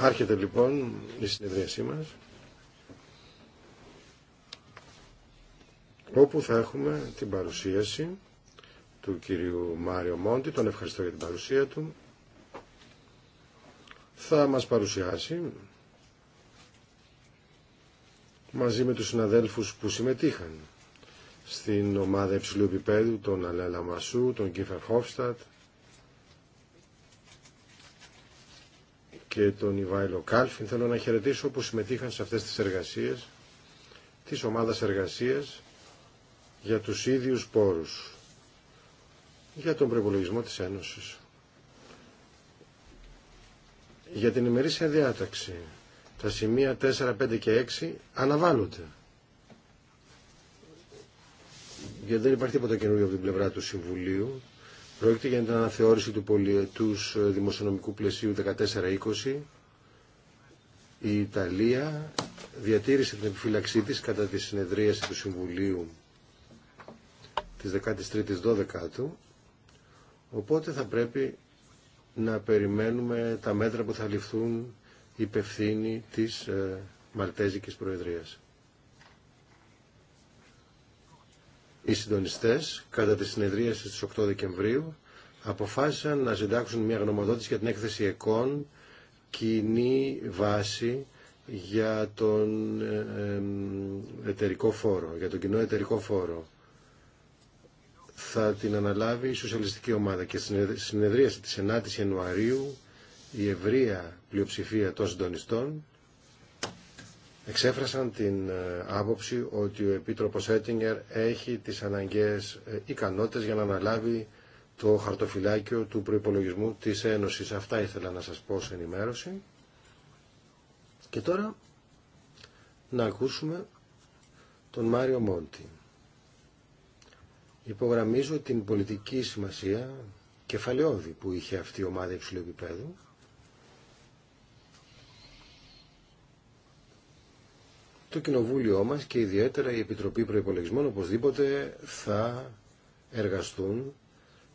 Άρχεται λοιπόν η συνεδρίασή μας όπου θα έχουμε την παρουσίαση του κυρίου Μάριο Μόντι. Τον ευχαριστώ για την παρουσία του. Θα μας παρουσιάσει μαζί με τους συναδέλφους που συμμετείχαν στην ομάδα υψηλού επίπεδου, τον Αλέλα Μασού, τον Κίφερ Χόφστατ, και τον Ιβάιλο Κάλφιν. Θέλω να χαιρετήσω που συμμετείχαν σε αυτές τις εργασίες της ομάδας εργασίας για τους ίδιους πόρους για τον προπολογισμό της Ένωσης. Για την ημερήσια διάταξη τα σημεία 4, 5 και 6 αναβάλλονται. Γιατί δεν υπάρχει τίποτα καινούργιο από την πλευρά του Συμβουλίου. Πρόκειται για την αναθεώρηση του πολιετούς δημοσιονομικού πλαισίου 14-20. Η Ιταλία διατήρησε την επιφύλαξή της κατά τη συνεδρίαση του Συμβουλίου της 13ης 12ου, οπότε θα πρέπει να περιμένουμε τα μέτρα που θα ληφθούν υπευθύνη της ε, Μαλτέζικης Προεδρίας. Οι συντονιστές, κατά τη συνεδρίαση στις 8 Δεκεμβρίου, αποφάσισαν να ζητάξουν μια γνωμοδότηση για την έκθεση ΕΚΟΝ κοινή βάση για τον ε, ε, εταιρικό φόρο, για τον κοινό εταιρικό φόρο. Θα την αναλάβει η Σοσιαλιστική Ομάδα και στη συνεδρίαση της 9 Ιανουαρίου η ευρεία πλειοψηφία των συντονιστών εξέφρασαν την ε, άποψη ότι ο Επίτροπος Έτιγκερ έχει τις αναγκαίες ε, ικανότητες για να αναλάβει το χαρτοφυλάκιο του προϋπολογισμού της Ένωσης. Αυτά ήθελα να σας πω σε ενημέρωση. Και τώρα να ακούσουμε τον Μάριο Μόντι. Υπογραμμίζω την πολιτική σημασία κεφαλαιόδη που είχε αυτή η ομάδα υψηλού επίπεδου το κοινοβούλιο μας και ιδιαίτερα η Επιτροπή Προϋπολογισμών οπωσδήποτε θα εργαστούν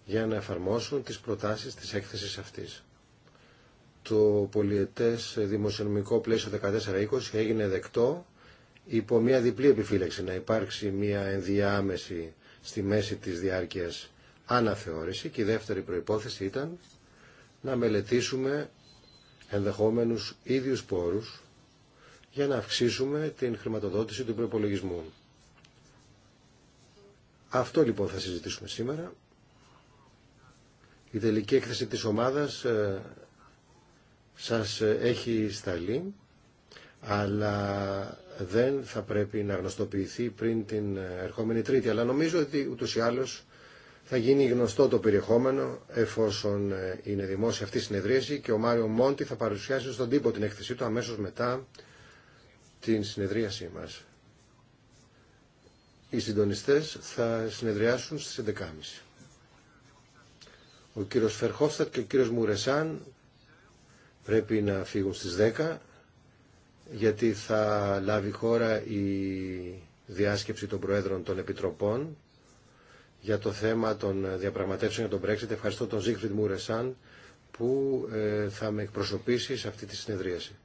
για να εφαρμόσουν τις προτάσεις της έκθεσης αυτής. Το πολιετές δημοσιονομικό 1420 έγινε δεκτό υπό μια διπλή επιφύλαξη να υπάρξει μια ενδιάμεση στη μέση της διάρκειας αναθεώρηση και η δεύτερη προϋπόθεση ήταν να μελετήσουμε ενδεχόμενους ίδιους πόρους για να αυξήσουμε την χρηματοδότηση του προπολογισμού. Αυτό λοιπόν θα συζητήσουμε σήμερα. Η τελική έκθεση της ομάδας ε, σας έχει σταλεί, αλλά δεν θα πρέπει να γνωστοποιηθεί πριν την ερχόμενη Τρίτη. Αλλά νομίζω ότι ούτως ή άλλως θα γίνει γνωστό το περιεχόμενο εφόσον ε, είναι δημόσια αυτή η συνεδρίαση και ο Μάριο Μόντι θα παρουσιάσει στον τύπο την έκθεσή του αμέσως μετά την συνεδρίασή μας. Οι συντονιστές θα συνεδριάσουν στις 11.30. Ο κύριος Φερχόφστατ και ο κύριος Μουρεσάν πρέπει να φύγουν στις 10 γιατί θα λάβει χώρα η διάσκεψη των Προέδρων των Επιτροπών για το θέμα των διαπραγματεύσεων για τον Brexit. Ευχαριστώ τον Ζίγφριντ Μουρεσάν που ε, θα με εκπροσωπήσει σε αυτή τη συνεδρίαση.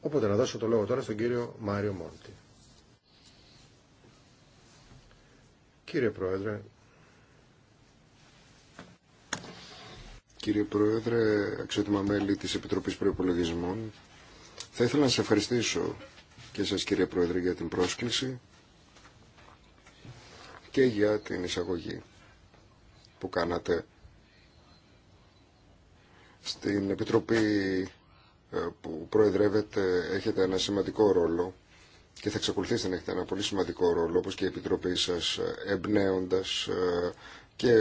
Οπότε να δώσω το λόγο τώρα στον κύριο Μάριο Μόντι. Κύριε Πρόεδρε. Κύριε Πρόεδρε, αξιότιμα μέλη της Επιτροπής Προϋπολογισμών, θα ήθελα να σας ευχαριστήσω και σας κύριε Πρόεδρε για την πρόσκληση και για την εισαγωγή που κάνατε στην Επιτροπή ε, που προεδρεύετε έχετε ένα σημαντικό ρόλο και θα εξακολουθήσετε να έχετε ένα πολύ σημαντικό ρόλο όπως και η Επιτροπή σας ε, εμπνέοντας ε, και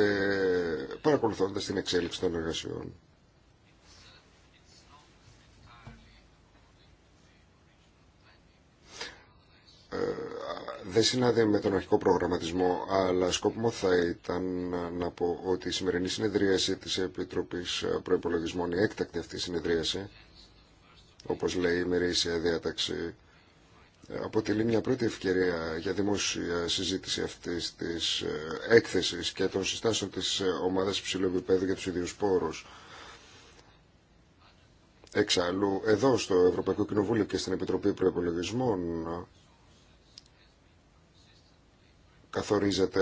παρακολουθώντας την εξέλιξη των εργασιών. δεν συνάδει με τον αρχικό προγραμματισμό, αλλά σκόπιμο θα ήταν να πω ότι η σημερινή συνεδρίαση της Επιτροπής Προϋπολογισμών, η έκτακτη αυτή συνεδρίαση, όπως λέει η μερίσια διάταξη, αποτελεί μια πρώτη ευκαιρία για δημόσια συζήτηση αυτής της ε, έκθεσης και των συστάσεων της ε, ομάδας υψηλού επίπεδου για τους ίδιους πόρους. Εξάλλου, εδώ στο Ευρωπαϊκό Κοινοβούλιο και στην Επιτροπή Προεπολογισμών καθορίζεται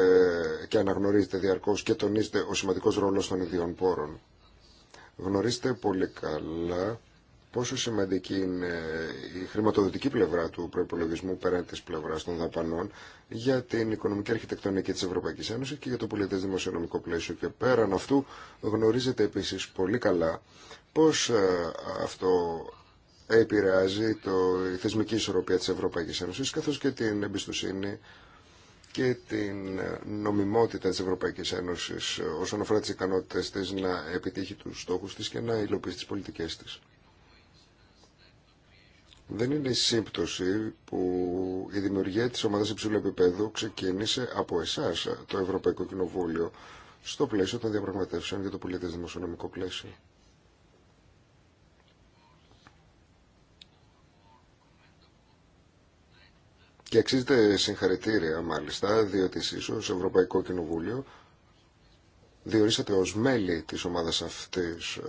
και αναγνωρίζεται διαρκώς και τονίζεται ο σημαντικός ρόλος των ιδιών πόρων. Γνωρίζετε πολύ καλά πόσο σημαντική είναι η χρηματοδοτική πλευρά του προπολογισμού πέραν τη πλευρά των δαπανών για την οικονομική αρχιτεκτονική τη Ευρωπαϊκή Ένωση και για το πολιτέ δημοσιονομικό πλαίσιο. Και πέραν αυτού γνωρίζετε επίση πολύ καλά πώ ε, αυτό επηρεάζει το, η θεσμική ισορροπία της Ευρωπαϊκής Ένωσης καθώς και την εμπιστοσύνη και την ε, νομιμότητα της Ευρωπαϊκής Ένωσης ε, όσον αφορά τις ικανότητες της να επιτύχει τους στόχους της και να υλοποιήσει τις πολιτικές της δεν είναι η σύμπτωση που η δημιουργία της ομάδας υψηλού επίπεδου ξεκίνησε από εσάς, το Ευρωπαϊκό Κοινοβούλιο, στο πλαίσιο των διαπραγματεύσεων για το πολιτικό δημοσιονομικό πλαίσιο. Και αξίζεται συγχαρητήρια μάλιστα, διότι εσείς ως Ευρωπαϊκό Κοινοβούλιο διορίσατε ως μέλη της ομάδας αυτής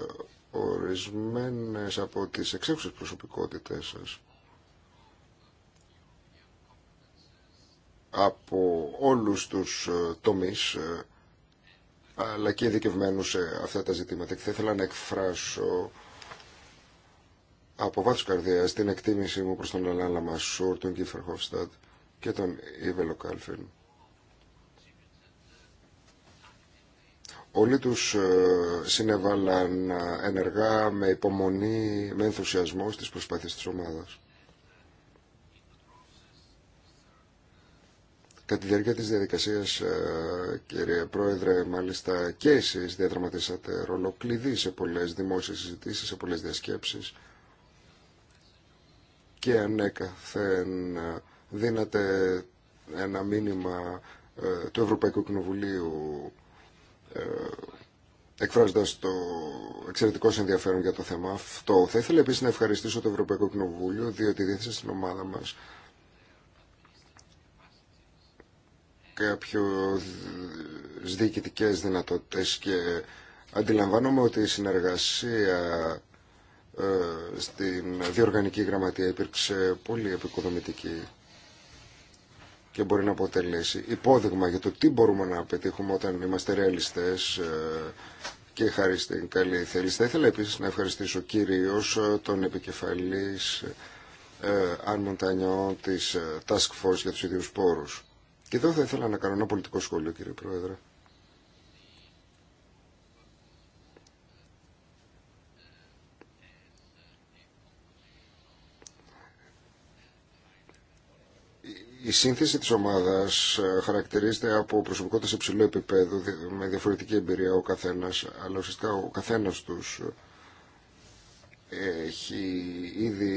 Ορισμένες από τις εξέχουσες προσωπικότητες σας από όλους τους ε, τομείς ε, αλλά και ειδικευμένου σε αυτά τα ζητήματα και θα ήθελα να εκφράσω από βάθος καρδιάς την εκτίμησή μου προς τον Αλάν Λαμασούρ, τον Κίφερ Χοφστάτ και τον Ιβελο Κάλφιν Όλοι τους ε, συνέβάλαν ε, ενεργά, με υπομονή, με ενθουσιασμό στις προσπάθειες της ομάδας. Κατά τη διάρκεια της διαδικασίας, ε, κύριε Πρόεδρε, μάλιστα και εσείς διαδραματίσατε ρόλο κλειδί σε πολλές δημόσιες συζητήσεις, σε πολλές διασκέψεις και ανέκαθεν δίνατε ένα μήνυμα του Ευρωπαϊκού Κοινοβουλίου ε, εκφράζοντα το εξαιρετικό ενδιαφέρον για το θέμα αυτό. Θα ήθελα επίση να ευχαριστήσω το Ευρωπαϊκό Κοινοβούλιο, διότι δίθεσε στην ομάδα μα κάποιε διοικητικέ δυνατότητε και αντιλαμβάνομαι ότι η συνεργασία ε, στην διοργανική γραμματεία υπήρξε πολύ επικοδομητική και μπορεί να αποτελέσει υπόδειγμα για το τι μπορούμε να πετύχουμε όταν είμαστε ρεαλιστές ε, και χάρη στην καλή θέληση. Θα ήθελα επίσης να ευχαριστήσω κυρίως ε, τον επικεφαλής Αν ε, Μοντανιό της Task Force για τους ίδιους πόρους. Και εδώ θα ήθελα να κάνω ένα πολιτικό σχόλιο κύριε Πρόεδρε. Η σύνθεση της ομάδας ε, χαρακτηρίζεται από προσωπικότητα σε ψηλό με διαφορετική εμπειρία ο καθένας, αλλά ουσιαστικά ο καθένας τους ε, έχει ήδη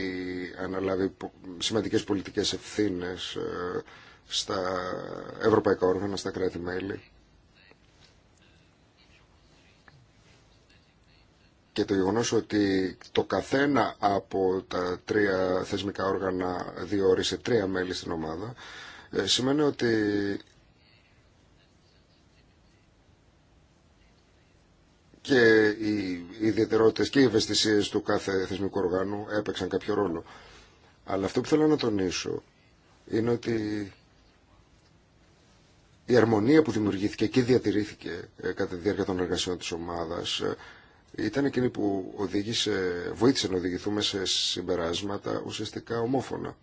αναλάβει σημαντικές πολιτικές ευθύνες ε, στα ευρωπαϊκά όργανα, στα κράτη-μέλη. και το γεγονό ότι το καθένα από τα τρία θεσμικά όργανα διόρισε τρία μέλη στην ομάδα ε, σημαίνει ότι και οι ιδιαιτερότητε και οι ευαισθησίε του κάθε θεσμικού οργάνου έπαιξαν κάποιο ρόλο. Αλλά αυτό που θέλω να τονίσω είναι ότι η αρμονία που δημιουργήθηκε και διατηρήθηκε ε, κατά τη διάρκεια των εργασιών της ομάδας ε, ήταν εκείνη που οδήγησε, βοήθησε να οδηγηθούμε σε συμπεράσματα ουσιαστικά ομόφωνα.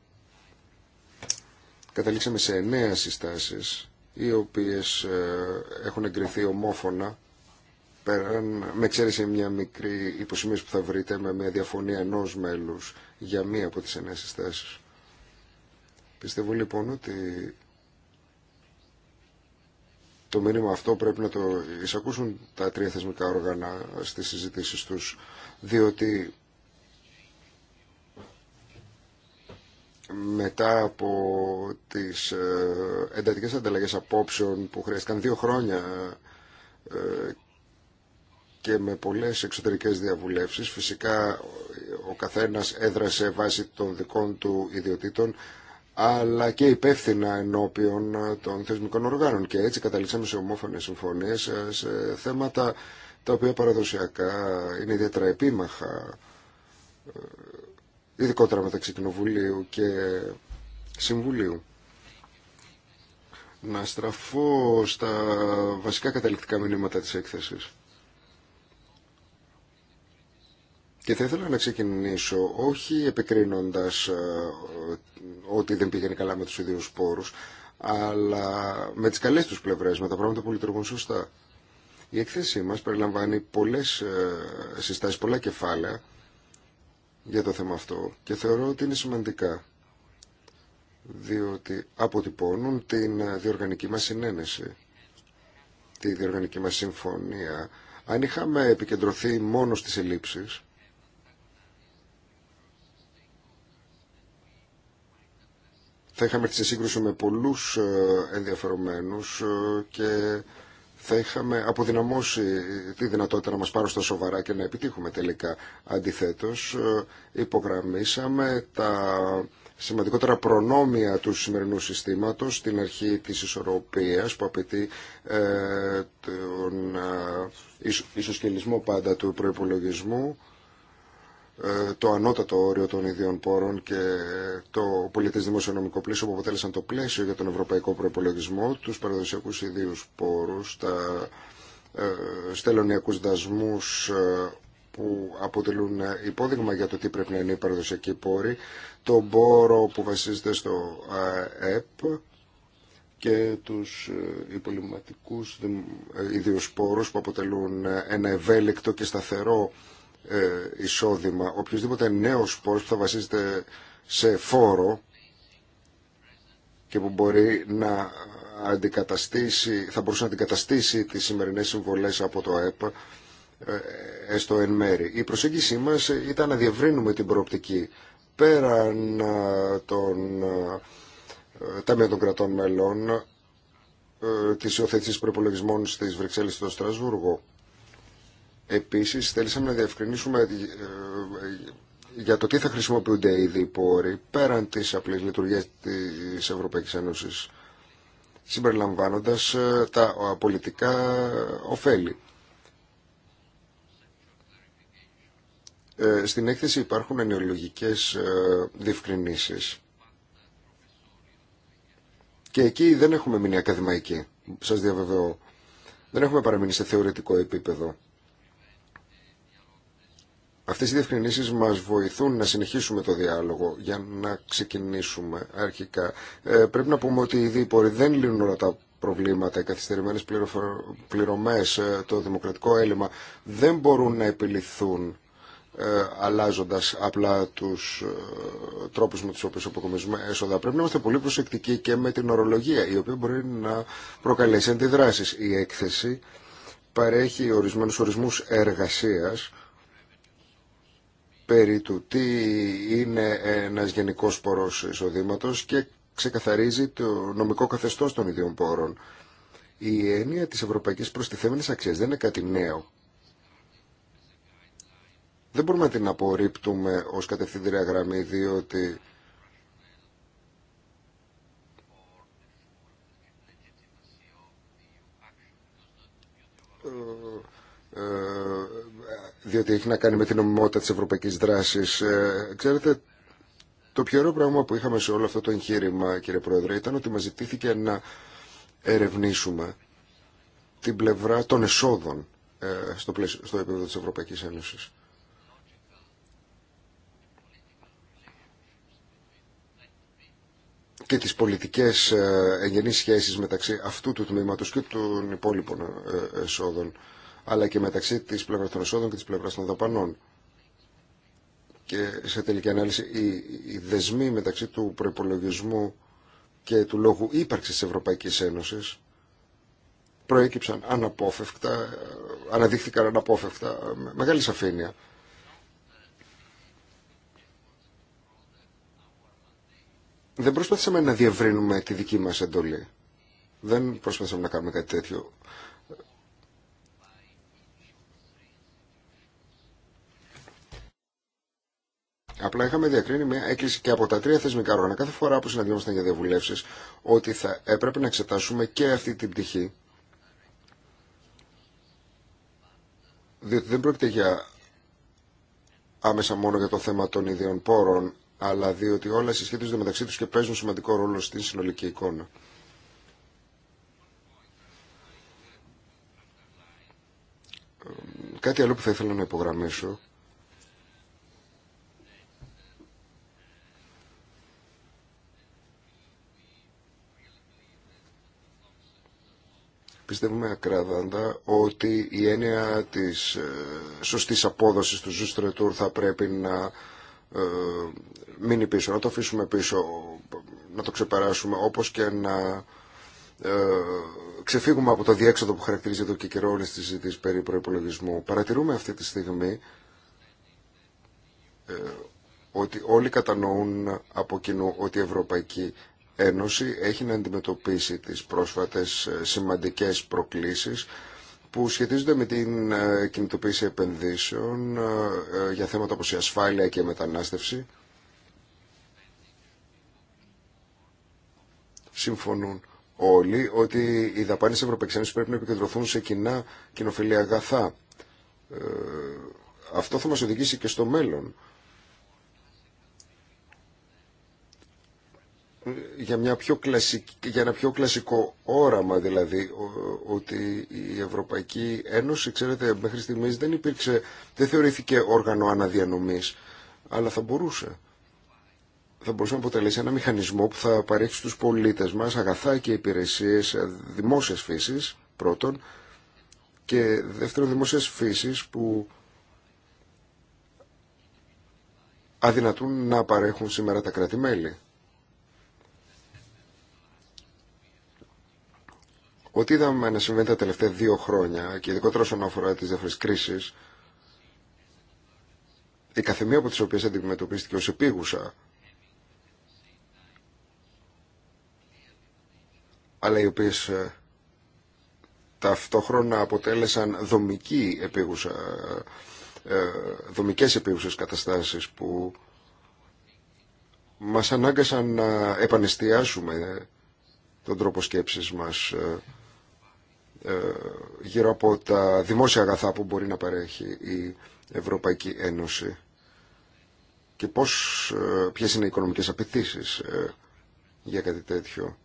Καταλήξαμε σε εννέα συστάσεις, οι οποίες ε, έχουν εγκριθεί ομόφωνα, πέραν, με εξαίρεση μια μικρή υποσημείωση που θα βρείτε με μια διαφωνία ενό μέλους για μία από τις εννέα συστάσεις. Πιστεύω λοιπόν ότι το μήνυμα αυτό πρέπει να το εισακούσουν τα τρία θεσμικά όργανα στις συζητήσεις τους, διότι μετά από τις ε, εντατικές ανταλλαγές απόψεων που χρειάστηκαν δύο χρόνια ε, και με πολλές εξωτερικές διαβουλεύσεις, φυσικά ο καθένας έδρασε βάσει των δικών του ιδιωτήτων, αλλά και υπεύθυνα ενώπιον ε, των θεσμικών οργάνων. Και έτσι καταλήξαμε σε ομόφωνες συμφωνίες ε, σε θέματα τα οποία παραδοσιακά είναι ιδιαίτερα επίμαχα, ε, ειδικότερα μεταξύ Κοινοβουλίου και Συμβουλίου. Να στραφώ στα βασικά καταληκτικά μηνύματα της έκθεσης. Και θα ήθελα να ξεκινήσω όχι επικρίνοντας ε, ότι δεν πήγαινε καλά με τους ιδίους πόρους, αλλά με τις καλές τους πλευρές, με τα πράγματα που λειτουργούν σωστά. Η εκθέσή μας περιλαμβάνει πολλές ε, συστάσεις, πολλά κεφάλαια για το θέμα αυτό και θεωρώ ότι είναι σημαντικά διότι αποτυπώνουν την διοργανική μας συνένεση, τη διοργανική μας συμφωνία. Αν είχαμε επικεντρωθεί μόνο στις ελλείψεις, θα είχαμε έρθει σε σύγκρουση με πολλούς ε, ενδιαφερομένους ε, και θα είχαμε αποδυναμώσει τη δυνατότητα να μας πάρουν στα σοβαρά και να επιτύχουμε τελικά. Αντιθέτως, ε, υπογραμμίσαμε τα σημαντικότερα προνόμια του σημερινού συστήματος, στην αρχή της ισορροπίας που απαιτεί τον ισοσκελισμό πάντα του προϋπολογισμού, ε, το ανώτατο όριο των ιδίων πόρων και το πολιτές δημοσιονομικό πλαίσιο που αποτέλεσαν το πλαίσιο για τον ευρωπαϊκό προπολογισμό, τους παραδοσιακούς ιδίους πόρους, τα ε, στελωνιακούς δασμούς ε, που αποτελούν υπόδειγμα για το τι πρέπει να είναι οι παραδοσιακή πόροι το πόρο που βασίζεται στο ΕΠ και τους υπολοιμματικούς ιδίους πόρους που αποτελούν ένα ευέλικτο και σταθερό ε, εισόδημα. οποιοδήποτε νέο πόρος που θα βασίζεται σε φόρο και που μπορεί να αντικαταστήσει, θα μπορούσε να αντικαταστήσει τις σημερινές συμβολές από το ΑΕΠ ε, έστω εν μέρη. Η προσέγγιση μας ήταν να διευρύνουμε την προοπτική πέραν ε, των ταμείων των κρατών μελών της υιοθέτησης προπολογισμών στις Βρυξέλλες στο Στρασβούργο. Επίσης, θέλησαμε να διευκρινίσουμε ε, για το τι θα χρησιμοποιούνται οι διπόροι πέραν της απλή λειτουργία της Ευρωπαϊκής Ένωσης, συμπεριλαμβάνοντας ε, τα πολιτικά ωφέλη. Ε, στην έκθεση υπάρχουν ενοιολογικές διευκρινήσει. Και εκεί δεν έχουμε μείνει ακαδημαϊκοί, σας διαβεβαιώ. Δεν έχουμε παραμείνει σε θεωρητικό επίπεδο. Αυτές οι διευκρινήσεις μας βοηθούν να συνεχίσουμε το διάλογο για να ξεκινήσουμε αρχικά. Ε, πρέπει να πούμε ότι οι δίποροι δεν λύνουν όλα τα προβλήματα, οι καθυστερημένες πληρωμές, ε, το δημοκρατικό έλλειμμα δεν μπορούν να επιληθούν ε, αλλάζοντας απλά τους ε, τρόπους με τους οποίους αποκομίζουμε έσοδα. Πρέπει να είμαστε πολύ προσεκτικοί και με την ορολογία, η οποία μπορεί να προκαλέσει αντιδράσεις. Η έκθεση παρέχει ορισμένους ορισμούς εργασίας, περί του τι είναι ένας γενικός πορός εισοδήματος και ξεκαθαρίζει το νομικό καθεστώς των ιδιών πόρων. Η έννοια της ευρωπαϊκής προστιθέμενης αξίας δεν είναι κάτι νέο. Δεν μπορούμε να την απορρίπτουμε ως κατευθυντήρια γραμμή διότι διότι έχει να κάνει με την νομιμότητα της ευρωπαϊκής δράσης. Ε, ξέρετε, το πιο πράγμα που είχαμε σε όλο αυτό το εγχείρημα, κύριε Πρόεδρε, ήταν ότι μας ζητήθηκε να ερευνήσουμε την πλευρά των εσόδων ε, στο, πλαίσιο, στο επίπεδο της Ευρωπαϊκής Ένωσης. και τις πολιτικές ε, εγγενείς σχέσεις μεταξύ αυτού του τμήματος και των υπόλοιπων εσόδων αλλά και μεταξύ της πλευράς των εσόδων και της πλευράς των δαπανών. Και σε τελική ανάλυση οι δεσμοί μεταξύ του προπολογισμού και του λόγου ύπαρξης της Ευρωπαϊκής Ένωσης προέκυψαν αναπόφευκτα, αναδείχθηκαν αναπόφευκτα με μεγάλη σαφήνεια. Δεν προσπαθήσαμε να διευρύνουμε τη δική μας εντολή. Δεν προσπαθήσαμε να κάνουμε κάτι τέτοιο. Απλά είχαμε διακρίνει μια έκκληση και από τα τρία θεσμικά όργανα κάθε φορά που συναντιόμασταν για διαβουλεύσει ότι θα έπρεπε να εξετάσουμε και αυτή την πτυχή. Διότι δεν πρόκειται για άμεσα μόνο για το θέμα των ιδιών πόρων, αλλά διότι όλα συσχετίζονται μεταξύ του και παίζουν σημαντικό ρόλο στην συνολική εικόνα. Κάτι άλλο που θα ήθελα να υπογραμμίσω Πιστεύουμε ακράδαντα ότι η έννοια της ε, σωστής απόδοσης του Ζουστρετούρ θα πρέπει να ε, μείνει πίσω, να το αφήσουμε πίσω, να το ξεπεράσουμε, όπως και να ε, ξεφύγουμε από το διέξοδο που χαρακτηρίζει εδώ και καιρό όλες τις ζητήσεις περί προϋπολογισμού. Παρατηρούμε αυτή τη στιγμή ότι όλοι κατανοούν από κοινού ότι η Ευρωπαϊκή Ένωση έχει να αντιμετωπίσει τις πρόσφατες ε, σημαντικές προκλήσεις που σχετίζονται με την ε, κινητοποίηση επενδύσεων ε, για θέματα όπως η ασφάλεια και η μετανάστευση. Συμφωνούν όλοι ότι οι δαπάνες Ευρωπαϊκής πρέπει να επικεντρωθούν σε κοινά κοινοφιλή αγαθά. Αυτό θα μας οδηγήσει και στο μέλλον για, μια πιο κλασική, για ένα πιο κλασικό όραμα δηλαδή ότι η Ευρωπαϊκή Ένωση ξέρετε μέχρι στιγμής δεν υπήρξε δεν θεωρήθηκε όργανο αναδιανομής αλλά θα μπορούσε θα μπορούσε να αποτελέσει ένα μηχανισμό που θα παρέχει στους πολίτες μας αγαθά και υπηρεσίες δημόσιας φύσης πρώτον και δεύτερον δημόσιας φύσης που αδυνατούν να παρέχουν σήμερα τα κράτη-μέλη. Ό,τι είδαμε να συμβαίνει τα τελευταία δύο χρόνια και ειδικότερα όσον αφορά τι διάφορε κρίσει, η καθεμία από τι οποίε αντιμετωπίστηκε ω επίγουσα, αλλά οι οποίε ε, ταυτόχρονα αποτέλεσαν δομική επίγουσα, ε, δομικές επίγουσες καταστάσεις που μας ανάγκασαν να επανεστιάσουμε τον τρόπο σκέψης μας ε, ε, γύρω από τα δημόσια αγαθά που μπορεί να παρέχει η Ευρωπαϊκή Ένωση και πώς, ε, ποιες είναι οι οικονομικές απαιτήσει ε, για κάτι τέτοιο.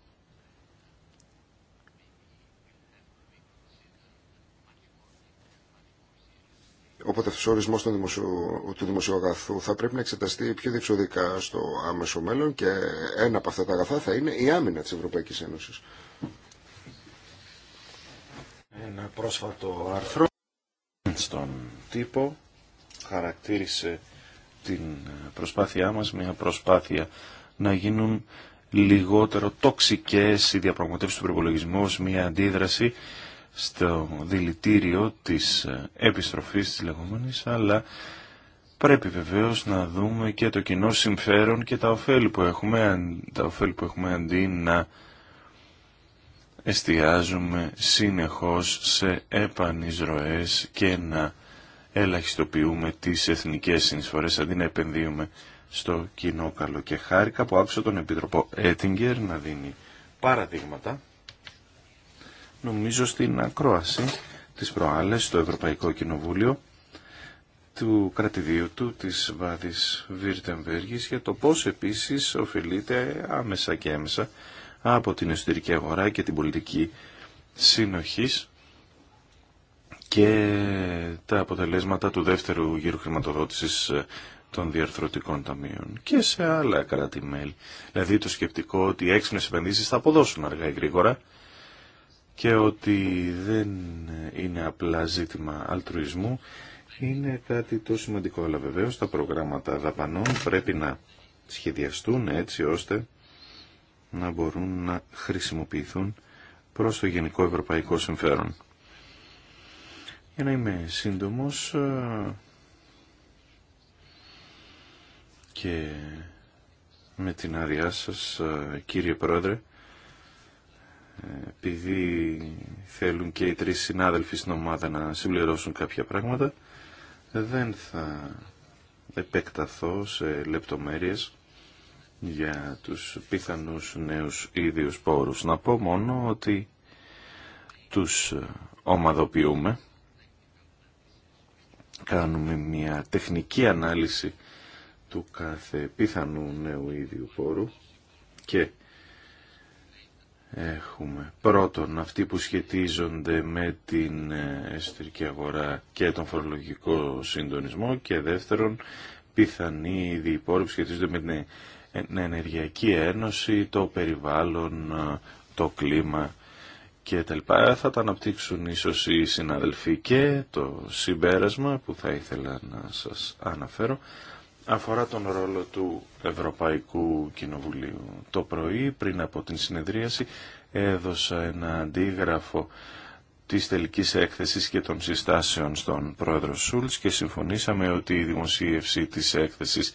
Οπότε αυτός ο ορισμός του δημοσίου, του αγαθού θα πρέπει να εξεταστεί πιο διεξοδικά στο άμεσο μέλλον και ένα από αυτά τα αγαθά θα είναι η άμυνα της Ευρωπαϊκής Ένωσης. Ένα πρόσφατο άρθρο στον τύπο χαρακτήρισε την προσπάθειά μας, μια προσπάθεια να γίνουν λιγότερο τοξικές οι διαπραγματεύσεις του προπολογισμού μια αντίδραση στο δηλητήριο της επιστροφής της λεγόμενης, αλλά πρέπει βεβαίως να δούμε και το κοινό συμφέρον και τα ωφέλη που έχουμε, τα ωφέλη που έχουμε αντί να εστιάζουμε συνεχώς σε ροές και να ελαχιστοποιούμε τις εθνικές συνεισφορές αντί να επενδύουμε στο κοινό καλό. Και χάρηκα που άκουσα τον Επίτροπο Έτιγκερ να δίνει παραδείγματα νομίζω στην ακρόαση της προάλλες στο Ευρωπαϊκό Κοινοβούλιο του κρατηδίου του της Βάδης Βίρτεμβέργης για το πώς επίσης ωφελείται άμεσα και έμεσα από την εσωτερική αγορά και την πολιτική συνοχής και τα αποτελέσματα του δεύτερου γύρου χρηματοδότησης ε, των διαρθρωτικών ταμείων και σε άλλα κράτη-μέλη. Δηλαδή το σκεπτικό ότι οι έξυπνες επενδύσεις θα αποδώσουν αργά ή γρήγορα και ότι δεν είναι απλά ζήτημα αλτρουισμού, είναι κάτι το σημαντικό. Αλλά βεβαίως τα προγράμματα δαπανών πρέπει να σχεδιαστούν έτσι ώστε να μπορούν να χρησιμοποιηθούν προς το γενικό ευρωπαϊκό συμφέρον. Για να είμαι σύντομος ε, και με την άδειά σας ε, κύριε Πρόεδρε ε, επειδή θέλουν και οι τρεις συνάδελφοι στην ομάδα να συμπληρώσουν κάποια πράγματα δεν θα επεκταθώ σε λεπτομέρειες για τους πιθανούς νέους ίδιους πόρους. Να πω μόνο ότι τους ε, ομαδοποιούμε, κάνουμε μια τεχνική ανάλυση του κάθε πιθανού νέου ίδιου πόρου και έχουμε πρώτον αυτοί που σχετίζονται με την ε, εσωτερική αγορά και τον φορολογικό συντονισμό και δεύτερον πιθανοί ίδιοι πόροι που σχετίζονται με την ενεργειακή ένωση, το περιβάλλον, το κλίμα και τα Θα τα αναπτύξουν ίσως οι συναδελφοί και το συμπέρασμα που θα ήθελα να σας αναφέρω αφορά τον ρόλο του Ευρωπαϊκού Κοινοβουλίου. Το πρωί πριν από την συνεδρίαση έδωσα ένα αντίγραφο της τελικής έκθεσης και των συστάσεων στον πρόεδρο Σούλτς και συμφωνήσαμε ότι η δημοσίευση της έκθεσης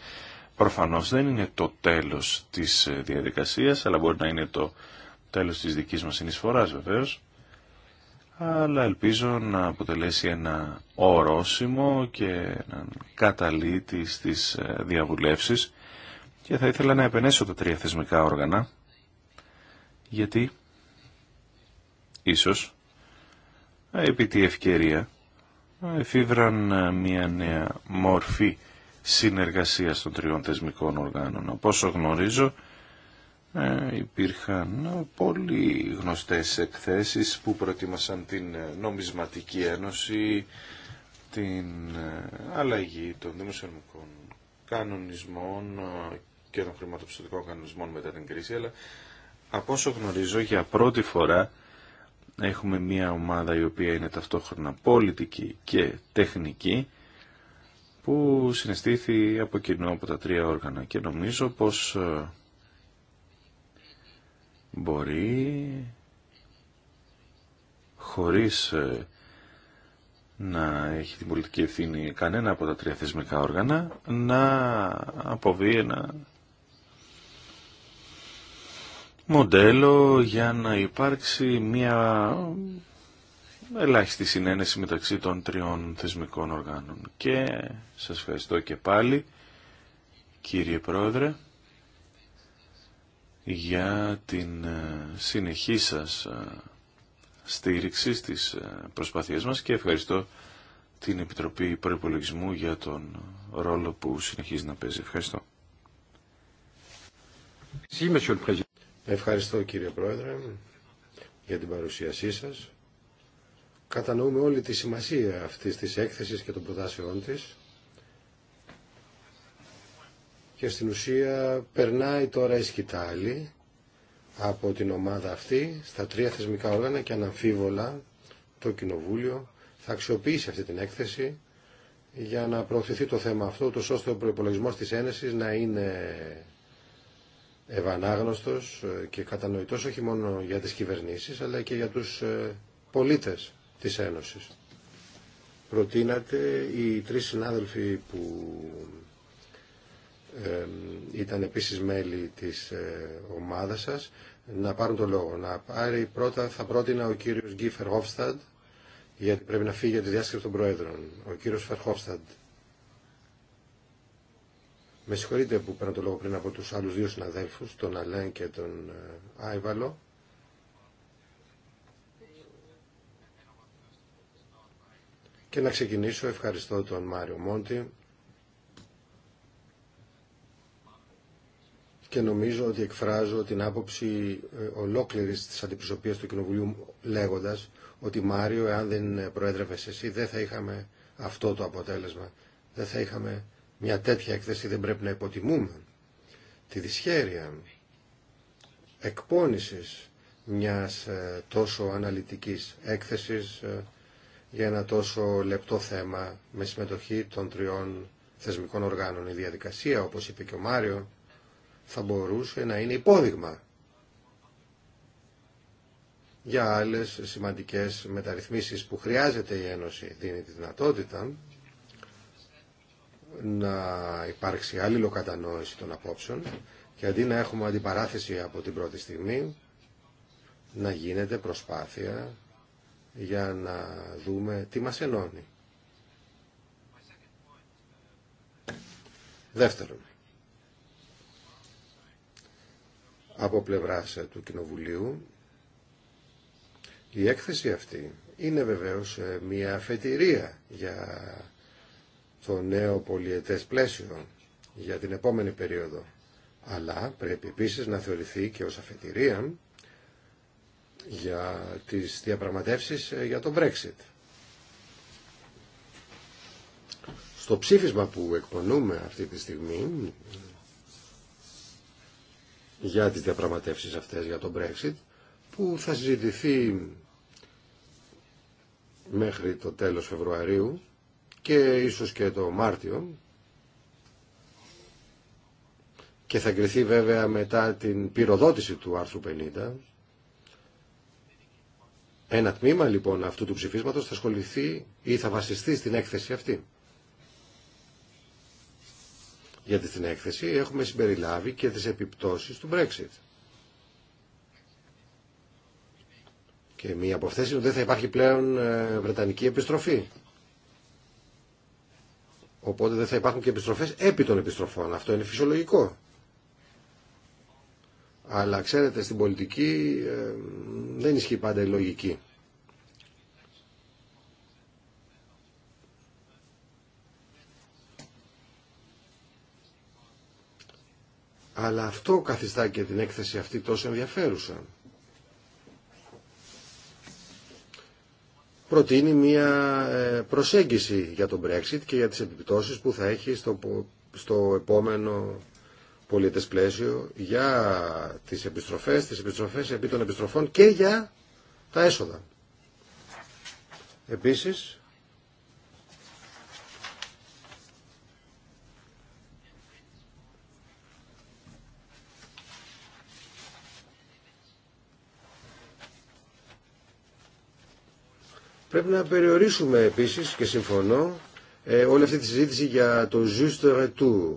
Προφανώς δεν είναι το τέλος της ε, διαδικασίας, αλλά μπορεί να είναι το τέλος της δικής μας συνεισφοράς βεβαίως. Αλλά ελπίζω να αποτελέσει ένα ορόσημο και έναν καταλήτη στις ε, διαβουλεύσεις και θα ήθελα να επενέσω τα τρία θεσμικά όργανα γιατί ίσως ε, επί τη ευκαιρία εφήβραν μια νέα μορφή Συνεργασία των τριών θεσμικών οργάνων. Από όσο γνωρίζω ε, υπήρχαν πολύ γνωστές εκθέσεις που προετοίμασαν την νομισματική ένωση, την ε, αλλαγή των δημοσιονομικών κανονισμών ε, και των χρηματοπιστωτικών κανονισμών μετά την κρίση, αλλά από όσο γνωρίζω για πρώτη φορά έχουμε μια ομάδα η οποία είναι ταυτόχρονα πολιτική και τεχνική που συναισθήθη από κοινό από τα τρία όργανα και νομίζω πως ε, μπορεί χωρίς ε, να έχει την πολιτική ευθύνη κανένα από τα τρία θεσμικά όργανα να αποβεί ένα μοντέλο για να υπάρξει μια ελάχιστη συνένεση μεταξύ των τριών θεσμικών οργάνων. Και σας ευχαριστώ και πάλι, κύριε Πρόεδρε, για την ε, συνεχή σας ε, στήριξη στις ε, προσπάθειές μας και ευχαριστώ την Επιτροπή Προϋπολογισμού για τον ρόλο που συνεχίζει να παίζει. Ευχαριστώ. Ευχαριστώ κύριε Πρόεδρε για την παρουσίασή σας κατανοούμε όλη τη σημασία αυτής της έκθεσης και των προτάσεών της και στην ουσία περνάει τώρα η σκητάλη από την ομάδα αυτή στα τρία θεσμικά όργανα και αναμφίβολα το Κοινοβούλιο θα αξιοποιήσει αυτή την έκθεση για να προωθηθεί το θέμα αυτό, το ώστε ο προπολογισμό της Ένεσης να είναι ευανάγνωστος και κατανοητός όχι μόνο για τις κυβερνήσεις αλλά και για τους ε, πολίτες της Ένωσης. Προτείνατε οι τρεις συνάδελφοι που ε, ήταν επίσης μέλη της ε, ομάδας σας να πάρουν το λόγο. Να πάρει πρώτα, θα πρότεινα ο κύριος Γκί Φερχόφσταντ, γιατί πρέπει να φύγει για τη διάσκεψη των Προέδρων. Ο κύριος Φερχόφσταντ. Με συγχωρείτε που παίρνω το λόγο πριν από τους άλλους δύο συναδέλφους, τον Αλέν και τον ε, Άιβαλο. και να ξεκινήσω ευχαριστώ τον Μάριο Μόντι και νομίζω ότι εκφράζω την άποψη ε, ολόκληρης της αντιπροσωπείας του Κοινοβουλίου λέγοντας ότι Μάριο, εάν δεν προέδρευες εσύ, δεν θα είχαμε αυτό το αποτέλεσμα. Δεν θα είχαμε μια τέτοια εκθέση, δεν πρέπει να υποτιμούμε τη δυσχέρεια εκπόνησης μιας ε, τόσο αναλυτικής έκθεσης ε, για ένα τόσο λεπτό θέμα με συμμετοχή των τριών θεσμικών οργάνων. Η διαδικασία, όπως είπε και ο Μάριο, θα μπορούσε να είναι υπόδειγμα για άλλες σημαντικές μεταρρυθμίσεις που χρειάζεται η Ένωση δίνει τη δυνατότητα να υπάρξει άλλη κατανόηση των απόψεων και αντί να έχουμε αντιπαράθεση από την πρώτη στιγμή να γίνεται προσπάθεια για να δούμε τι μας ενώνει. Δεύτερον, από πλευράς του Κοινοβουλίου, η έκθεση αυτή είναι βεβαίως ε, μια αφετηρία για το νέο πολιετές πλαίσιο για την επόμενη περίοδο. Αλλά πρέπει επίσης να θεωρηθεί και ως αφετηρία για τις διαπραγματεύσεις ε, για το Brexit. Στο ψήφισμα που εκπονούμε αυτή τη στιγμή ε, για τις διαπραγματεύσεις αυτές για το Brexit που θα συζητηθεί μέχρι το τέλος Φεβρουαρίου και ίσως και το Μάρτιο και θα κριθεί βέβαια μετά την πυροδότηση του άρθρου 50 ένα τμήμα λοιπόν αυτού του ψηφίσματος θα ασχοληθεί ή θα βασιστεί στην έκθεση αυτή. Γιατί στην έκθεση έχουμε συμπεριλάβει και τις επιπτώσεις του Brexit. Και μία από αυτές είναι ότι δεν θα υπάρχει πλέον ε, Βρετανική επιστροφή. Οπότε δεν θα υπάρχουν και επιστροφές επί των επιστροφών. Αυτό είναι φυσιολογικό. Αλλά ξέρετε, στην πολιτική ε, δεν ισχύει πάντα η λογική. Αλλά αυτό καθιστά και την έκθεση αυτή τόσο ενδιαφέρουσα. Προτείνει μια ε, προσέγγιση για τον Brexit και για τις επιπτώσεις που θα έχει στο, στο επόμενο πολίτες πλαίσιο, για τις επιστροφές, τις επιστροφές επί των επιστροφών και για τα έσοδα. Επίσης, Πρέπει να περιορίσουμε επίσης και συμφωνώ ε, όλη αυτή τη συζήτηση για το juste retour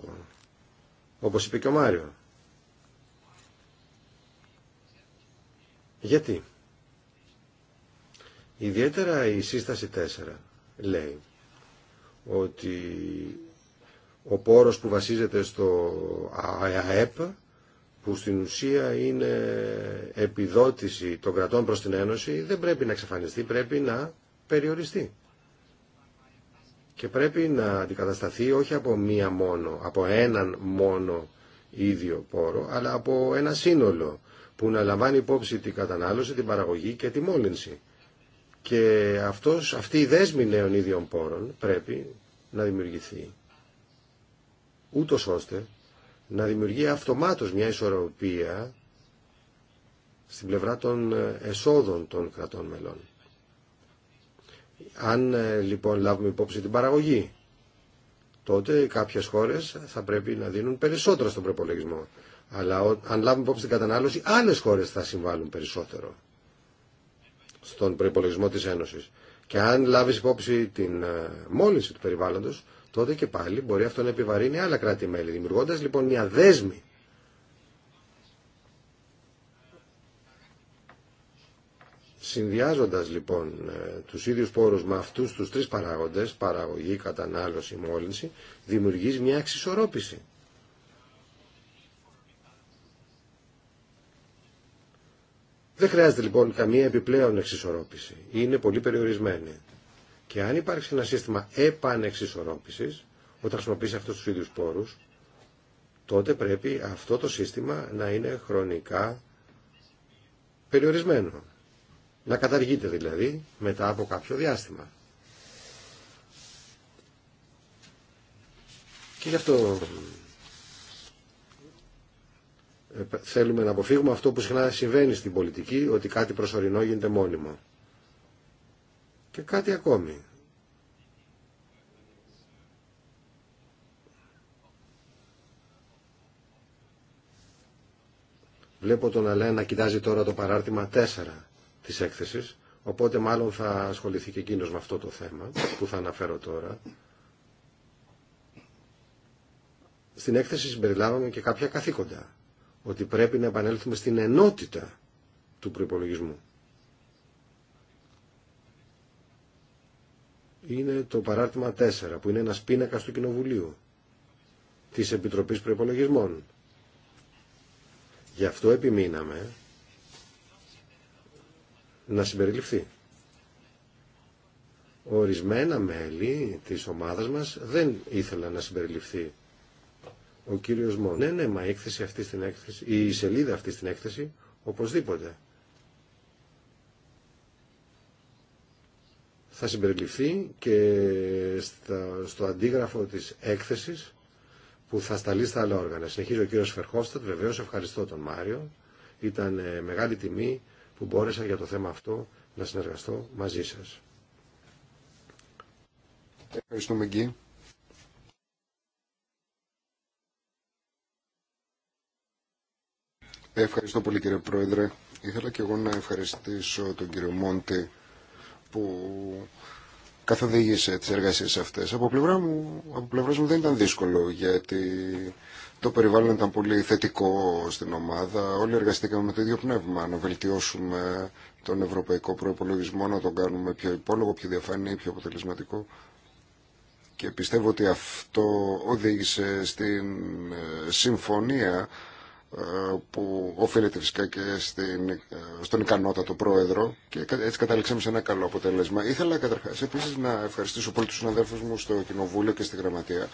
όπως είπε και ο Μάριο. Γιατί. Ιδιαίτερα η σύσταση 4 λέει ότι ο πόρος που βασίζεται στο ΑΕΠ που στην ουσία είναι επιδότηση των κρατών προς την Ένωση δεν πρέπει να εξαφανιστεί, πρέπει να περιοριστεί και πρέπει να αντικατασταθεί όχι από μία μόνο, από έναν μόνο ίδιο πόρο, αλλά από ένα σύνολο που να λαμβάνει υπόψη την κατανάλωση, την παραγωγή και τη μόλυνση. Και αυτός, αυτή η δέσμη νέων ίδιων πόρων πρέπει να δημιουργηθεί, ούτω ώστε να δημιουργεί αυτομάτως μια ισορροπία στην πλευρά των εσόδων των κρατών μελών. Αν ε, λοιπόν λάβουμε υπόψη την παραγωγή, τότε κάποιες χώρες θα πρέπει να δίνουν περισσότερο στον προπολογισμό. Αλλά αν λάβουμε υπόψη την κατανάλωση, άλλες χώρες θα συμβάλλουν περισσότερο στον προπολογισμό της Ένωσης. Και αν λάβεις υπόψη την ε, μόλυνση του περιβάλλοντος, τότε και πάλι μπορεί αυτό να επιβαρύνει άλλα κράτη-μέλη, δημιουργώντας λοιπόν μια δέσμη Συνδυάζοντας λοιπόν ε, τους ίδιους πόρους με αυτούς τους τρεις παράγοντες, παραγωγή, κατανάλωση, μόλυνση, δημιουργείς μια εξισορρόπηση. Δεν χρειάζεται λοιπόν καμία επιπλέον εξισορρόπηση. Είναι πολύ περιορισμένη. Και αν υπάρξει ένα σύστημα επανεξισορρόπησης, όταν χρησιμοποιείς αυτούς τους ίδιους πόρους, τότε πρέπει αυτό το σύστημα να είναι χρονικά περιορισμένο να καταργείται δηλαδή μετά από κάποιο διάστημα. Και γι' αυτό ε, θέλουμε να αποφύγουμε αυτό που συχνά συμβαίνει στην πολιτική, ότι κάτι προσωρινό γίνεται μόνιμο. Και κάτι ακόμη. Βλέπω τον Αλένα να κοιτάζει τώρα το παράρτημα 4 της έκθεσης, οπότε μάλλον θα ασχοληθεί και εκείνος με αυτό το θέμα που θα αναφέρω τώρα. Στην έκθεση συμπεριλάβαμε και κάποια καθήκοντα, ότι πρέπει να επανέλθουμε στην ενότητα του προϋπολογισμού. είναι το παράρτημα 4, που είναι ένας πίνακας του Κοινοβουλίου, της Επιτροπής Προϋπολογισμών. Γι' αυτό επιμείναμε να συμπεριληφθεί. Ορισμένα μέλη της ομάδας μας δεν ήθελαν να συμπεριληφθεί ο κύριος Μόν. Ναι, ναι, μα η αυτή στην έκθεση, η σελίδα αυτή στην έκθεση, οπωσδήποτε. Θα συμπεριληφθεί και στο αντίγραφο της έκθεσης που θα σταλεί στα άλλα όργανα. Συνεχίζει ο κύριος Φερχόστατ, βεβαίως ευχαριστώ τον Μάριο. Ήταν ε, μεγάλη τιμή που μπόρεσα για το θέμα αυτό να συνεργαστώ μαζί σας. Ευχαριστούμε Ευχαριστώ πολύ κύριε Πρόεδρε. Ήθελα και εγώ να ευχαριστήσω τον κύριο Μόντι που καθοδήγησε τις εργασίες αυτές. Από πλευρά μου, από μου δεν ήταν δύσκολο γιατί το περιβάλλον ήταν πολύ θετικό στην ομάδα. Όλοι εργαστήκαμε με το ίδιο πνεύμα, να βελτιώσουμε τον ευρωπαϊκό προπολογισμό, να τον κάνουμε πιο υπόλογο, πιο διαφανή, πιο αποτελεσματικό. Και πιστεύω ότι αυτό οδήγησε στην ε, συμφωνία ε, που οφείλεται φυσικά και στην, ε, στον ικανότατο πρόεδρο και έτσι καταλήξαμε σε ένα καλό αποτέλεσμα. Ήθελα καταρχάς επίσης να ευχαριστήσω πολύ τους συναδέλφους μου στο Κοινοβούλιο και στη Γραμματεία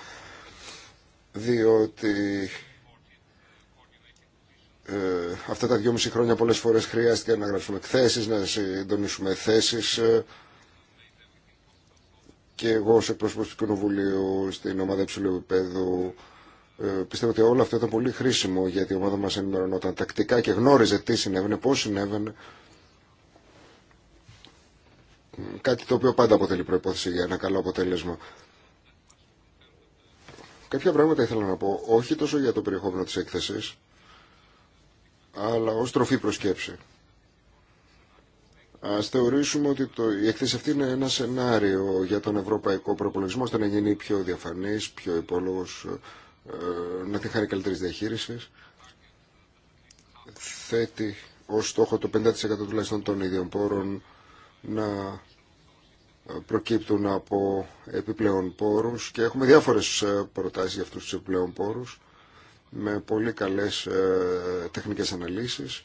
διότι ε, αυτά τα δυόμιση χρόνια πολλές φορές χρειάστηκε να γράψουμε εκθέσεις, να συντονίσουμε θέσεις ε, και εγώ ως εκπρόσωπος του Κοινοβουλίου στην ομάδα υψηλού επίπεδου ε, πιστεύω ότι όλο αυτό ήταν πολύ χρήσιμο γιατί η ομάδα μας ενημερωνόταν τακτικά και γνώριζε τι συνέβαινε, πώς συνέβαινε κάτι το οποίο πάντα αποτελεί προϋπόθεση για ένα καλό αποτέλεσμα. Κάποια πράγματα ήθελα να πω, όχι τόσο για το περιεχόμενο της έκθεσης, αλλά ως τροφή προσκέψη. Ας θεωρήσουμε ότι το, η εκθέση αυτή είναι ένα σενάριο για τον ευρωπαϊκό προπολογισμό, ώστε να γίνει πιο διαφανής, πιο υπόλογος, ε, να την χάρει καλύτερη διαχείριση. Θέτει ως στόχο το 50% τουλάχιστον των ίδιων πόρων να προκύπτουν από επιπλέον πόρους και έχουμε διάφορες ε, προτάσεις για αυτούς τους επιπλέον πόρους με πολύ καλές ε, τεχνικές αναλύσεις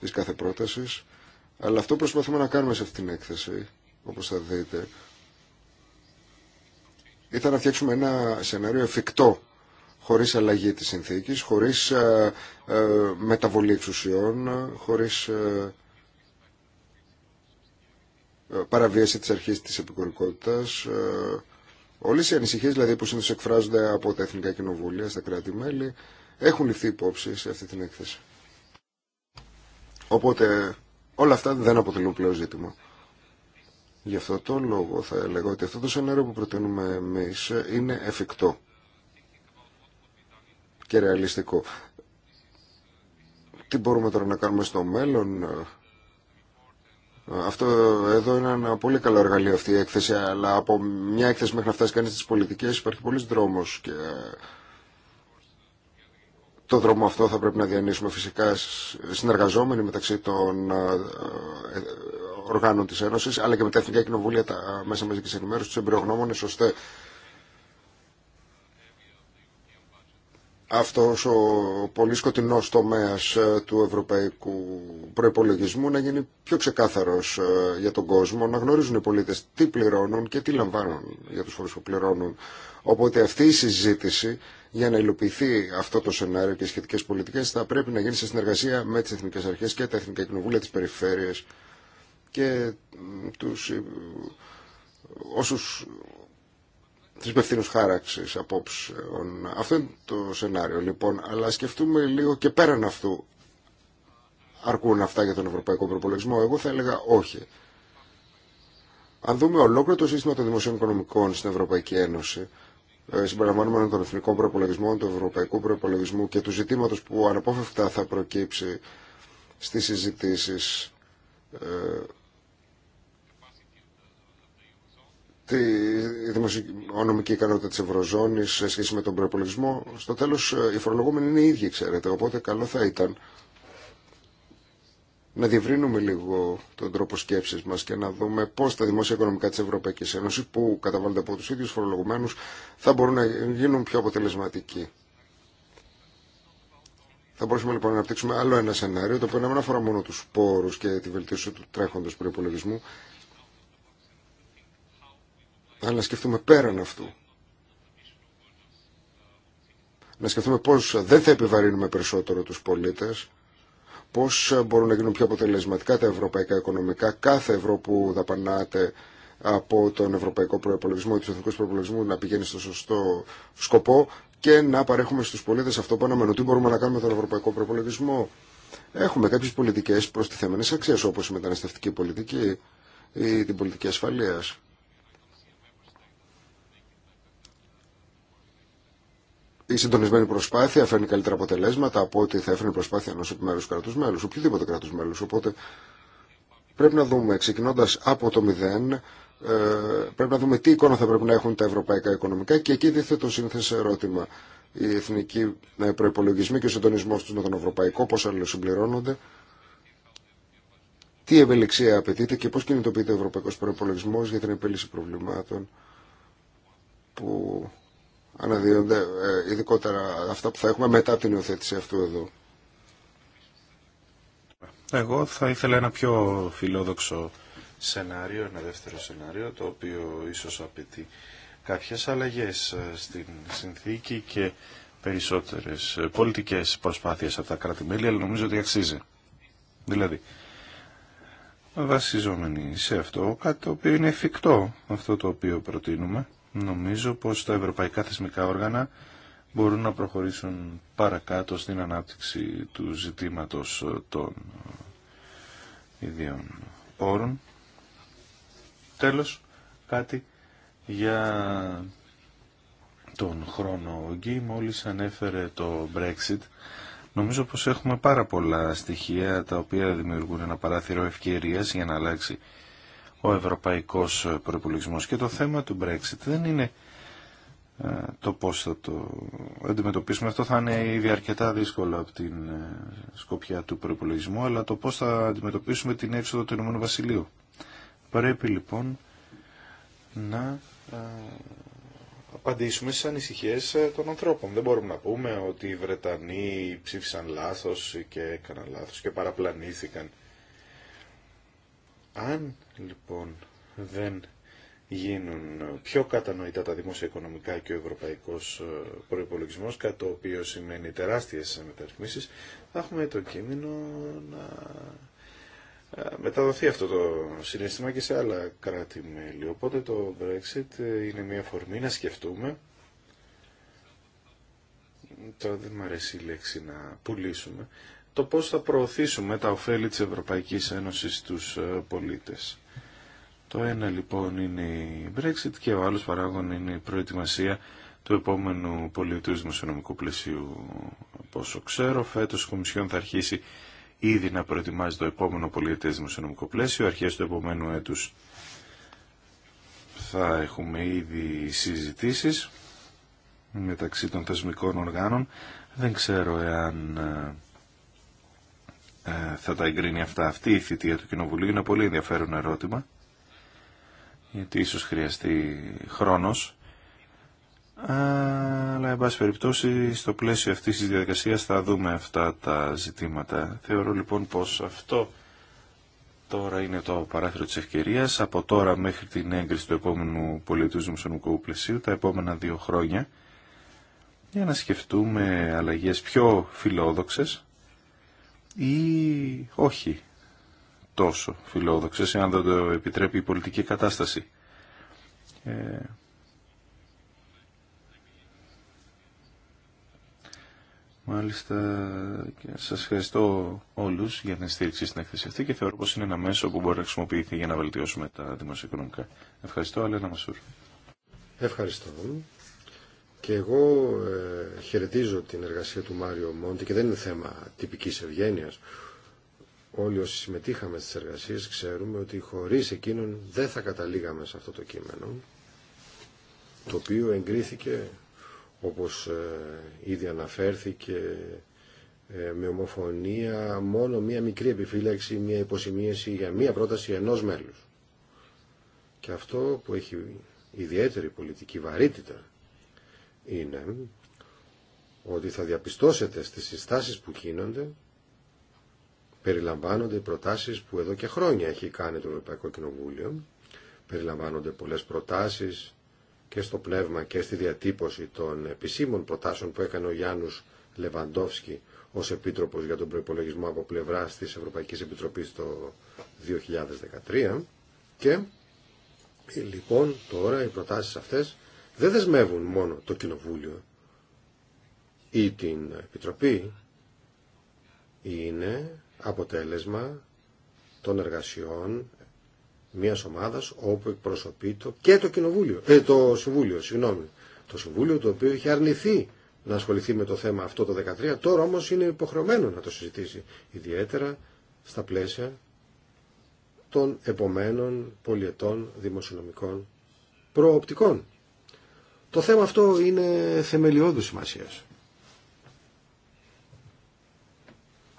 της κάθε πρότασης. Αλλά αυτό προσπαθούμε να κάνουμε σε αυτήν την έκθεση, όπως θα δείτε, ήταν να φτιάξουμε ένα σενάριο εφικτό, χωρίς αλλαγή της συνθήκης, χωρίς ε, μεταβολή εξουσιών, χωρίς ε, παραβίαση της αρχής της επικουρικότητας. Ε, όλες οι ανησυχίες δηλαδή που συνήθως εκφράζονται από τα Εθνικά Κοινοβούλια στα κράτη-μέλη έχουν ληφθεί υπόψη σε αυτή την έκθεση. Οπότε όλα αυτά δεν αποτελούν πλέον ζήτημα. Γι' αυτό το λόγο θα έλεγα ότι αυτό το σενάριο που προτείνουμε εμείς είναι εφικτό και ρεαλιστικό. Τι μπορούμε τώρα να κάνουμε στο μέλλον, αυτό εδώ είναι ένα πολύ καλό εργαλείο αυτή η έκθεση, αλλά από μια έκθεση μέχρι να φτάσει κανείς στις πολιτικές υπάρχει πολλής δρόμος και το δρόμο αυτό θα πρέπει να διανύσουμε φυσικά συνεργαζόμενοι μεταξύ των ε, ε, οργάνων της Ένωσης, αλλά και με τα Εθνικά Κοινοβούλια, τα Μέσα Μαζικής Ενημέρωσης, τους εμπειρογνώμονες, ώστε αυτός ο πολύ σκοτεινός τομέας ε, του ευρωπαϊκού προϋπολογισμού να γίνει πιο ξεκάθαρος ε, για τον κόσμο, να γνωρίζουν οι πολίτες τι πληρώνουν και τι λαμβάνουν για τους φορούς που πληρώνουν. Οπότε αυτή η συζήτηση για να υλοποιηθεί αυτό το σενάριο και οι σχετικές πολιτικές θα πρέπει να γίνει σε συνεργασία με τις Εθνικές Αρχές και τα Εθνικά Κοινοβούλια της Περιφέρειας και τους ε, όσους Τη υπευθύνους χάραξης απόψεων. Αυτό είναι το σενάριο λοιπόν, αλλά σκεφτούμε λίγο και πέραν αυτού. Αρκούν αυτά για τον ευρωπαϊκό προπολογισμό. Εγώ θα έλεγα όχι. Αν δούμε ολόκληρο το σύστημα των δημοσίων οικονομικών στην Ευρωπαϊκή Ένωση, ε, συμπεριλαμβάνουμε των εθνικών προπολογισμών, του ευρωπαϊκού προπολογισμού και του ζητήματο που αναπόφευκτα θα προκύψει στι συζητήσει ε, τη δημοσιονομική ικανότητα τη ευρωζώνη σε σχέση με τον προπολογισμό. Στο τέλο, ε, οι φορολογούμενοι είναι οι ίδιοι, ξέρετε, οπότε καλό θα ήταν να διευρύνουμε λίγο τον τρόπο σκέψη μα και να δούμε πώ τα δημόσια οικονομικά τη Ευρωπαϊκή Ένωση που καταβάλλονται από του ίδιου φορολογουμένους θα μπορούν να γίνουν πιο αποτελεσματικοί. Θα μπορούσαμε λοιπόν να αναπτύξουμε άλλο ένα σενάριο, το οποίο να μην αφορά μόνο του πόρου και τη βελτίωση του τρέχοντο προπολογισμού, αλλά να σκεφτούμε πέραν αυτού. Να σκεφτούμε πώς δεν θα επιβαρύνουμε περισσότερο τους πολίτες, πώς μπορούν να γίνουν πιο αποτελεσματικά τα ευρωπαϊκά οικονομικά, κάθε ευρώ που δαπανάται από τον ευρωπαϊκό προπολογισμό ή του εθνικού προπολογισμού να πηγαίνει στο σωστό σκοπό και να παρέχουμε στους πολίτες αυτό που αναμένουν. Τι μπορούμε να κάνουμε τον ευρωπαϊκό προπολογισμό. Έχουμε κάποιες πολιτικές προστιθέμενες αξίες όπως η μεταναστευτική πολιτική ή την πολιτική ασφαλείας. η συντονισμένη προσπάθεια φέρνει καλύτερα αποτελέσματα από ότι θα έφερνε προσπάθεια ενό επιμέρου κράτου μέλου, οποιοδήποτε κράτου μέλου. Οπότε πρέπει να δούμε, ξεκινώντα από το μηδέν, ε, πρέπει να δούμε τι εικόνα θα πρέπει να έχουν τα ευρωπαϊκά οικονομικά και εκεί δίθεται το σύνθεση ερώτημα. Οι εθνικοί ε, προπολογισμοί και ο συντονισμό του με τον ευρωπαϊκό, πώ αλληλοσυμπληρώνονται, τι ευελιξία απαιτείται και πώ κινητοποιείται ο ευρωπαϊκό προπολογισμό για την επίλυση προβλημάτων που αναδύονται ε, ειδικότερα αυτά που θα έχουμε μετά την υιοθέτηση αυτού εδώ. Εγώ θα ήθελα ένα πιο φιλόδοξο σενάριο, ένα δεύτερο σενάριο, το οποίο ίσως απαιτεί κάποιες αλλαγές ε, στην συνθήκη και περισσότερες ε, πολιτικές προσπάθειες από τα κράτη-μέλη, αλλά νομίζω ότι αξίζει. Δηλαδή, βασιζόμενοι σε αυτό, κάτι το οποίο είναι εφικτό, αυτό το οποίο προτείνουμε, Νομίζω πως τα ευρωπαϊκά θεσμικά όργανα μπορούν να προχωρήσουν παρακάτω στην ανάπτυξη του ζητήματος των ιδίων όρων. Τέλος, κάτι για τον χρόνο. Ο Γκί μόλις ανέφερε το Brexit. Νομίζω πως έχουμε πάρα πολλά στοιχεία τα οποία δημιουργούν ένα παράθυρο ευκαιρίας για να αλλάξει ο ευρωπαϊκός προϋπολογισμός. Και το θέμα του Brexit δεν είναι ε, το πώς θα το αντιμετωπίσουμε. Αυτό θα είναι ήδη αρκετά δύσκολο από την ε, σκοπιά του προπολογισμού, αλλά το πώς θα αντιμετωπίσουμε την έξοδο του Ηνωμένου Βασιλείου. Πρέπει λοιπόν να ε, απαντήσουμε στις ανησυχίες των ανθρώπων. Δεν μπορούμε να πούμε ότι οι Βρετανοί ψήφισαν λάθος και έκαναν λάθος και παραπλανήθηκαν. Αν λοιπόν δεν γίνουν πιο κατανοητά τα δημόσια οικονομικά και ο ευρωπαϊκός ε, προϋπολογισμός, κατά το οποίο σημαίνει τεράστιες μεταρρυθμίσεις, θα έχουμε το κείμενο να ε, μεταδοθεί αυτό το συνέστημα και σε άλλα κράτη-μέλη. Οπότε το Brexit είναι μια φορμή να σκεφτούμε. Τώρα δεν μου αρέσει η λέξη να πουλήσουμε, το πώς θα προωθήσουμε τα ωφέλη της Ευρωπαϊκής Ένωσης στους ε, πολίτες. Το ένα λοιπόν είναι η Brexit και ο άλλος παράγον είναι η προετοιμασία του επόμενου πολιτού δημοσιονομικού πλαισίου. Από όσο ξέρω, φέτος η Κομισιόν θα αρχίσει ήδη να προετοιμάζει το επόμενο πολιτικό δημοσιονομικό πλαίσιο. Αρχές του επόμενου έτους θα έχουμε ήδη συζητήσεις μεταξύ των θεσμικών οργάνων. Δεν ξέρω εάν ε, ε, θα τα εγκρίνει αυτά. Αυτή η θητεία του Κοινοβουλίου είναι πολύ ενδιαφέρον ερώτημα, γιατί ίσως χρειαστεί χρόνος, αλλά εν πάση περιπτώσει στο πλαίσιο αυτής της διαδικασίας θα δούμε αυτά τα ζητήματα. Θεωρώ λοιπόν πως αυτό τώρα είναι το παράθυρο της ευκαιρίας, από τώρα μέχρι την έγκριση του επόμενου πολιτού δημοσιονομικού πλαισίου, τα επόμενα δύο χρόνια, για να σκεφτούμε αλλαγές πιο φιλόδοξες, ή όχι τόσο φιλόδοξες, εάν δεν το επιτρέπει η πολιτική κατάσταση. Ε... Μάλιστα, και σας ευχαριστώ όλους για την στήριξη στην έκθεση αυτή και θεωρώ πως είναι ένα μέσο που μπορεί να χρησιμοποιηθεί για να βελτιώσουμε τα δημοσιοοικονομικά. Ευχαριστώ, Αλένα Μασούρ. Ευχαριστώ. Και εγώ ε, χαιρετίζω την εργασία του Μάριο Μόντι και δεν είναι θέμα τυπικής ευγένειας. Όλοι όσοι συμμετείχαμε στις εργασίες ξέρουμε ότι χωρίς εκείνον δεν θα καταλήγαμε σε αυτό το κείμενο, το οποίο εγκρίθηκε όπως ε, ήδη αναφέρθηκε ε, με ομοφωνία μόνο μία μικρή επιφύλαξη, μία υποσημείωση για μία πρόταση ενός μέλους. Και αυτό που έχει ιδιαίτερη πολιτική βαρύτητα είναι ότι θα διαπιστώσετε στις συστάσεις που κίνονται περιλαμβάνονται οι προτάσεις που εδώ και χρόνια έχει κάνει το Ευρωπαϊκό Κοινοβούλιο περιλαμβάνονται πολλές προτάσεις και στο πνεύμα και στη διατύπωση των επισήμων προτάσεων που έκανε ο Γιάννους Λεβαντόφσκι ως Επίτροπος για τον Προϋπολογισμό από πλευρά της Ευρωπαϊκής Επιτροπής το 2013 και λοιπόν τώρα οι προτάσεις αυτές δεν δεσμεύουν μόνο το Κοινοβούλιο ή την Επιτροπή. Είναι αποτέλεσμα των εργασιών μιας ομάδας όπου εκπροσωπεί το και το, κοινοβούλιο, ε, το Συμβούλιο. Συγγνώμη. Το Συμβούλιο το οποίο είχε αρνηθεί να ασχοληθεί με το θέμα αυτό το 2013, τώρα όμως είναι υποχρεωμένο να το συζητήσει, ιδιαίτερα στα πλαίσια των επομένων πολιετών δημοσιονομικών προοπτικών. Το θέμα αυτό είναι θεμελιώδου σημασία.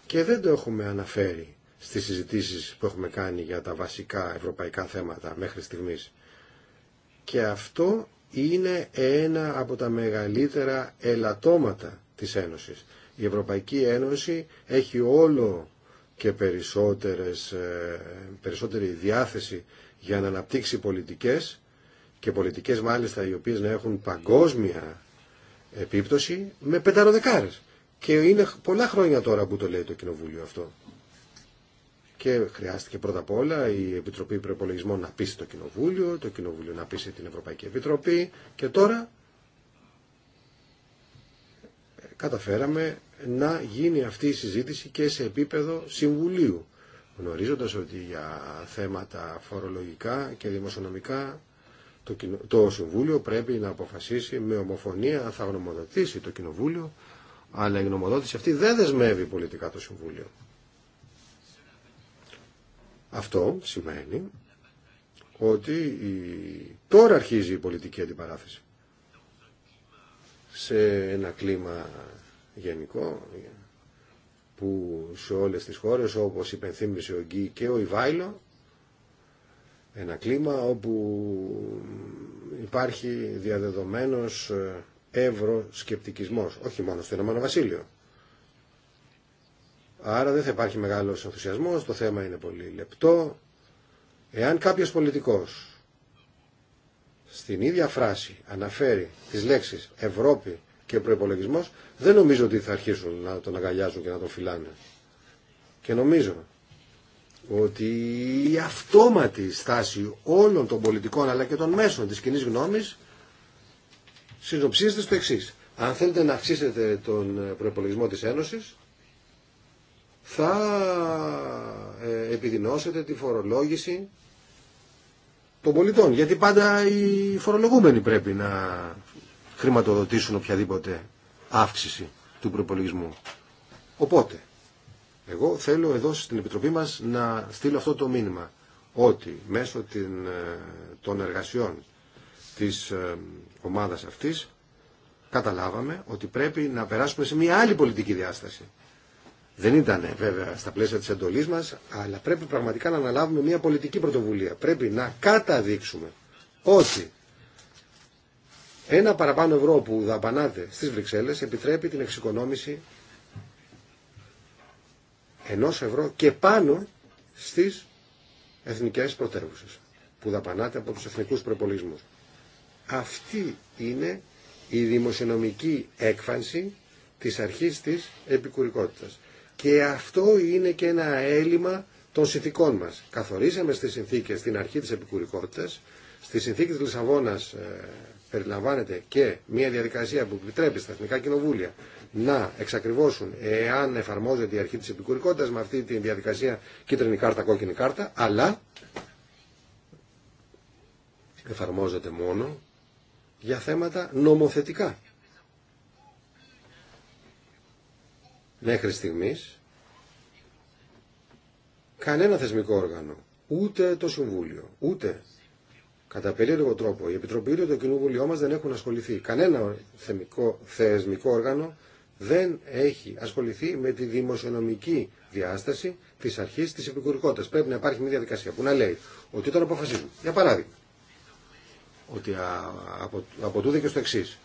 Και δεν το έχουμε αναφέρει στις συζητήσεις που έχουμε κάνει για τα βασικά ευρωπαϊκά θέματα μέχρι στιγμής. Και αυτό είναι ένα από τα μεγαλύτερα ελαττώματα της Ένωσης. Η Ευρωπαϊκή Ένωση έχει όλο και περισσότερες, ε, περισσότερη διάθεση για να αναπτύξει πολιτικές και πολιτικές μάλιστα οι οποίες να έχουν παγκόσμια επίπτωση με πενταροδεκάρες. Και είναι πολλά χρόνια τώρα που το λέει το Κοινοβούλιο αυτό. Και χρειάστηκε πρώτα απ' όλα η Επιτροπή Προπολογισμών να πείσει το Κοινοβούλιο, το Κοινοβούλιο να πείσει την Ευρωπαϊκή Επιτροπή και τώρα καταφέραμε να γίνει αυτή η συζήτηση και σε επίπεδο Συμβουλίου γνωρίζοντας ότι για θέματα φορολογικά και δημοσιονομικά το, το Συμβούλιο πρέπει να αποφασίσει με ομοφωνία αν θα γνωμοδοτήσει το Κοινοβούλιο, αλλά η γνωμοδότηση αυτή δεν δεσμεύει πολιτικά το Συμβούλιο. Αυτό σημαίνει ότι τώρα αρχίζει η πολιτική αντιπαράθεση. Σε ένα κλίμα γενικό που σε όλες τις χώρες όπως υπενθύμησε ο Γκί και ο Ιβάιλο ένα κλίμα όπου υπάρχει διαδεδομένος ε, ευρωσκεπτικισμός, όχι μόνο στο Ηνωμένο Βασίλειο. Άρα δεν θα υπάρχει μεγάλος ενθουσιασμός, το θέμα είναι πολύ λεπτό. Εάν κάποιος πολιτικός στην ίδια φράση αναφέρει τις λέξεις Ευρώπη και προπολογισμό, δεν νομίζω ότι θα αρχίσουν να τον αγκαλιάζουν και να τον φυλάνε. Και νομίζω ότι η αυτόματη στάση όλων των πολιτικών αλλά και των μέσων της κοινή γνώμης συνοψίζεται στο εξή. Αν θέλετε να αυξήσετε τον προπολογισμό της Ένωσης θα ε, επιδεινώσετε τη φορολόγηση των πολιτών. Γιατί πάντα οι φορολογούμενοι πρέπει να χρηματοδοτήσουν οποιαδήποτε αύξηση του προπολογισμού. Οπότε, εγώ θέλω εδώ στην Επιτροπή μας να στείλω αυτό το μήνυμα ότι μέσω την, ε, των εργασιών της ε, ομάδας αυτής καταλάβαμε ότι πρέπει να περάσουμε σε μια άλλη πολιτική διάσταση. Δεν ήταν ε, βέβαια στα πλαίσια της εντολής μας, αλλά πρέπει πραγματικά να αναλάβουμε μια πολιτική πρωτοβουλία. Πρέπει να καταδείξουμε ότι ένα παραπάνω ευρώ που δαπανάται στις Βρυξέλλες επιτρέπει την εξοικονόμηση ενός ευρώ και πάνω στις εθνικές πρωτεύουσες που δαπανάται από τους εθνικούς προπολισμούς. Αυτή είναι η δημοσιονομική έκφανση της αρχής της επικουρικότητας. Και αυτό είναι και ένα έλλειμμα των συνθήκών μας. Καθορίσαμε στις συνθήκες την αρχή της επικουρικότητας. Στη συνθήκες της Λισαβόνας ε, περιλαμβάνεται και μια διαδικασία που επιτρέπει στα εθνικά κοινοβούλια να εξακριβώσουν εάν εφαρμόζεται η αρχή της επικουρικότητας με αυτή τη διαδικασία κίτρινη κάρτα, κόκκινη κάρτα, αλλά εφαρμόζεται μόνο για θέματα νομοθετικά. Μέχρι στιγμής κανένα θεσμικό όργανο, ούτε το Συμβούλιο, ούτε κατά περίεργο τρόπο η Επιτροπή του το Κοινοβουλίο μας δεν έχουν ασχοληθεί. Κανένα θεσμικό όργανο δεν έχει ασχοληθεί με τη δημοσιονομική διάσταση τη αρχή τη επικουρικότητα. Πρέπει να υπάρχει μια διαδικασία που να λέει ότι όταν αποφασίζουμε, για παράδειγμα, ότι από, από τούδε και στο εξή,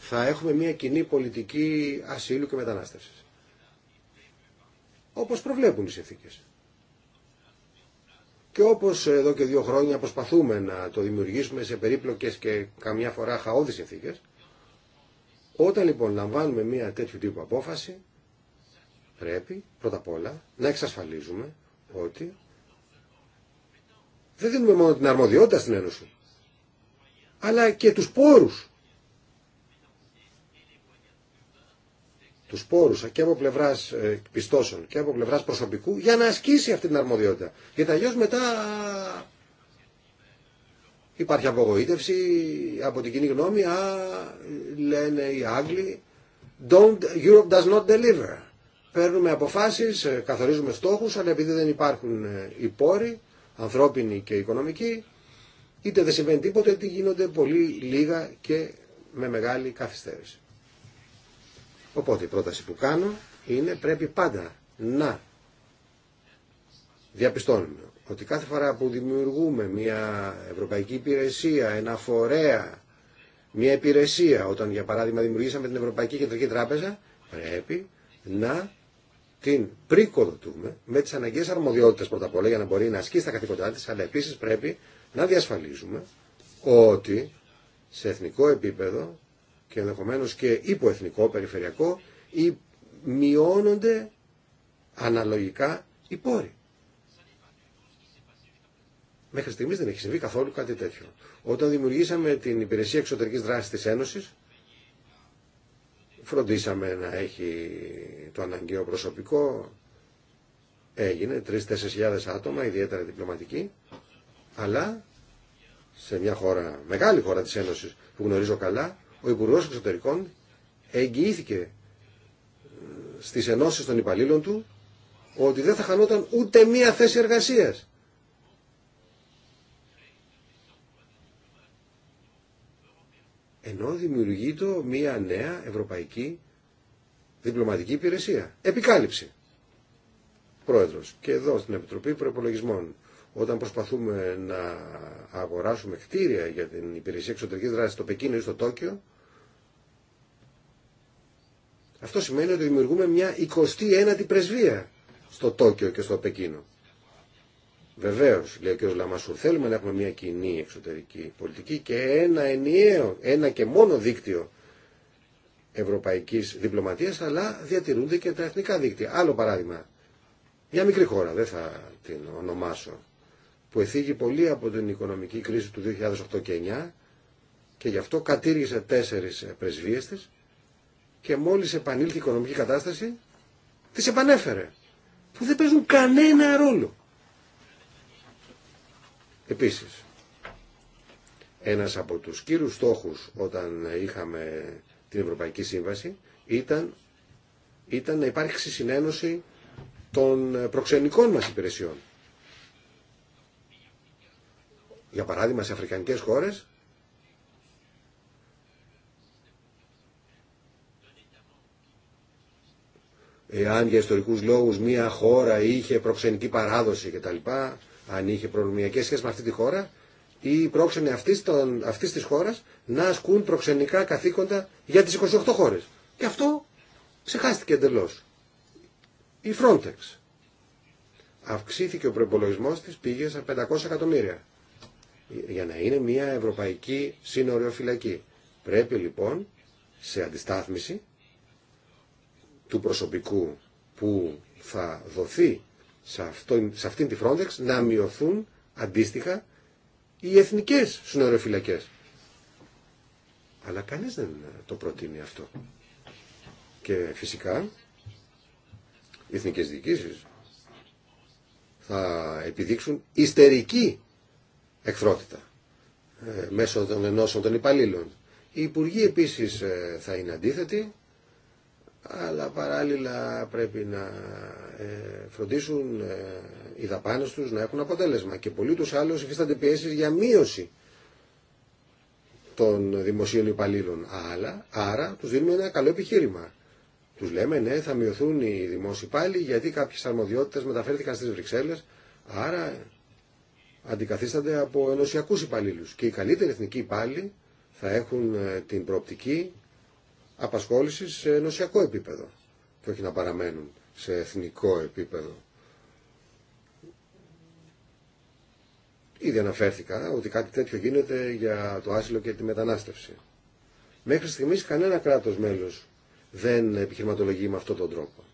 θα έχουμε μια κοινή πολιτική ασύλου και μετανάστευση. Όπω προβλέπουν οι συνθήκε. Και όπω εδώ και δύο χρόνια προσπαθούμε να το δημιουργήσουμε σε περίπλοκε και καμιά φορά χαόδη συνθήκε, όταν λοιπόν λαμβάνουμε μια τέτοιου τύπου απόφαση, πρέπει πρώτα απ' όλα να εξασφαλίζουμε ότι δεν δίνουμε μόνο την αρμοδιότητα στην Ένωση, αλλά και τους πόρους. Τους πόρους και από πλευράς ε, πιστώσεων και από πλευράς προσωπικού για να ασκήσει αυτή την αρμοδιότητα. Γιατί αλλιώς μετά Υπάρχει απογοήτευση από την κοινή γνώμη. Α, λένε οι Άγγλοι, Don't, Europe does not deliver. Παίρνουμε αποφάσεις, ε, καθορίζουμε στόχους, αλλά επειδή δεν υπάρχουν ε, οι πόροι, ανθρώπινοι και οικονομικοί, είτε δεν συμβαίνει τίποτα, είτε γίνονται πολύ λίγα και με μεγάλη καθυστέρηση. Οπότε η πρόταση που κάνω είναι πρέπει πάντα να διαπιστώνουμε ότι κάθε φορά που δημιουργούμε μια ευρωπαϊκή υπηρεσία, ένα φορέα, μια υπηρεσία, όταν για παράδειγμα δημιουργήσαμε την Ευρωπαϊκή Κεντρική Τράπεζα, πρέπει να την πρικοδοτούμε με τις αναγκαίες αρμοδιότητες πρώτα απ' όλα για να μπορεί να ασκήσει τα καθήκοντά της, αλλά επίσης πρέπει να διασφαλίζουμε ότι σε εθνικό επίπεδο και ενδεχομένω και υποεθνικό, περιφερειακό, μειώνονται αναλογικά οι πόροι. Μέχρι στιγμή δεν έχει συμβεί καθόλου κάτι τέτοιο. Όταν δημιουργήσαμε την υπηρεσία εξωτερική δράση τη Ένωση, φροντίσαμε να έχει το αναγκαίο προσωπικό. Έγινε 3-4 άτομα, ιδιαίτερα διπλωματικοί, αλλά σε μια χώρα, μεγάλη χώρα τη Ένωση που γνωρίζω καλά, ο υπουργό Εξωτερικών εγγυήθηκε ε, στι Ενώσει των υπαλλήλων του ότι δεν θα χανόταν ούτε μία θέση εργασίας. ενώ δημιουργεί μία νέα ευρωπαϊκή διπλωματική υπηρεσία. Επικάλυψη. Πρόεδρος. Και εδώ στην Επιτροπή Προπολογισμών, όταν προσπαθούμε να αγοράσουμε κτίρια για την υπηρεσία εξωτερική δράση στο Πεκίνο ή στο Τόκιο, αυτό σημαίνει ότι δημιουργούμε μια 29η πρεσβεία στο Τόκιο και στο Πεκίνο. Βεβαίω, λέει ο κ. Λαμασούρ, θέλουμε να έχουμε μια κοινή εξωτερική πολιτική και ένα ενιαίο, ένα και μόνο δίκτυο ευρωπαϊκή διπλωματία, αλλά διατηρούνται και τα εθνικά δίκτυα. Άλλο παράδειγμα, μια μικρή χώρα, δεν θα την ονομάσω, που εθίγει πολύ από την οικονομική κρίση του 2008 και 2009 και γι' αυτό κατήργησε τέσσερι πρεσβείε τη και μόλι επανήλθε η οικονομική κατάσταση, τι επανέφερε. Που δεν παίζουν κανένα ρόλο Επίσης, ένας από τους κύριους στόχους όταν είχαμε την Ευρωπαϊκή Σύμβαση ήταν, ήταν να υπάρξει συνένωση των προξενικών μας υπηρεσιών. Για παράδειγμα, σε αφρικανικές χώρες εάν για ιστορικούς λόγους μία χώρα είχε προξενική παράδοση κτλ αν είχε προνομιακές σχέσεις με αυτή τη χώρα ή οι πρόξενοι αυτής, αυτής της χώρας να ασκούν προξενικά καθήκοντα για τις 28 χώρες. Και αυτό ξεχάστηκε εντελώ. Η Frontex. Αυξήθηκε ο προπολογισμό της, πήγε σε 500 εκατομμύρια. Για να είναι μια ευρωπαϊκή φυλακή. Πρέπει λοιπόν σε αντιστάθμιση του προσωπικού που θα δοθεί σε, σε αυτήν τη Frontex να μειωθούν αντίστοιχα οι εθνικές συνοριοφυλακές. Αλλά κανείς δεν το προτείνει αυτό. Και φυσικά οι εθνικές διοικήσεις θα επιδείξουν ιστερική εχθρότητα ε, μέσω των ενώσεων των υπαλλήλων. Οι υπουργοί επίσης ε, θα είναι αντίθετοι αλλά παράλληλα πρέπει να ε, φροντίσουν ε, οι δαπάνες τους να έχουν αποτέλεσμα και πολλοί τους άλλους υφίστανται πιέσεις για μείωση των δημοσίων υπαλλήλων. Αλλά, άρα τους δίνουμε ένα καλό επιχείρημα. Τους λέμε ναι θα μειωθούν οι δημόσιοι υπάλληλοι γιατί κάποιες αρμοδιότητες μεταφέρθηκαν στις Βρυξέλλες άρα αντικαθίστανται από ενωσιακούς υπαλλήλου. και οι καλύτεροι εθνικοί υπάλληλοι θα έχουν ε, την προοπτική απασχόληση σε ενωσιακό επίπεδο και όχι να παραμένουν σε εθνικό επίπεδο. Ήδη αναφέρθηκα ότι κάτι τέτοιο γίνεται για το άσυλο και τη μετανάστευση. Μέχρι στιγμής κανένα κράτος μέλος δεν επιχειρηματολογεί με αυτόν τον τρόπο.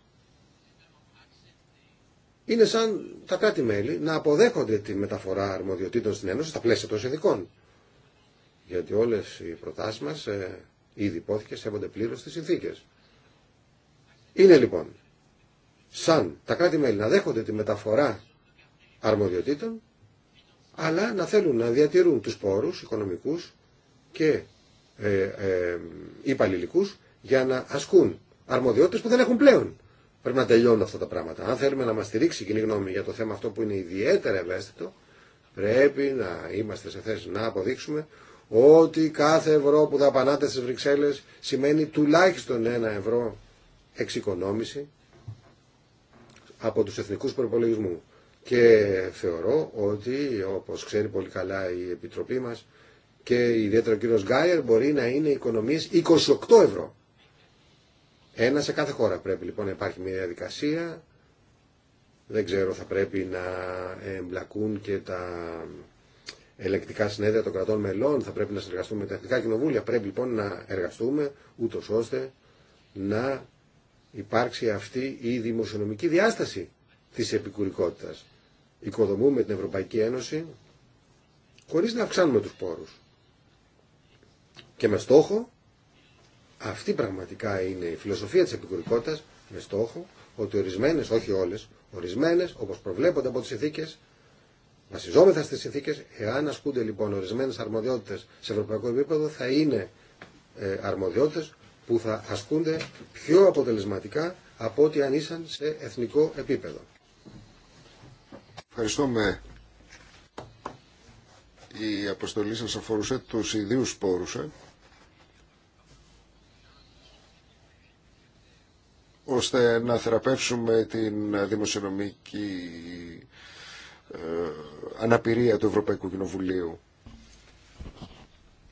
Είναι σαν τα κράτη-μέλη να αποδέχονται τη μεταφορά αρμοδιοτήτων στην Ένωση στα πλαίσια των συνδικών. Γιατί όλες οι προτάσεις μας ε, Ήδη υπόθηκε, σέβονται πλήρω τι συνθήκε. Είναι λοιπόν σαν τα κράτη-μέλη να δέχονται τη μεταφορά αρμοδιοτήτων, αλλά να θέλουν να διατηρούν τους πόρους οικονομικούς και ε, ε, υπαλληλικού για να ασκούν αρμοδιότητες που δεν έχουν πλέον. Πρέπει να τελειώνουν αυτά τα πράγματα. Αν θέλουμε να μα στηρίξει η κοινή γνώμη για το θέμα αυτό που είναι ιδιαίτερα ευαίσθητο, πρέπει να είμαστε σε θέση να αποδείξουμε ότι κάθε ευρώ που δαπανάτε στις Βρυξέλλες σημαίνει τουλάχιστον ένα ευρώ εξοικονόμηση από τους εθνικούς προπολογισμού. Και θεωρώ ότι, όπως ξέρει πολύ καλά η Επιτροπή μας και ιδιαίτερα ο κύριος Γκάιερ, μπορεί να είναι οικονομίες 28 ευρώ. Ένα σε κάθε χώρα πρέπει λοιπόν να υπάρχει μια διαδικασία. Δεν ξέρω, θα πρέπει να εμπλακούν και τα ελεκτικά συνέδρια των κρατών μελών, θα πρέπει να συνεργαστούμε με τα εθνικά κοινοβούλια. Πρέπει λοιπόν να εργαστούμε ούτω ώστε να υπάρξει αυτή η δημοσιονομική διάσταση τη επικουρικότητας. Οικοδομούμε την Ευρωπαϊκή Ένωση χωρίς να αυξάνουμε τους πόρους. Και με στόχο, αυτή πραγματικά είναι η φιλοσοφία τη επικουρικότητας, με στόχο ότι ορισμένε, όχι όλε, ορισμένε, όπω προβλέπονται από τι ηθίκες, βασιζόμεθα στι συνθήκε, εάν ασκούνται λοιπόν ορισμένε αρμοδιότητε σε ευρωπαϊκό επίπεδο, θα είναι ε, που θα ασκούνται πιο αποτελεσματικά από ό,τι αν ήσαν σε εθνικό επίπεδο. με Η αποστολή σας αφορούσε τους ιδίους πόρους. Ε? ώστε να θεραπεύσουμε την δημοσιονομική ε, αναπηρία του Ευρωπαϊκού Κοινοβουλίου.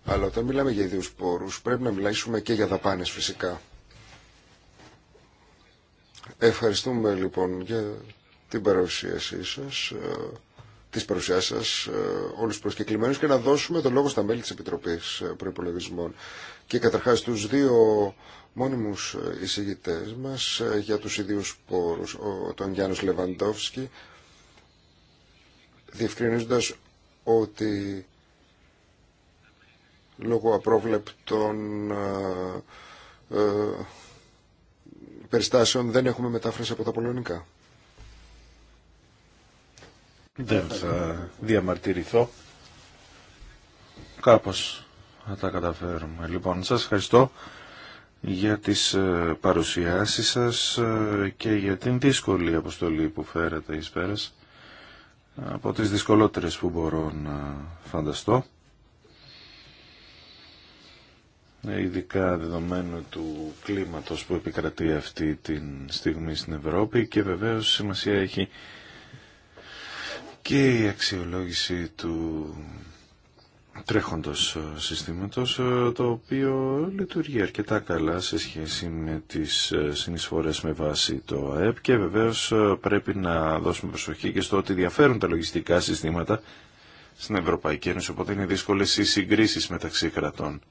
Αλλά όταν μιλάμε για ιδίους πόρους πρέπει να μιλήσουμε και για δαπάνες φυσικά. Ευχαριστούμε λοιπόν για την παρουσίασή σας, ε, τις παρουσιάσεις σας, ε, όλους τους προσκεκλημένους και να δώσουμε το λόγο στα μέλη της Επιτροπής Προϋπολογισμών. Και καταρχάς τους δύο μόνιμους εισηγητές μας για τους ιδίους πόρους, τον Γιάννος Λεβαντόφσκι, διευκρινίζοντας ότι λόγω απρόβλεπτων ε, ε, περιστάσεων δεν έχουμε μετάφραση από τα πολωνικά. Δεν θα διαμαρτυρηθώ. Κάπως θα τα καταφέρουμε. Λοιπόν, σας ευχαριστώ για τις ε, παρουσιάσεις σας ε, και για την δύσκολη αποστολή που φέρατε εις πέρας από τις δυσκολότερες που μπορώ να φανταστώ ε, ειδικά δεδομένου του κλίματος που επικρατεί αυτή τη στιγμή στην Ευρώπη και βεβαίως σημασία έχει και η αξιολόγηση του τρέχοντος ε, συστήματος ε, το οποίο λειτουργεί αρκετά καλά σε σχέση με τις ε, συνεισφορές με βάση το ΑΕΠ και βεβαίως πρέπει να δώσουμε προσοχή και στο ότι διαφέρουν τα λογιστικά συστήματα στην Ευρωπαϊκή Ένωση οπότε είναι δύσκολες οι συγκρίσεις μεταξύ κρατών.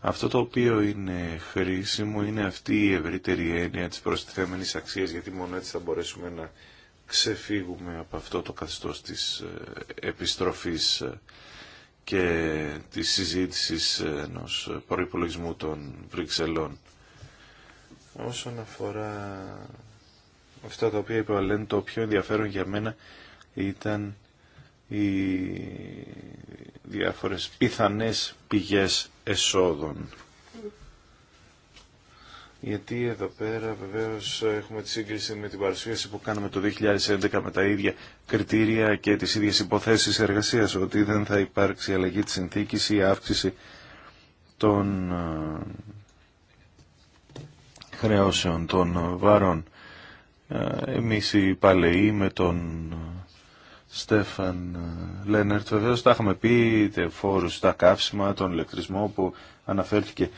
Αυτό το οποίο είναι χρήσιμο είναι αυτή η ευρύτερη έννοια της προστιθέμενης αξίας γιατί μόνο έτσι θα μπορέσουμε να ξεφύγουμε από αυτό το καθεστώς της επιστροφής και τη συζήτηση ενό προπολογισμού των Βρυξελών. Όσον αφορά αυτά τα οποία είπε το πιο ενδιαφέρον για μένα ήταν οι διάφορες πιθανές πηγές εσόδων γιατί εδώ πέρα βεβαίως έχουμε τη σύγκριση με την παρουσίαση που κάναμε το 2011 με τα ίδια κριτήρια και τις ίδιες υποθέσεις εργασίας, ότι δεν θα υπάρξει αλλαγή της συνθήκης ή αύξηση των ε, χρεώσεων των βαρών. Ε, εμείς οι παλαιοί με τον ε, Στέφαν Λένερτ βεβαίως τα είχαμε πει, φόρους στα καύσιμα, τον ηλεκτρισμό που αναφέρθηκε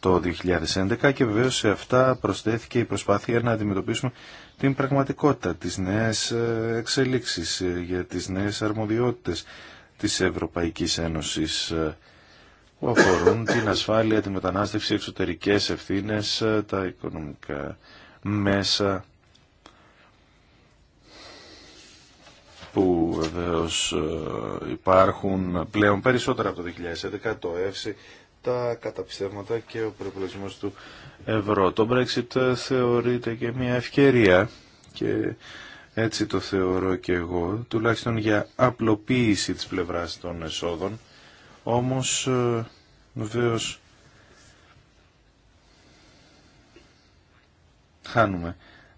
το 2011 και βεβαίως σε αυτά προσθέθηκε η προσπάθεια να αντιμετωπίσουμε την πραγματικότητα, τις νέες ε, εξελίξεις ε, για τις νέες αρμοδιότητες της Ευρωπαϊκής Ένωσης ε, που αφορούν την ασφάλεια, τη μετανάστευση, εξωτερικές ευθύνες, τα οικονομικά μέσα που βεβαίω υπάρχουν πλέον περισσότερα από το 2011, το ΕΦΣΙ, τα καταψεύματα και ο προπολογισμό του ευρώ. Το Brexit θεωρείται και μια ευκαιρία και έτσι το θεωρώ και εγώ, τουλάχιστον για απλοποίηση της πλευράς των εσόδων. Όμως, ε, βεβαίω χάνουμε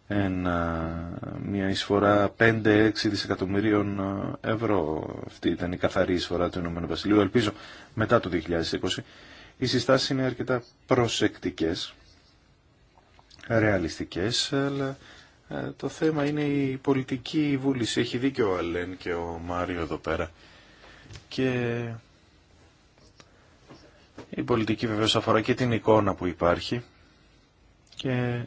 ένα, μια εισφορά 5-6 δισεκατομμυρίων ε, ευρώ. Αυτή ήταν η καθαρή εισφορά του Ηνωμένου Βασιλείου. Ελπίζω μετά το 2020 οι συστάσεις είναι αρκετά προσεκτικές, ρεαλιστικές, αλλά ε, το θέμα είναι η πολιτική βούληση. Έχει δίκιο ο Αλέν και ο Μάριο εδώ πέρα. Και η πολιτική βεβαίως αφορά και την εικόνα που υπάρχει. Και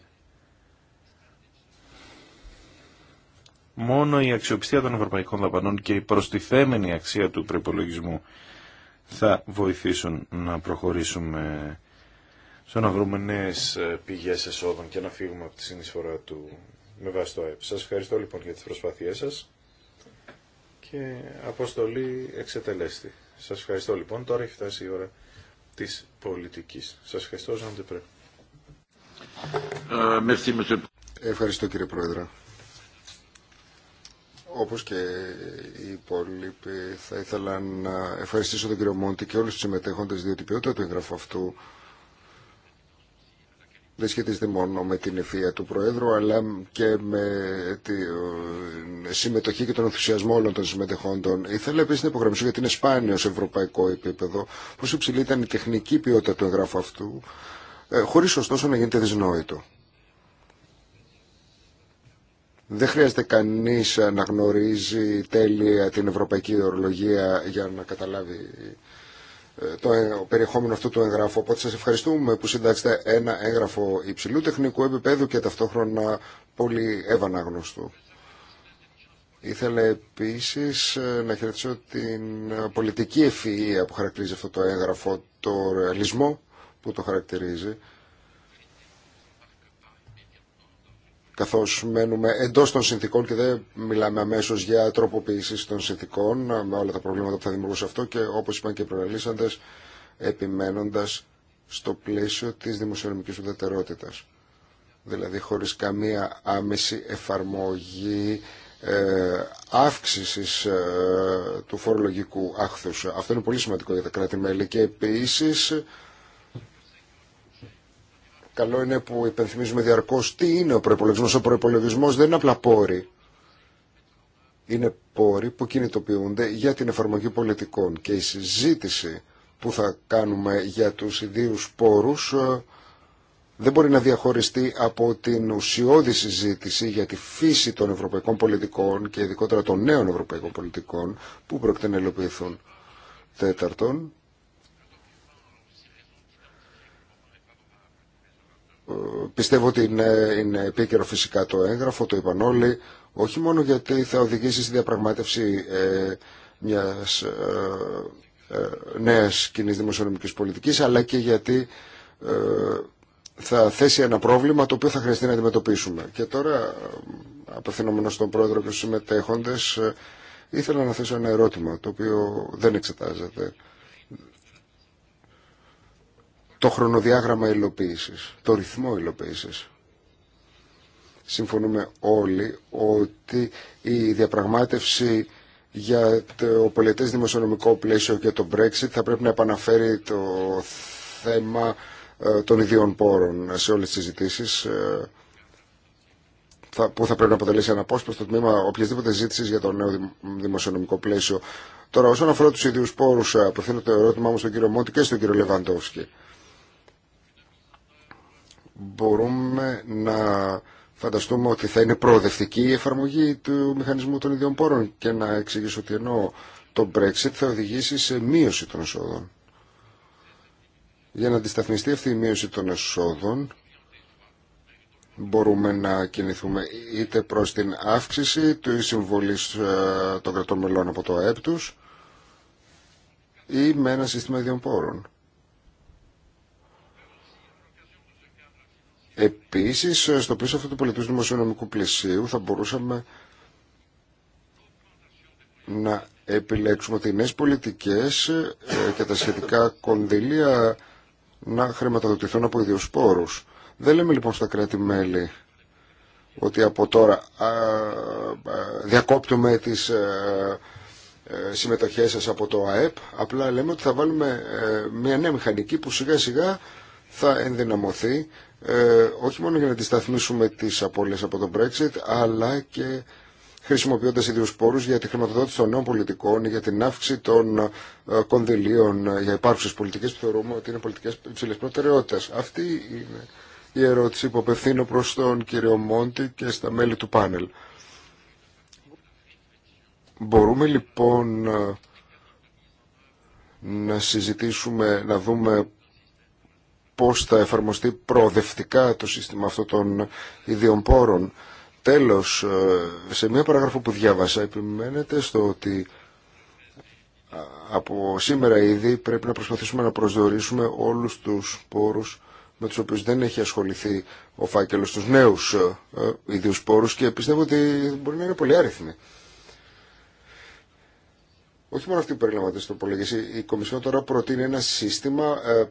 μόνο η αξιοπιστία των ευρωπαϊκών δαπανών και η προστιθέμενη αξία του προπολογισμού θα βοηθήσουν να προχωρήσουμε στο να βρούμε νέες ε, πηγές εσόδων και να φύγουμε από τη συνεισφορά του με βάση το ΑΕΠ. Σας ευχαριστώ λοιπόν για τι προσπάθειές σας και αποστολή εξετελέστη. Σα ευχαριστώ λοιπόν. Τώρα έχει φτάσει η ώρα της πολιτικής. Σας ευχαριστώ, Ζαντεπρέ. Ε, ευχαριστώ κύριε Πρόεδρε. Όπως και οι υπόλοιποι, θα ήθελα να ευχαριστήσω τον κύριο Μόντι και όλους τους συμμετέχοντες, διότι η ποιότητα του εγγραφού αυτού δεν σχετίζεται μόνο με την ευθεία του Προέδρου, αλλά και με τη συμμετοχή και τον ενθουσιασμό όλων των συμμετεχόντων. Ήθελα επίσης να υπογραμμίσω, γιατί είναι σπάνιο σε ευρωπαϊκό επίπεδο, πόσο υψηλή ήταν η τεχνική ποιότητα του εγγράφου αυτού, ε, χωρίς ωστόσο να γίνεται δυσνόητο. Δεν χρειάζεται κανείς να γνωρίζει τέλεια την ευρωπαϊκή ορολογία για να καταλάβει ε, το ε, περιεχόμενο αυτού του εγγράφου. Οπότε σας ευχαριστούμε που συντάξετε ένα έγγραφο υψηλού τεχνικού επίπεδου και ταυτόχρονα πολύ ευανάγνωστο. Ήθελα επίσης ε, να χαιρετήσω την πολιτική ευφυΐα που χαρακτηρίζει αυτό το έγγραφο, το ρεαλισμό που το χαρακτηρίζει καθώς μένουμε εντός των συνθήκων και δεν μιλάμε αμέσως για τροποποίηση των συνθήκων με όλα τα προβλήματα που θα δημιουργούσε αυτό και όπως είπαν και οι προελίσσαντε, επιμένοντας στο πλαίσιο της δημοσιονομικής ουδετερότητας. Δηλαδή χωρίς καμία άμεση εφαρμογή ε, αύξησης ε, του φορολογικού άχθους. Αυτό είναι πολύ σημαντικό για τα κράτη-μέλη και επίσης Καλό είναι που υπενθυμίζουμε διαρκώς τι είναι ο προϋπολογισμός. Ο προϋπολογισμός δεν είναι απλά πόροι. Είναι πόροι που κινητοποιούνται για την εφαρμογή πολιτικών και η συζήτηση που θα κάνουμε για τους ιδίους πόρους ε, δεν μπορεί να διαχωριστεί από την ουσιώδη συζήτηση για τη φύση των ευρωπαϊκών πολιτικών και ειδικότερα των νέων ευρωπαϊκών πολιτικών που πρόκειται να υλοποιηθούν. Τέταρτον, Πιστεύω ότι είναι, επίκαιρο φυσικά το έγγραφο, το είπαν όλοι, όχι μόνο γιατί θα οδηγήσει στη διαπραγμάτευση ε, μιας ε, ε, νέας κοινή δημοσιονομικής πολιτικής, αλλά και γιατί ε, θα θέσει ένα πρόβλημα το οποίο θα χρειαστεί να αντιμετωπίσουμε. Και τώρα, απευθυνόμενο στον πρόεδρο και στους συμμετέχοντες, ήθελα να θέσω ένα ερώτημα, το οποίο δεν εξετάζεται το χρονοδιάγραμμα υλοποίηση, το ρυθμό υλοποίηση. Συμφωνούμε όλοι ότι η διαπραγμάτευση για το πολιτές δημοσιονομικό πλαίσιο και το Brexit θα πρέπει να επαναφέρει το θέμα ε, των ιδίων πόρων σε όλες τις συζητήσεις ε, που θα πρέπει να αποτελέσει ένα απόσπαστο τμήμα οποιασδήποτε ζήτηση για το νέο δημοσιονομικό πλαίσιο. Τώρα, όσον αφορά του ίδιου πόρου, ε, απευθύνω το ερώτημα μου στον κύριο Μόντι και στον κύριο Λεβαντόφσκι μπορούμε να φανταστούμε ότι θα είναι προοδευτική η εφαρμογή του μηχανισμού των ιδιών πόρων και να εξηγήσω ότι ενώ το Brexit θα οδηγήσει σε μείωση των εσόδων. Για να αντισταθμιστεί αυτή η μείωση των εσόδων μπορούμε να κινηθούμε είτε προς την αύξηση του συμβολής ε, των κρατών μελών από το ΑΕΠ ή με ένα σύστημα ιδιών πόρων. Επίσης, στο πίσω αυτού του πολιτικού δημοσιονομικού πλαισίου θα μπορούσαμε να επιλέξουμε ότι οι νέες πολιτικές ε, και τα σχετικά κονδυλία να χρηματοδοτηθούν από ίδιους πόρους. Δεν λέμε λοιπόν στα κράτη-μέλη ότι από τώρα α, διακόπτουμε τις ε, ε, συμμετοχές από το ΑΕΠ, απλά λέμε ότι θα βάλουμε μια νέα μηχανική που σιγά σιγά θα ενδυναμωθεί ε, όχι μόνο για να αντισταθμίσουμε τις απώλειες από το Brexit αλλά και χρησιμοποιώντα ίδιου πόρου για τη χρηματοδότηση των νέων πολιτικών, για την αύξηση των ε, κονδυλίων ε, για υπάρχουσε πολιτικέ που θεωρούμε ότι είναι πολιτικέ υψηλή προτεραιότητα. Αυτή είναι η ερώτηση που απευθύνω προ τον κύριο Μόντι και στα μέλη του πάνελ. Μπορούμε λοιπόν να συζητήσουμε, να δούμε πώς θα εφαρμοστεί προοδευτικά το σύστημα αυτό των ιδίων πόρων. Τέλος, ε, σε μία παραγραφή που διάβασα επιμένετε στο ότι από σήμερα ήδη πρέπει να προσπαθήσουμε να προσδιορίσουμε όλους τους πόρους με τους οποίους δεν έχει ασχοληθεί ο φάκελος τους νέους ε, ε, ίδιους πόρους και πιστεύω ότι μπορεί να είναι πολύ άριθμοι όχι μόνο αυτή που περιλαμβάνεται στο Η Κομισιόν τώρα προτείνει ένα σύστημα ε,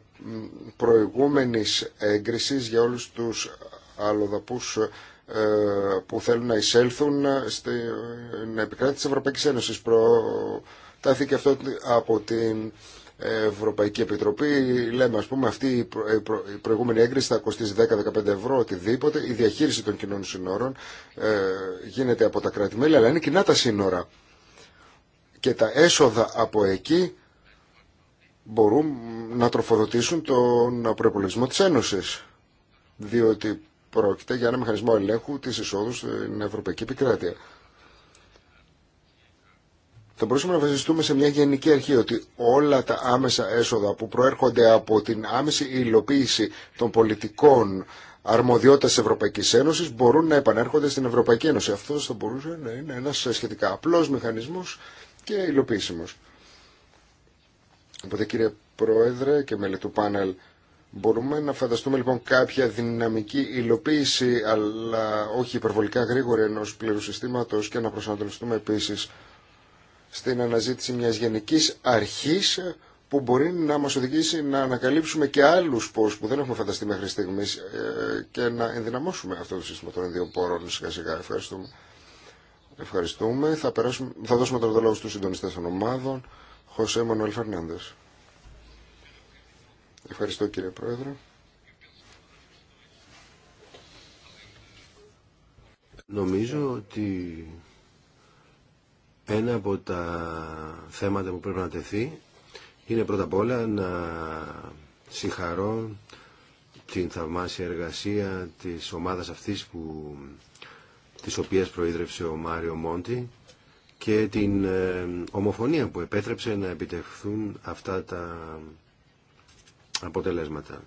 προηγούμενης έγκρισης για όλους τους αλλοδαπούς ε, που θέλουν να εισέλθουν στην επικράτηση της Ευρωπαϊκής Ένωσης. Προτάθηκε αυτό από την Ευρωπαϊκή Επιτροπή. Λέμε ας πούμε αυτή η, προηγούμενη έγκριση θα κοστίζει 10-15 ευρώ οτιδήποτε. Η διαχείριση των κοινών συνόρων ε, γίνεται από τα κράτη-μέλη αλλά είναι κοινά τα σύνορα και τα έσοδα από εκεί μπορούν να τροφοδοτήσουν τον προπολογισμό της Ένωσης. Διότι πρόκειται για ένα μηχανισμό ελέγχου της εισόδου στην Ευρωπαϊκή Επικράτεια. Θα μπορούσαμε να βασιστούμε σε μια γενική αρχή ότι όλα τα άμεσα έσοδα που προέρχονται από την άμεση υλοποίηση των πολιτικών αρμοδιότητας τη Ευρωπαϊκή Ένωση μπορούν να επανέρχονται στην Ευρωπαϊκή Ένωση. Αυτό θα μπορούσε να είναι ένας σχετικά απλός μηχανισμός και υλοποιήσιμος. Οπότε κύριε Πρόεδρε και μέλη του πάνελ, μπορούμε να φανταστούμε λοιπόν κάποια δυναμική υλοποίηση, αλλά όχι υπερβολικά γρήγορη ενός πλήρου συστήματος και να προσανατολιστούμε επίσης στην αναζήτηση μιας γενικής αρχής που μπορεί να μας οδηγήσει να ανακαλύψουμε και άλλους πώς που δεν έχουμε φανταστεί μέχρι στιγμής ε, και να ενδυναμώσουμε αυτό το σύστημα των πόρων σιγά σιγά. Ευχαριστούμε. Ευχαριστούμε. Θα, περάσουμε, θα δώσουμε τώρα το λόγο στους συντονιστές των ομάδων. Χωσέ Μανουέλ Φερνάνδες. Ευχαριστώ κύριε Πρόεδρε. Νομίζω ότι ένα από τα θέματα που πρέπει να τεθεί είναι πρώτα απ' όλα να συγχαρώ την θαυμάσια εργασία της ομάδας αυτής που της οποίας προείδρευσε ο Μάριο Μόντι και την ε, ομοφωνία που επέτρεψε να επιτευχθούν αυτά τα αποτελέσματα.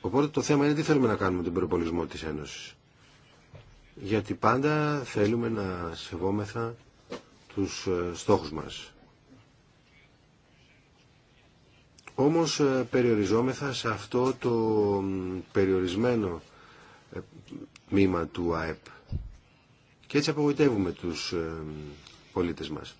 Οπότε το θέμα είναι τι θέλουμε να κάνουμε τον προπολισμό της Ένωσης. Γιατί πάντα θέλουμε να σεβόμεθα τους ε, στόχους μας. Όμως ε, περιοριζόμεθα σε αυτό το περιορισμένο Μήμα του ΑΕΠ. Και έτσι απογοητεύουμε τους ε, πολίτες μας.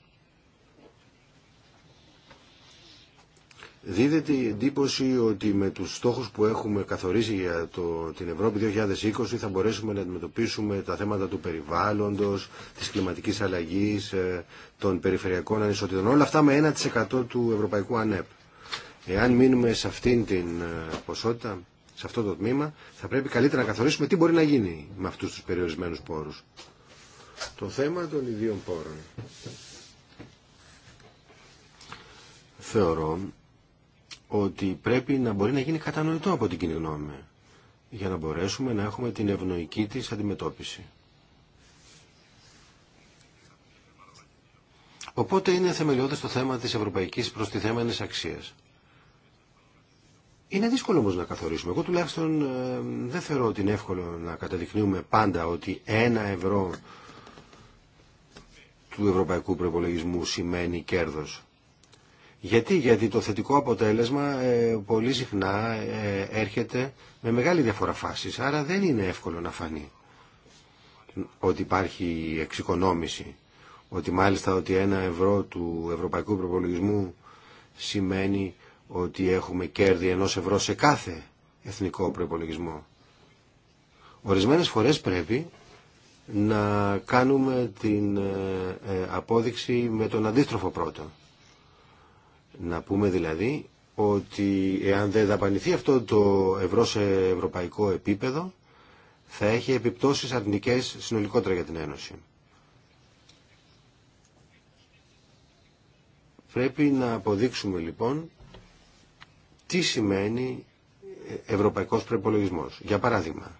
Δίδεται η εντύπωση ότι με τους στόχους που έχουμε καθορίσει για το, την Ευρώπη 2020 θα μπορέσουμε να αντιμετωπίσουμε τα θέματα του περιβάλλοντος, της κλιματικής αλλαγής, ε, των περιφερειακών ανισοτήτων. Όλα αυτά με 1% του ευρωπαϊκού ΑΝΕΠ. Εάν μείνουμε σε αυτήν την ε, ποσότητα σε αυτό το τμήμα, θα πρέπει καλύτερα να καθορίσουμε τι μπορεί να γίνει με αυτούς τους περιορισμένους πόρους. Το θέμα των ιδίων πόρων. Θεωρώ ότι πρέπει να μπορεί να γίνει κατανοητό από την κοινή γνώμη για να μπορέσουμε να έχουμε την ευνοϊκή της αντιμετώπιση. Οπότε είναι θεμελιώδες το θέμα της ευρωπαϊκής προστιθέμενης αξίας. Είναι δύσκολο όμω να καθορίσουμε. Εγώ τουλάχιστον ε, δεν θεωρώ ότι είναι εύκολο να καταδεικνύουμε πάντα ότι ένα ευρώ του ευρωπαϊκού προπολογισμού σημαίνει κέρδος. Γιατί, γιατί το θετικό αποτέλεσμα ε, πολύ συχνά ε, έρχεται με μεγάλη διαφορά φάση. άρα δεν είναι εύκολο να φανεί ότι υπάρχει εξοικονόμηση, ότι μάλιστα ότι ένα ευρώ του ευρωπαϊκού προπολογισμού σημαίνει ότι έχουμε κέρδη ενός ευρώ σε κάθε εθνικό προϋπολογισμό. Ορισμένες φορές πρέπει να κάνουμε την ε, ε, απόδειξη με τον αντίστροφο πρώτο. Να πούμε δηλαδή ότι εάν δεν δαπανηθεί αυτό το ευρώ σε ευρωπαϊκό επίπεδο θα έχει επιπτώσεις αρνητικές συνολικότερα για την Ένωση. Πρέπει να αποδείξουμε λοιπόν τι σημαίνει ε, ευρωπαϊκός προϋπολογισμός. Για παράδειγμα,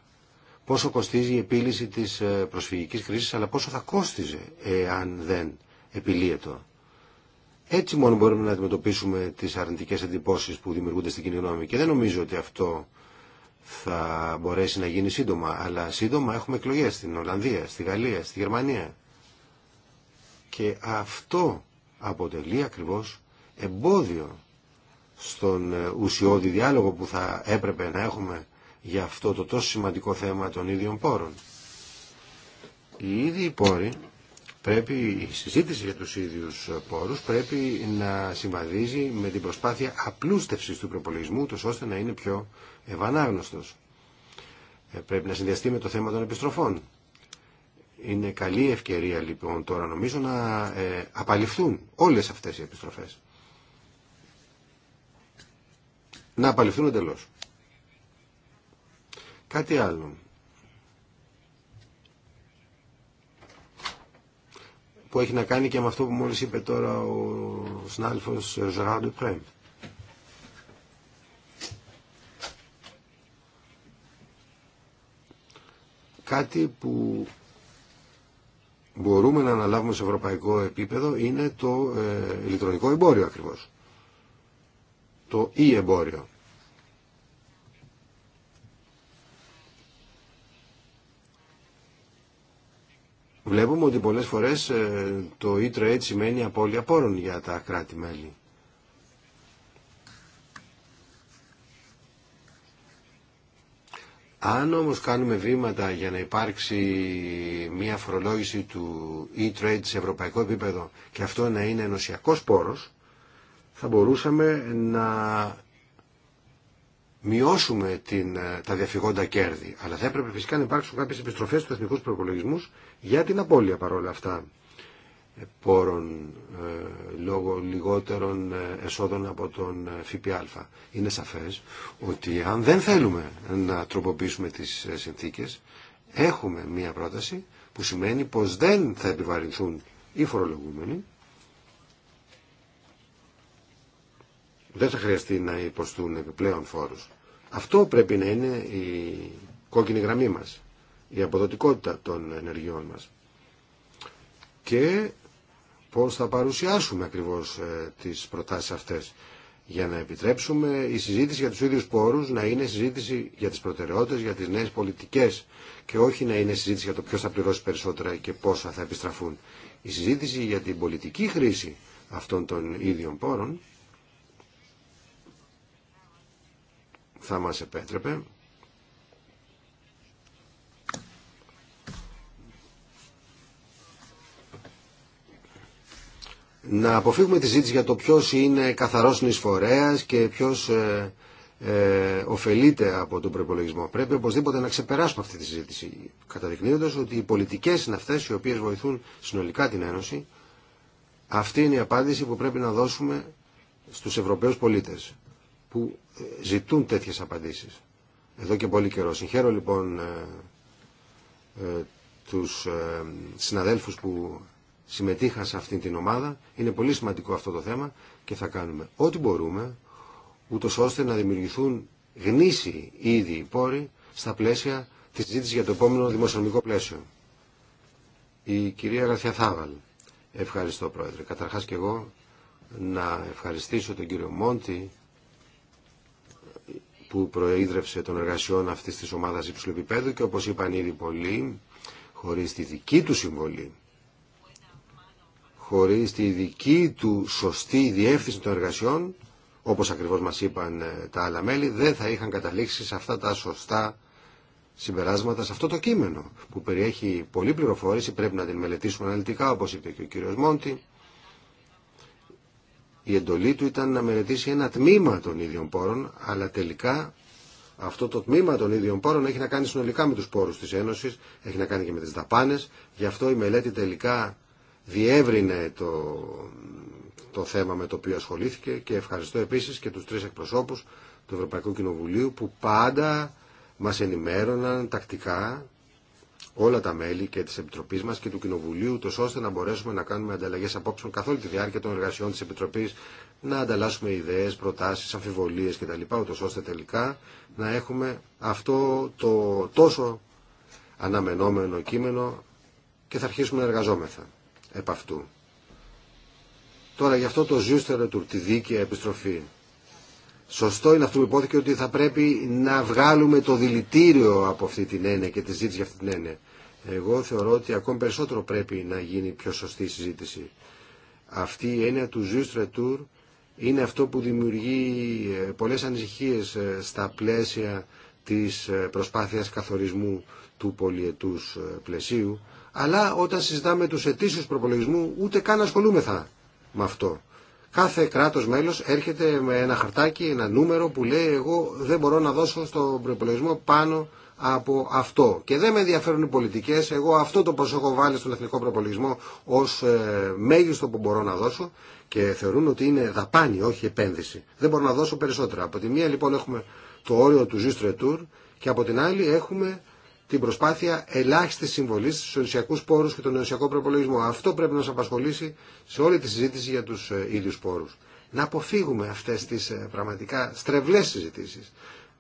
πόσο κοστίζει η επίλυση της ε, προσφυγικής κρίσης, αλλά πόσο θα κόστιζε εάν δεν επιλύεται. Έτσι μόνο μπορούμε να αντιμετωπίσουμε τις αρνητικές εντυπώσεις που δημιουργούνται στην κοινή γνώμη. Και δεν νομίζω ότι αυτό θα μπορέσει να γίνει σύντομα. Αλλά σύντομα έχουμε εκλογές στην Ολλανδία, στη Γαλλία, στη Γερμανία. Και αυτό αποτελεί ακριβώς εμπόδιο στον ε, ουσιώδη διάλογο που θα έπρεπε να έχουμε για αυτό το τόσο σημαντικό θέμα των ίδιων πόρων. Οι ίδιοι πόροι πρέπει, η συζήτηση για τους ίδιους πόρους πρέπει να συμβαδίζει με την προσπάθεια απλούστευσης του προπολογισμού, τόσο ώστε να είναι πιο ευανάγνωστος. Ε, πρέπει να συνδυαστεί με το θέμα των επιστροφών. Είναι καλή ευκαιρία λοιπόν τώρα νομίζω να ε, απαλληφθούν όλες αυτές οι επιστροφές. να απαλληφθούν εντελώ. Κάτι άλλο. που έχει να κάνει και με αυτό που μόλις είπε τώρα ο συνάδελφος Ζεράν Ντουπρέμ. Κάτι που μπορούμε να αναλάβουμε σε ευρωπαϊκό επίπεδο είναι το ε, ηλεκτρονικό εμπόριο ακριβώς το e-εμπόριο. Βλέπουμε ότι πολλές φορές ε, το e-trade σημαίνει απώλεια πόρων για τα κράτη-μέλη. Αν όμως κάνουμε βήματα για να υπάρξει μια φορολόγηση του e-trade σε ευρωπαϊκό επίπεδο και αυτό να είναι ενωσιακός πόρος, θα μπορούσαμε να μειώσουμε την, ε, τα διαφυγόντα κέρδη. Αλλά θα έπρεπε φυσικά να υπάρξουν κάποιε επιστροφέ στου εθνικού προπολογισμού για την απώλεια παρόλα αυτά ε, πόρων ε, λόγω λιγότερων ε, εσόδων από τον ΦΠΑ. Είναι σαφές ότι αν δεν θέλουμε να τροποποιήσουμε τις συνθήκες έχουμε μία πρόταση που σημαίνει πως δεν θα επιβαρυνθούν οι φορολογούμενοι δεν θα χρειαστεί να υποστούν επιπλέον φόρους. Αυτό πρέπει να είναι η κόκκινη γραμμή μας, η αποδοτικότητα των ενεργειών μας. Και πώς θα παρουσιάσουμε ακριβώς ε, τις προτάσεις αυτές για να επιτρέψουμε η συζήτηση για τους ίδιους πόρους να είναι συζήτηση για τις προτεραιότητες, για τις νέες πολιτικές και όχι να είναι συζήτηση για το ποιος θα πληρώσει περισσότερα και πόσα θα επιστραφούν. Η συζήτηση για την πολιτική χρήση αυτών των ίδιων πόρων θα μας επέτρεπε να αποφύγουμε τη ζήτηση για το ποιος είναι καθαρός νησφορέας και ποιος ε, ε, ωφελείται από τον προπολογισμό. Πρέπει οπωσδήποτε να ξεπεράσουμε αυτή τη συζήτηση, καταδεικνύοντας ότι οι πολιτικές είναι αυτές οι οποίες βοηθούν συνολικά την Ένωση. Αυτή είναι η απάντηση που πρέπει να δώσουμε στους Ευρωπαίους πολίτες που ε, ζητούν τέτοιες απαντήσεις. Εδώ και πολύ καιρό. Συγχαίρω λοιπόν ε, ε, τους συναδέλφους που συμμετείχαν σε αυτήν την ομάδα. Είναι πολύ σημαντικό αυτό το θέμα και θα κάνουμε ό,τι μπορούμε ούτω ώστε να δημιουργηθούν γνήσιοι ήδη πόροι στα πλαίσια της συζήτηση για το επόμενο δημοσιονομικό πλαίσιο. Η κυρία Θάβαλ, Ευχαριστώ Πρόεδρε. Καταρχάς και εγώ να ευχαριστήσω τον κύριο Μόντι που προείδρευσε των εργασιών αυτής της ομάδας υψηλού επίπεδου και όπως είπαν ήδη πολλοί, χωρίς τη δική του συμβολή, χωρίς τη δική του σωστή διεύθυνση των εργασιών, όπως ακριβώς μας είπαν ε, τα άλλα μέλη, δεν θα είχαν καταλήξει σε αυτά τα σωστά συμπεράσματα σε αυτό το κείμενο που περιέχει πολλή πληροφόρηση, πρέπει να την μελετήσουμε αναλυτικά όπως είπε και ο κύριος Μόντι η εντολή του ήταν να μελετήσει ένα τμήμα των ίδιων πόρων, αλλά τελικά αυτό το τμήμα των ίδιων πόρων έχει να κάνει συνολικά με τους πόρους της Ένωσης, έχει να κάνει και με τις δαπάνες, γι' αυτό η μελέτη τελικά διεύρυνε το, το θέμα με το οποίο ασχολήθηκε και ευχαριστώ επίσης και τους τρεις εκπροσώπους του Ευρωπαϊκού Κοινοβουλίου που πάντα μας ενημέρωναν τακτικά όλα τα μέλη και τη Επιτροπή μα και του Κοινοβουλίου, τόσο ώστε να μπορέσουμε να κάνουμε ανταλλαγέ απόψεων καθ' όλη τη διάρκεια των εργασιών τη Επιτροπή, να ανταλλάσσουμε ιδέε, προτάσει, αμφιβολίε κτλ. Ούτω ώστε τελικά να έχουμε αυτό το τόσο αναμενόμενο κείμενο και θα αρχίσουμε να εργαζόμεθα επ' αυτού. Τώρα γι' αυτό το ζούστερο του, τη δίκαια επιστροφή. Σωστό είναι αυτό που υπόθηκε ότι θα πρέπει να βγάλουμε το δηλητήριο από αυτή την έννοια και τη ζήτηση για αυτή την έννοια. Εγώ θεωρώ ότι ακόμη περισσότερο πρέπει να γίνει πιο σωστή συζήτηση. Αυτή η έννοια του juste retour είναι αυτό που δημιουργεί ε, πολλές ανησυχίες ε, στα πλαίσια της ε, προσπάθειας καθορισμού του πολιετούς πλαισίου, αλλά όταν συζητάμε τους ετήσιους προπολογισμού ούτε καν ασχολούμεθα με αυτό. Κάθε κράτος μέλος έρχεται με ένα χαρτάκι, ένα νούμερο που λέει εγώ δεν μπορώ να δώσω στον προπολογισμό πάνω από αυτό. Και δεν με ενδιαφέρουν οι πολιτικέ. Εγώ αυτό το ποσό έχω βάλει στον εθνικό προπολογισμό ω ε, μέγιστο που μπορώ να δώσω και θεωρούν ότι είναι δαπάνη, όχι επένδυση. Δεν μπορώ να δώσω περισσότερα. Από τη μία λοιπόν έχουμε το όριο του Ζήστρετουρ και από την άλλη έχουμε την προσπάθεια ελάχιστη συμβολή στου ενωσιακού πόρου και τον ενωσιακό προπολογισμό. Αυτό πρέπει να μα απασχολήσει σε όλη τη συζήτηση για του ε, ίδιου πόρου. Να αποφύγουμε αυτέ τι ε, πραγματικά στρεβλέ συζητήσει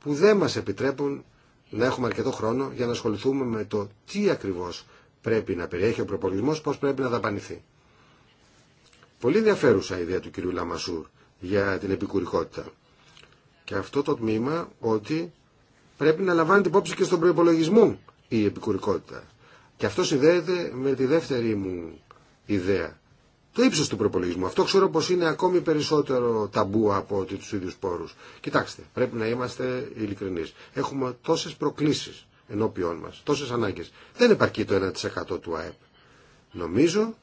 που δεν μα επιτρέπουν να έχουμε αρκετό χρόνο για να ασχοληθούμε με το τι ακριβώς πρέπει να περιέχει ο προπολογισμό πώς πρέπει να δαπανηθεί. Πολύ ενδιαφέρουσα η ιδέα του κ. Λαμασούρ για την επικουρικότητα. Και αυτό το τμήμα ότι πρέπει να λαμβάνει την υπόψη και στον προπολογισμό η επικουρικότητα. Και αυτό συνδέεται με τη δεύτερη μου ιδέα το ύψο του προπολογισμού. Αυτό ξέρω πω είναι ακόμη περισσότερο ταμπού από ότι του ίδιους πόρους. Κοιτάξτε, πρέπει να είμαστε ειλικρινεί. Έχουμε τόσες προκλήσεις ενώπιόν μας, τόσες ανάγκες. Δεν επαρκεί το 1% του ΑΕΠ. Νομίζω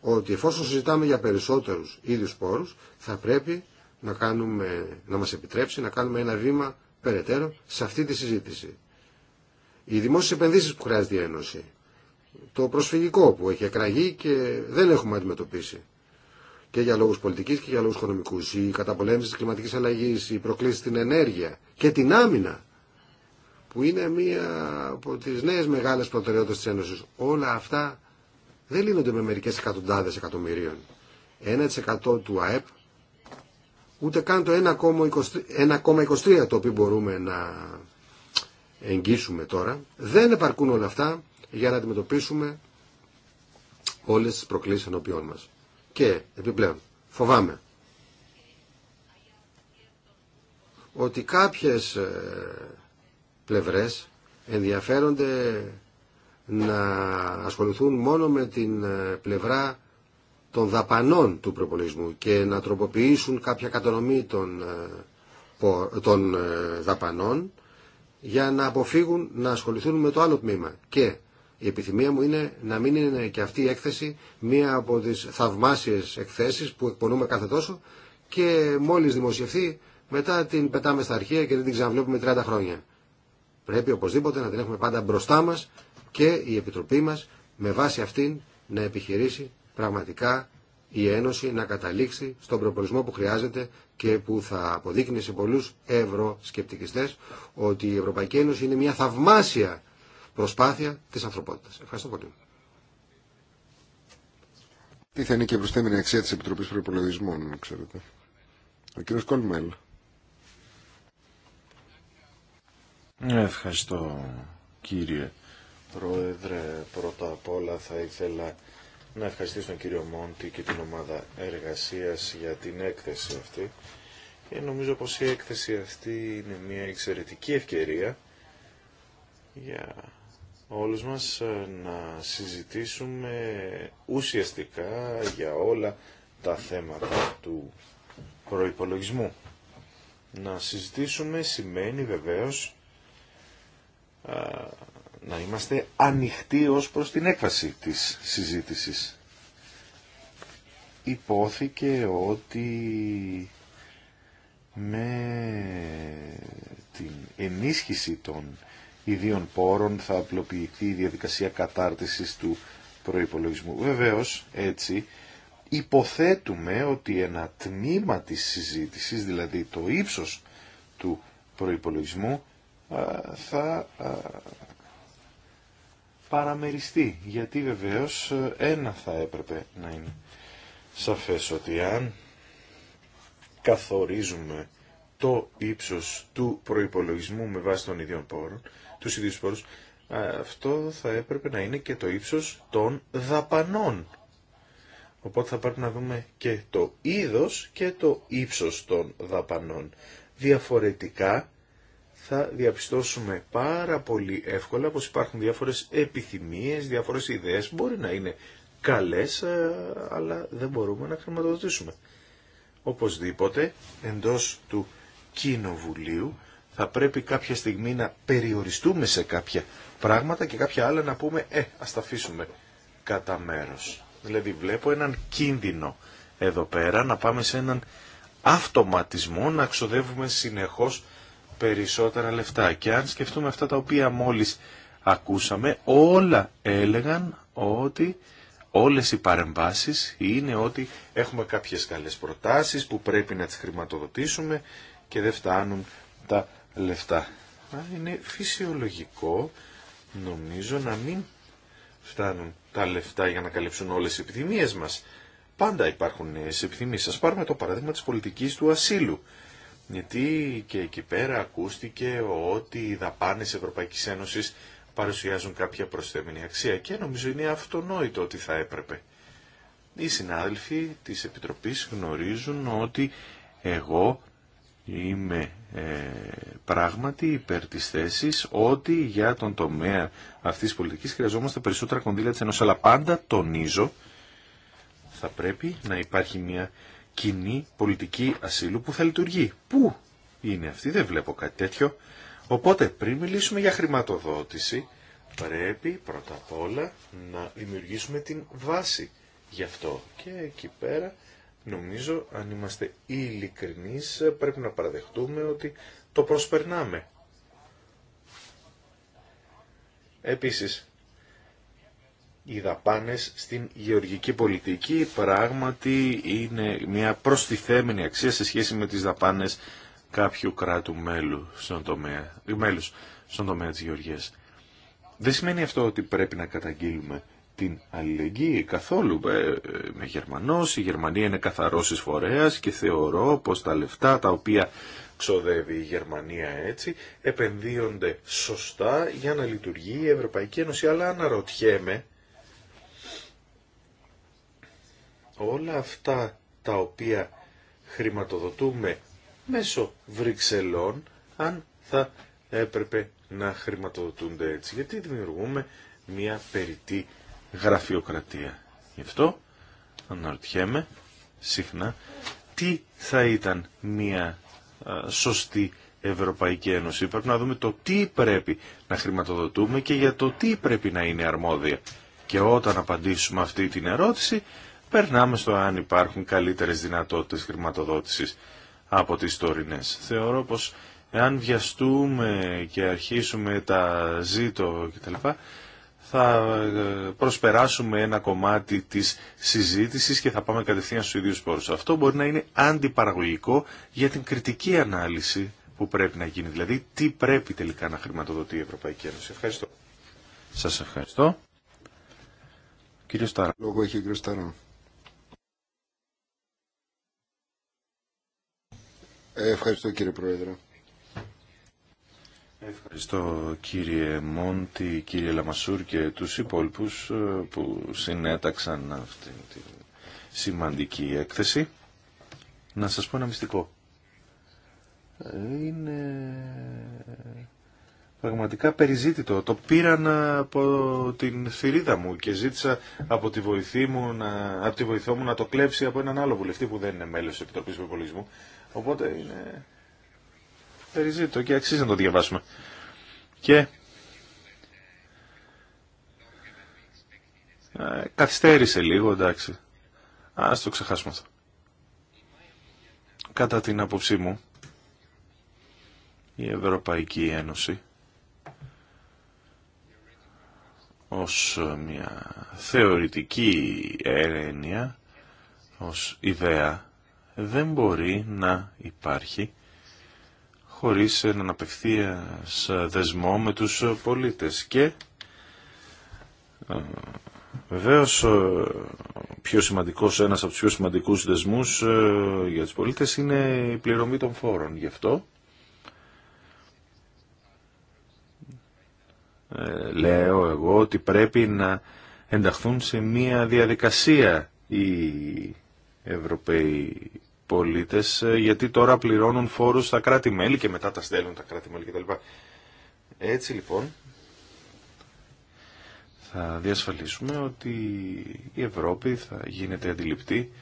ότι εφόσον συζητάμε για περισσότερους ίδιους πόρους, θα πρέπει να, κάνουμε, να μας επιτρέψει να κάνουμε ένα βήμα περαιτέρω σε αυτή τη συζήτηση. Οι δημόσιες επενδύσεις που χρειάζεται η Ένωση το προσφυγικό που έχει εκραγεί και δεν έχουμε αντιμετωπίσει. Και για λόγους πολιτικής και για λόγους οικονομικούς. Η καταπολέμηση της κλιματικής αλλαγής, η προκλήση στην ενέργεια και την άμυνα που είναι μία από τις νέες μεγάλες προτεραιότητες της Ένωσης. Όλα αυτά δεν λύνονται με μερικές εκατοντάδες εκατομμυρίων. 1% του ΑΕΠ ούτε καν το 1,23 το οποίο μπορούμε να εγγύσουμε τώρα. Δεν επαρκούν όλα αυτά για να αντιμετωπίσουμε όλες τις προκλήσεις ενώπιών μας. Και επιπλέον, φοβάμαι ότι κάποιες ε, πλευρές ενδιαφέρονται να ασχοληθούν μόνο με την ε, πλευρά των δαπανών του προπολογισμού και να τροποποιήσουν κάποια κατανομή των, ε, των δαπανών για να αποφύγουν να ασχοληθούν με το άλλο τμήμα. Και η επιθυμία μου είναι να μην είναι και αυτή η έκθεση μία από τις θαυμάσιες εκθέσεις που εκπονούμε κάθε τόσο και μόλις δημοσιευθεί μετά την πετάμε στα αρχεία και δεν την ξαναβλέπουμε 30 χρόνια. Πρέπει οπωσδήποτε να την έχουμε πάντα μπροστά μας και η Επιτροπή μας με βάση αυτήν να επιχειρήσει πραγματικά η Ένωση να καταλήξει στον προπολισμό που χρειάζεται και που θα αποδείκνει σε πολλούς ευρωσκεπτικιστές ότι η Ευρωπαϊκή Ένωση είναι μια θαυμάσια προσπάθεια της ανθρωπότητας. Ευχαριστώ πολύ. Τι θα είναι και η προσθέμενη αξία τη Επιτροπή Προπολογισμών, ξέρετε. Ο κύριο Κόλμελ. Ευχαριστώ κύριε Πρόεδρε. Πρώτα απ' όλα θα ήθελα να ευχαριστήσω τον κύριο Μόντι και την ομάδα εργασίας για την έκθεση αυτή. Και νομίζω πως η έκθεση αυτή είναι μια εξαιρετική ευκαιρία για όλους μας ε, να συζητήσουμε ουσιαστικά για όλα τα θέματα του προϋπολογισμού. Να συζητήσουμε σημαίνει βεβαίως ε, να είμαστε ανοιχτοί ως προς την έκβαση της συζήτησης. Υπόθηκε ότι με την ενίσχυση των ιδίων πόρων θα απλοποιηθεί η διαδικασία κατάρτισης του προϋπολογισμού. Βεβαίως, έτσι, υποθέτουμε ότι ένα τμήμα της συζήτησης, δηλαδή το ύψος του προϋπολογισμού, θα παραμεριστεί. Γιατί βεβαίως ένα θα έπρεπε να είναι σαφές ότι αν καθορίζουμε το ύψος του προϋπολογισμού με βάση των ίδιων πόρων, τους ίδιους πόρους, αυτό θα έπρεπε να είναι και το ύψος των δαπανών. Οπότε θα πρέπει να δούμε και το είδος και το ύψος των δαπανών. Διαφορετικά θα διαπιστώσουμε πάρα πολύ εύκολα πως υπάρχουν διάφορες επιθυμίες, διάφορες ιδέες, μπορεί να είναι καλές, αλλά δεν μπορούμε να χρηματοδοτήσουμε. Οπωσδήποτε, εντός του Κοινοβουλίου, θα πρέπει κάποια στιγμή να περιοριστούμε σε κάποια πράγματα και κάποια άλλα να πούμε «ε, ας τα αφήσουμε κατά μέρος». Δηλαδή βλέπω έναν κίνδυνο εδώ πέρα να πάμε σε έναν αυτοματισμό να ξοδεύουμε συνεχώς περισσότερα λεφτά. Και αν σκεφτούμε αυτά τα οποία μόλις ακούσαμε, όλα έλεγαν ότι όλες οι παρεμβάσει είναι ότι έχουμε κάποιες καλές προτάσεις που πρέπει να τις χρηματοδοτήσουμε και δεν φτάνουν τα λεφτά. Είναι φυσιολογικό νομίζω να μην φτάνουν τα λεφτά για να καλύψουν όλες τις επιθυμίες μας. Πάντα υπάρχουν νέες επιθυμίες. Σας πάρουμε το παράδειγμα της πολιτικής του ασύλου. Γιατί και εκεί πέρα ακούστηκε ότι οι δαπάνες Ευρωπαϊκής Ένωσης παρουσιάζουν κάποια προσθέμενη αξία και νομίζω είναι αυτονόητο ότι θα έπρεπε. Οι συνάδελφοι της Επιτροπής γνωρίζουν ότι εγώ είμαι ε, πράγματι υπέρ της θέσης ότι για τον τομέα αυτής της πολιτικής χρειαζόμαστε περισσότερα κονδύλια της ενός. Αλλά πάντα τονίζω θα πρέπει να υπάρχει μια κοινή πολιτική ασύλου που θα λειτουργεί. Πού είναι αυτή, δεν βλέπω κάτι τέτοιο. Οπότε πριν μιλήσουμε για χρηματοδότηση πρέπει πρώτα απ' όλα να δημιουργήσουμε την βάση γι' αυτό. Και εκεί πέρα Νομίζω, αν είμαστε ειλικρινεί, πρέπει να παραδεχτούμε ότι το προσπερνάμε. Επίσης, οι δαπάνες στην γεωργική πολιτική πράγματι είναι μια προστιθέμενη αξία σε σχέση με τις δαπάνες κάποιου κράτου μέλου στον τομέα, μέλους στον τομέα της γεωργίας. Δεν σημαίνει αυτό ότι πρέπει να καταγγείλουμε την αλληλεγγύη καθόλου. με ε, Γερμανός, η Γερμανία είναι καθαρός εισφορέας και θεωρώ πως τα λεφτά τα οποία ξοδεύει η Γερμανία έτσι επενδύονται σωστά για να λειτουργεί η Ευρωπαϊκή Ένωση. Αλλά αναρωτιέμαι όλα αυτά τα οποία χρηματοδοτούμε μέσω Βρυξελών αν θα έπρεπε να χρηματοδοτούνται έτσι. Γιατί δημιουργούμε μια περιττή γραφειοκρατία. Γι' αυτό αναρωτιέμαι συχνά τι θα ήταν μια σωστή Ευρωπαϊκή Ένωση. Πρέπει να δούμε το τι πρέπει να χρηματοδοτούμε και για το τι πρέπει να είναι αρμόδια. Και όταν απαντήσουμε αυτή την ερώτηση, περνάμε στο αν υπάρχουν καλύτερες δυνατότητες χρηματοδότησης από τις τωρινές. Θεωρώ πως εάν βιαστούμε και αρχίσουμε τα ζήτω κτλ, θα ε, προσπεράσουμε ένα κομμάτι της συζήτησης και θα πάμε κατευθείαν στους ίδιους πόρους. Αυτό μπορεί να είναι αντιπαραγωγικό για την κριτική ανάλυση που πρέπει να γίνει. Δηλαδή, τι πρέπει τελικά να χρηματοδοτεί η Ευρωπαϊκή Ένωση. Ευχαριστώ. Σας ευχαριστώ. Κύριο Σταρά. Λόγω έχει κύριο Σταρά. Ε, ευχαριστώ κύριε Πρόεδρε. Ευχαριστώ κύριε Μόντι, κύριε Λαμασούρ και τους υπόλοιπους ε, που συνέταξαν αυτή τη σημαντική έκθεση. Να σας πω ένα μυστικό. Είναι πραγματικά περιζήτητο. Το πήραν από την θηρίδα μου και ζήτησα από τη, βοηθή μου να, από τη βοηθό μου να το κλέψει από έναν άλλο βουλευτή που δεν είναι μέλος της Επιτροπής Οπότε είναι Περιζήτω και αξίζει να το διαβάσουμε. Και ε, καθυστέρησε λίγο, εντάξει. Ας το ξεχάσουμε αυτό. Κατά την άποψή μου, η Ευρωπαϊκή Ένωση ως μια θεωρητική έρευνα ως ιδέα, δεν μπορεί να υπάρχει χωρίς έναν απευθείας δεσμό με τους πολίτες. Και ε, βεβαίως πιο σημαντικός, ένας από τους πιο σημαντικούς δεσμούς ε, για τους πολίτες είναι η πληρωμή των φόρων. Γι' αυτό ε, λέω εγώ ότι πρέπει να ενταχθούν σε μια διαδικασία οι Ευρωπαίοι πολίτες ε, γιατί τώρα πληρώνουν φόρους στα κράτη-μέλη και μετά τα στέλνουν τα κράτη-μέλη κτλ. Έτσι λοιπόν θα διασφαλίσουμε ότι η Ευρώπη θα γίνεται αντιληπτή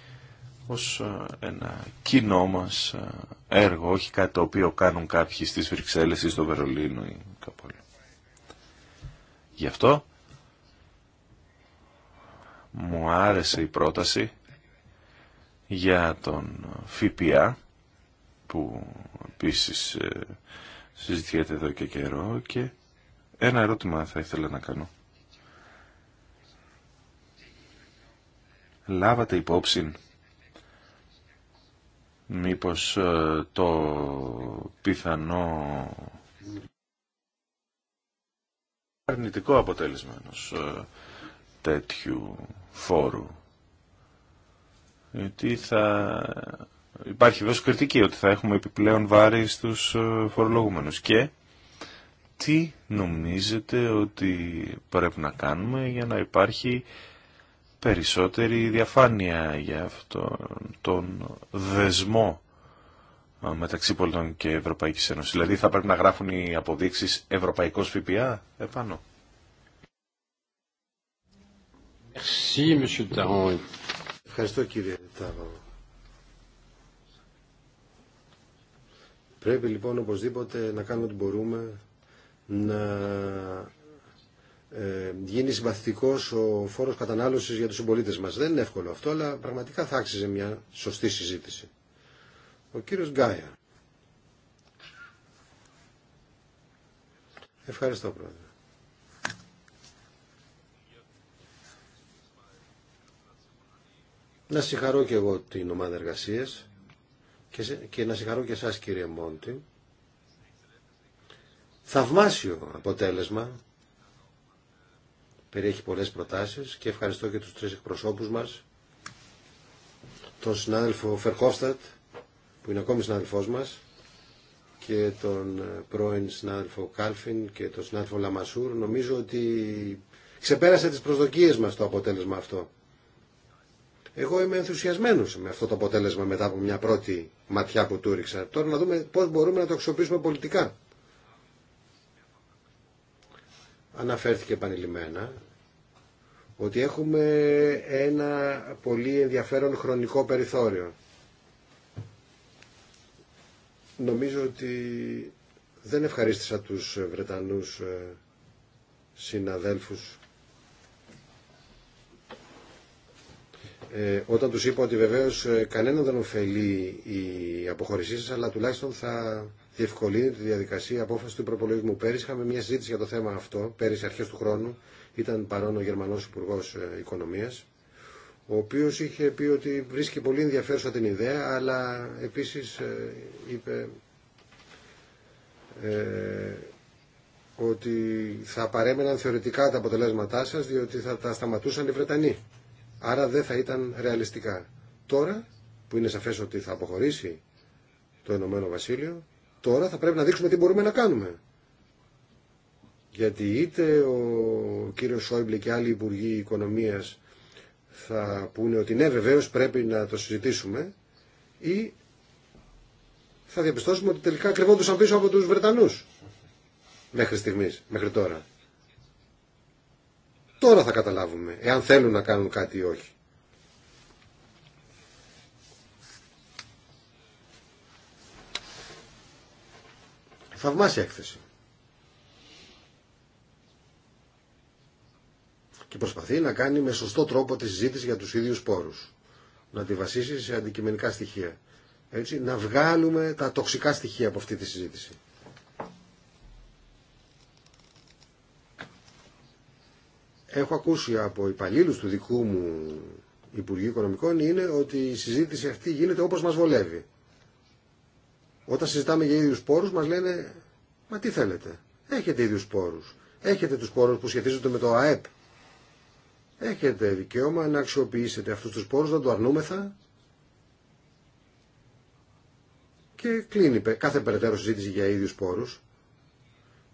ως ε, ένα κοινό μας ε, έργο, όχι κάτι το οποίο κάνουν κάποιοι στις Βρυξέλλες ή στο Βερολίνο ή κάπου άλλο. Γι' αυτό μου άρεσε η στο βερολινο η καπου γι αυτο μου αρεσε η προταση για τον ΦΠΑ που επίσης ε, συζητιέται εδώ και καιρό και ένα ερώτημα θα ήθελα να κάνω. Λάβατε υπόψη μήπως ε, το πιθανό αρνητικό αποτέλεσμα ενός ε, τέτοιου φόρου γιατί θα υπάρχει βέβαια κριτική ότι θα έχουμε επιπλέον βάρη στους ε, φορολογούμενους και τι νομίζετε ότι πρέπει να κάνουμε για να υπάρχει περισσότερη διαφάνεια για αυτόν τον δεσμό ε, μεταξύ πολιτών και Ευρωπαϊκής Ένωσης. Δηλαδή θα πρέπει να γράφουν οι αποδείξεις Ευρωπαϊκός ΦΠΑ επάνω. Ευχαριστώ κύριε Τάβα. Πρέπει λοιπόν οπωσδήποτε να κάνουμε ό,τι μπορούμε να ε, γίνει συμπαθητικός ο φόρος κατανάλωσης για τους συμπολίτε μας. Δεν είναι εύκολο αυτό, αλλά πραγματικά θα άξιζε μια σωστή συζήτηση. Ο κύριος Γκάια. Ευχαριστώ πρόεδρε. Να συγχαρώ και εγώ την ομάδα εργασίας και, και να συγχαρώ και εσάς κύριε Μόντι. Θαυμάσιο αποτέλεσμα. Περιέχει πολλές προτάσεις και ευχαριστώ και τους τρεις εκπροσώπους μας. Τον συνάδελφο Φερκόφστατ που είναι ακόμη συνάδελφός μας και τον ε, πρώην συνάδελφο Κάλφιν και τον συνάδελφο Λαμασούρ. Νομίζω ότι ξεπέρασε τις προσδοκίες μας το αποτέλεσμα αυτό. Εγώ είμαι ενθουσιασμένος με αυτό το αποτέλεσμα μετά από μια πρώτη ματιά που του Τώρα να δούμε πώς μπορούμε να το αξιοποιήσουμε πολιτικά. Αναφέρθηκε επανειλημμένα ότι έχουμε ένα πολύ ενδιαφέρον χρονικό περιθώριο. Νομίζω ότι δεν ευχαρίστησα τους Βρετανούς ε, συναδέλφους ε, όταν τους είπα ότι βεβαίως ε, κανέναν δεν ωφελεί η αποχωρησή σας, αλλά τουλάχιστον θα διευκολύνει τη διαδικασία απόφαση του προπολογισμού. Πέρυσι είχαμε μια συζήτηση για το θέμα αυτό, πέρυσι αρχές του χρόνου, ήταν παρόν ο Γερμανός Υπουργό ε, Οικονομίας, ο οποίος είχε πει ότι βρίσκει πολύ ενδιαφέρουσα την ιδέα, αλλά επίσης ε, είπε ε, ότι θα παρέμεναν θεωρητικά τα αποτελέσματά σας, διότι θα τα σταματούσαν οι Βρετανοί άρα δεν θα ήταν ρεαλιστικά. Τώρα που είναι σαφές ότι θα αποχωρήσει το Ηνωμένο Βασίλειο, τώρα θα πρέπει να δείξουμε τι μπορούμε να κάνουμε. Γιατί είτε ο κύριος Σόιμπλε και άλλοι υπουργοί οικονομίας θα πούνε ότι ναι βεβαίως πρέπει να το συζητήσουμε ή θα διαπιστώσουμε ότι τελικά κρυβόντουσαν πίσω από τους Βρετανούς μέχρι στιγμής, μέχρι τώρα. Τώρα θα καταλάβουμε εάν θέλουν να κάνουν κάτι ή όχι. Θαυμάσια έκθεση. Και προσπαθεί να κάνει με σωστό τρόπο τη συζήτηση για τους ίδιους πόρους. Να τη βασίσει σε αντικειμενικά στοιχεία. Έτσι, να βγάλουμε τα τοξικά στοιχεία από αυτή τη συζήτηση. έχω ακούσει από υπαλλήλου του δικού μου Υπουργείου Οικονομικών είναι ότι η συζήτηση αυτή γίνεται όπως μας βολεύει. Όταν συζητάμε για ίδιους πόρους μα λένε «Μα τι θέλετε, έχετε ίδιους πόρους, έχετε τους πόρους που σχετίζονται με το ΑΕΠ, έχετε δικαίωμα να αξιοποιήσετε αυτούς τους πόρους, να το αρνούμεθα και κλείνει κάθε περαιτέρω συζήτηση για ίδιου πόρου.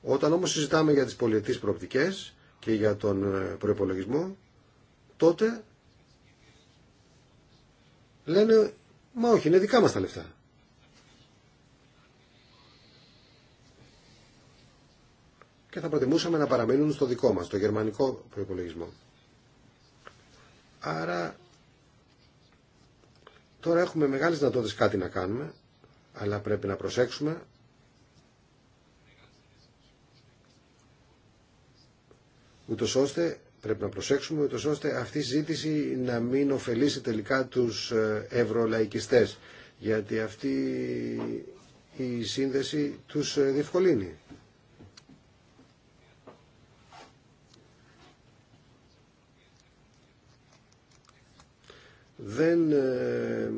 Όταν όμω συζητάμε για τι πολιτικέ προοπτικές, και για τον ε, προπολογισμό, τότε λένε μα όχι είναι δικά μας τα λεφτά. Και θα προτιμούσαμε να παραμείνουν στο δικό μας, το γερμανικό προπολογισμό. Άρα τώρα έχουμε μεγάλες δυνατότητες κάτι να κάνουμε, αλλά πρέπει να προσέξουμε ούτως ώστε πρέπει να προσέξουμε ούτως ώστε αυτή η ζήτηση να μην ωφελήσει τελικά τους ε, ευρωλαϊκιστές γιατί αυτή η σύνδεση τους ε, διευκολύνει. Δεν ε,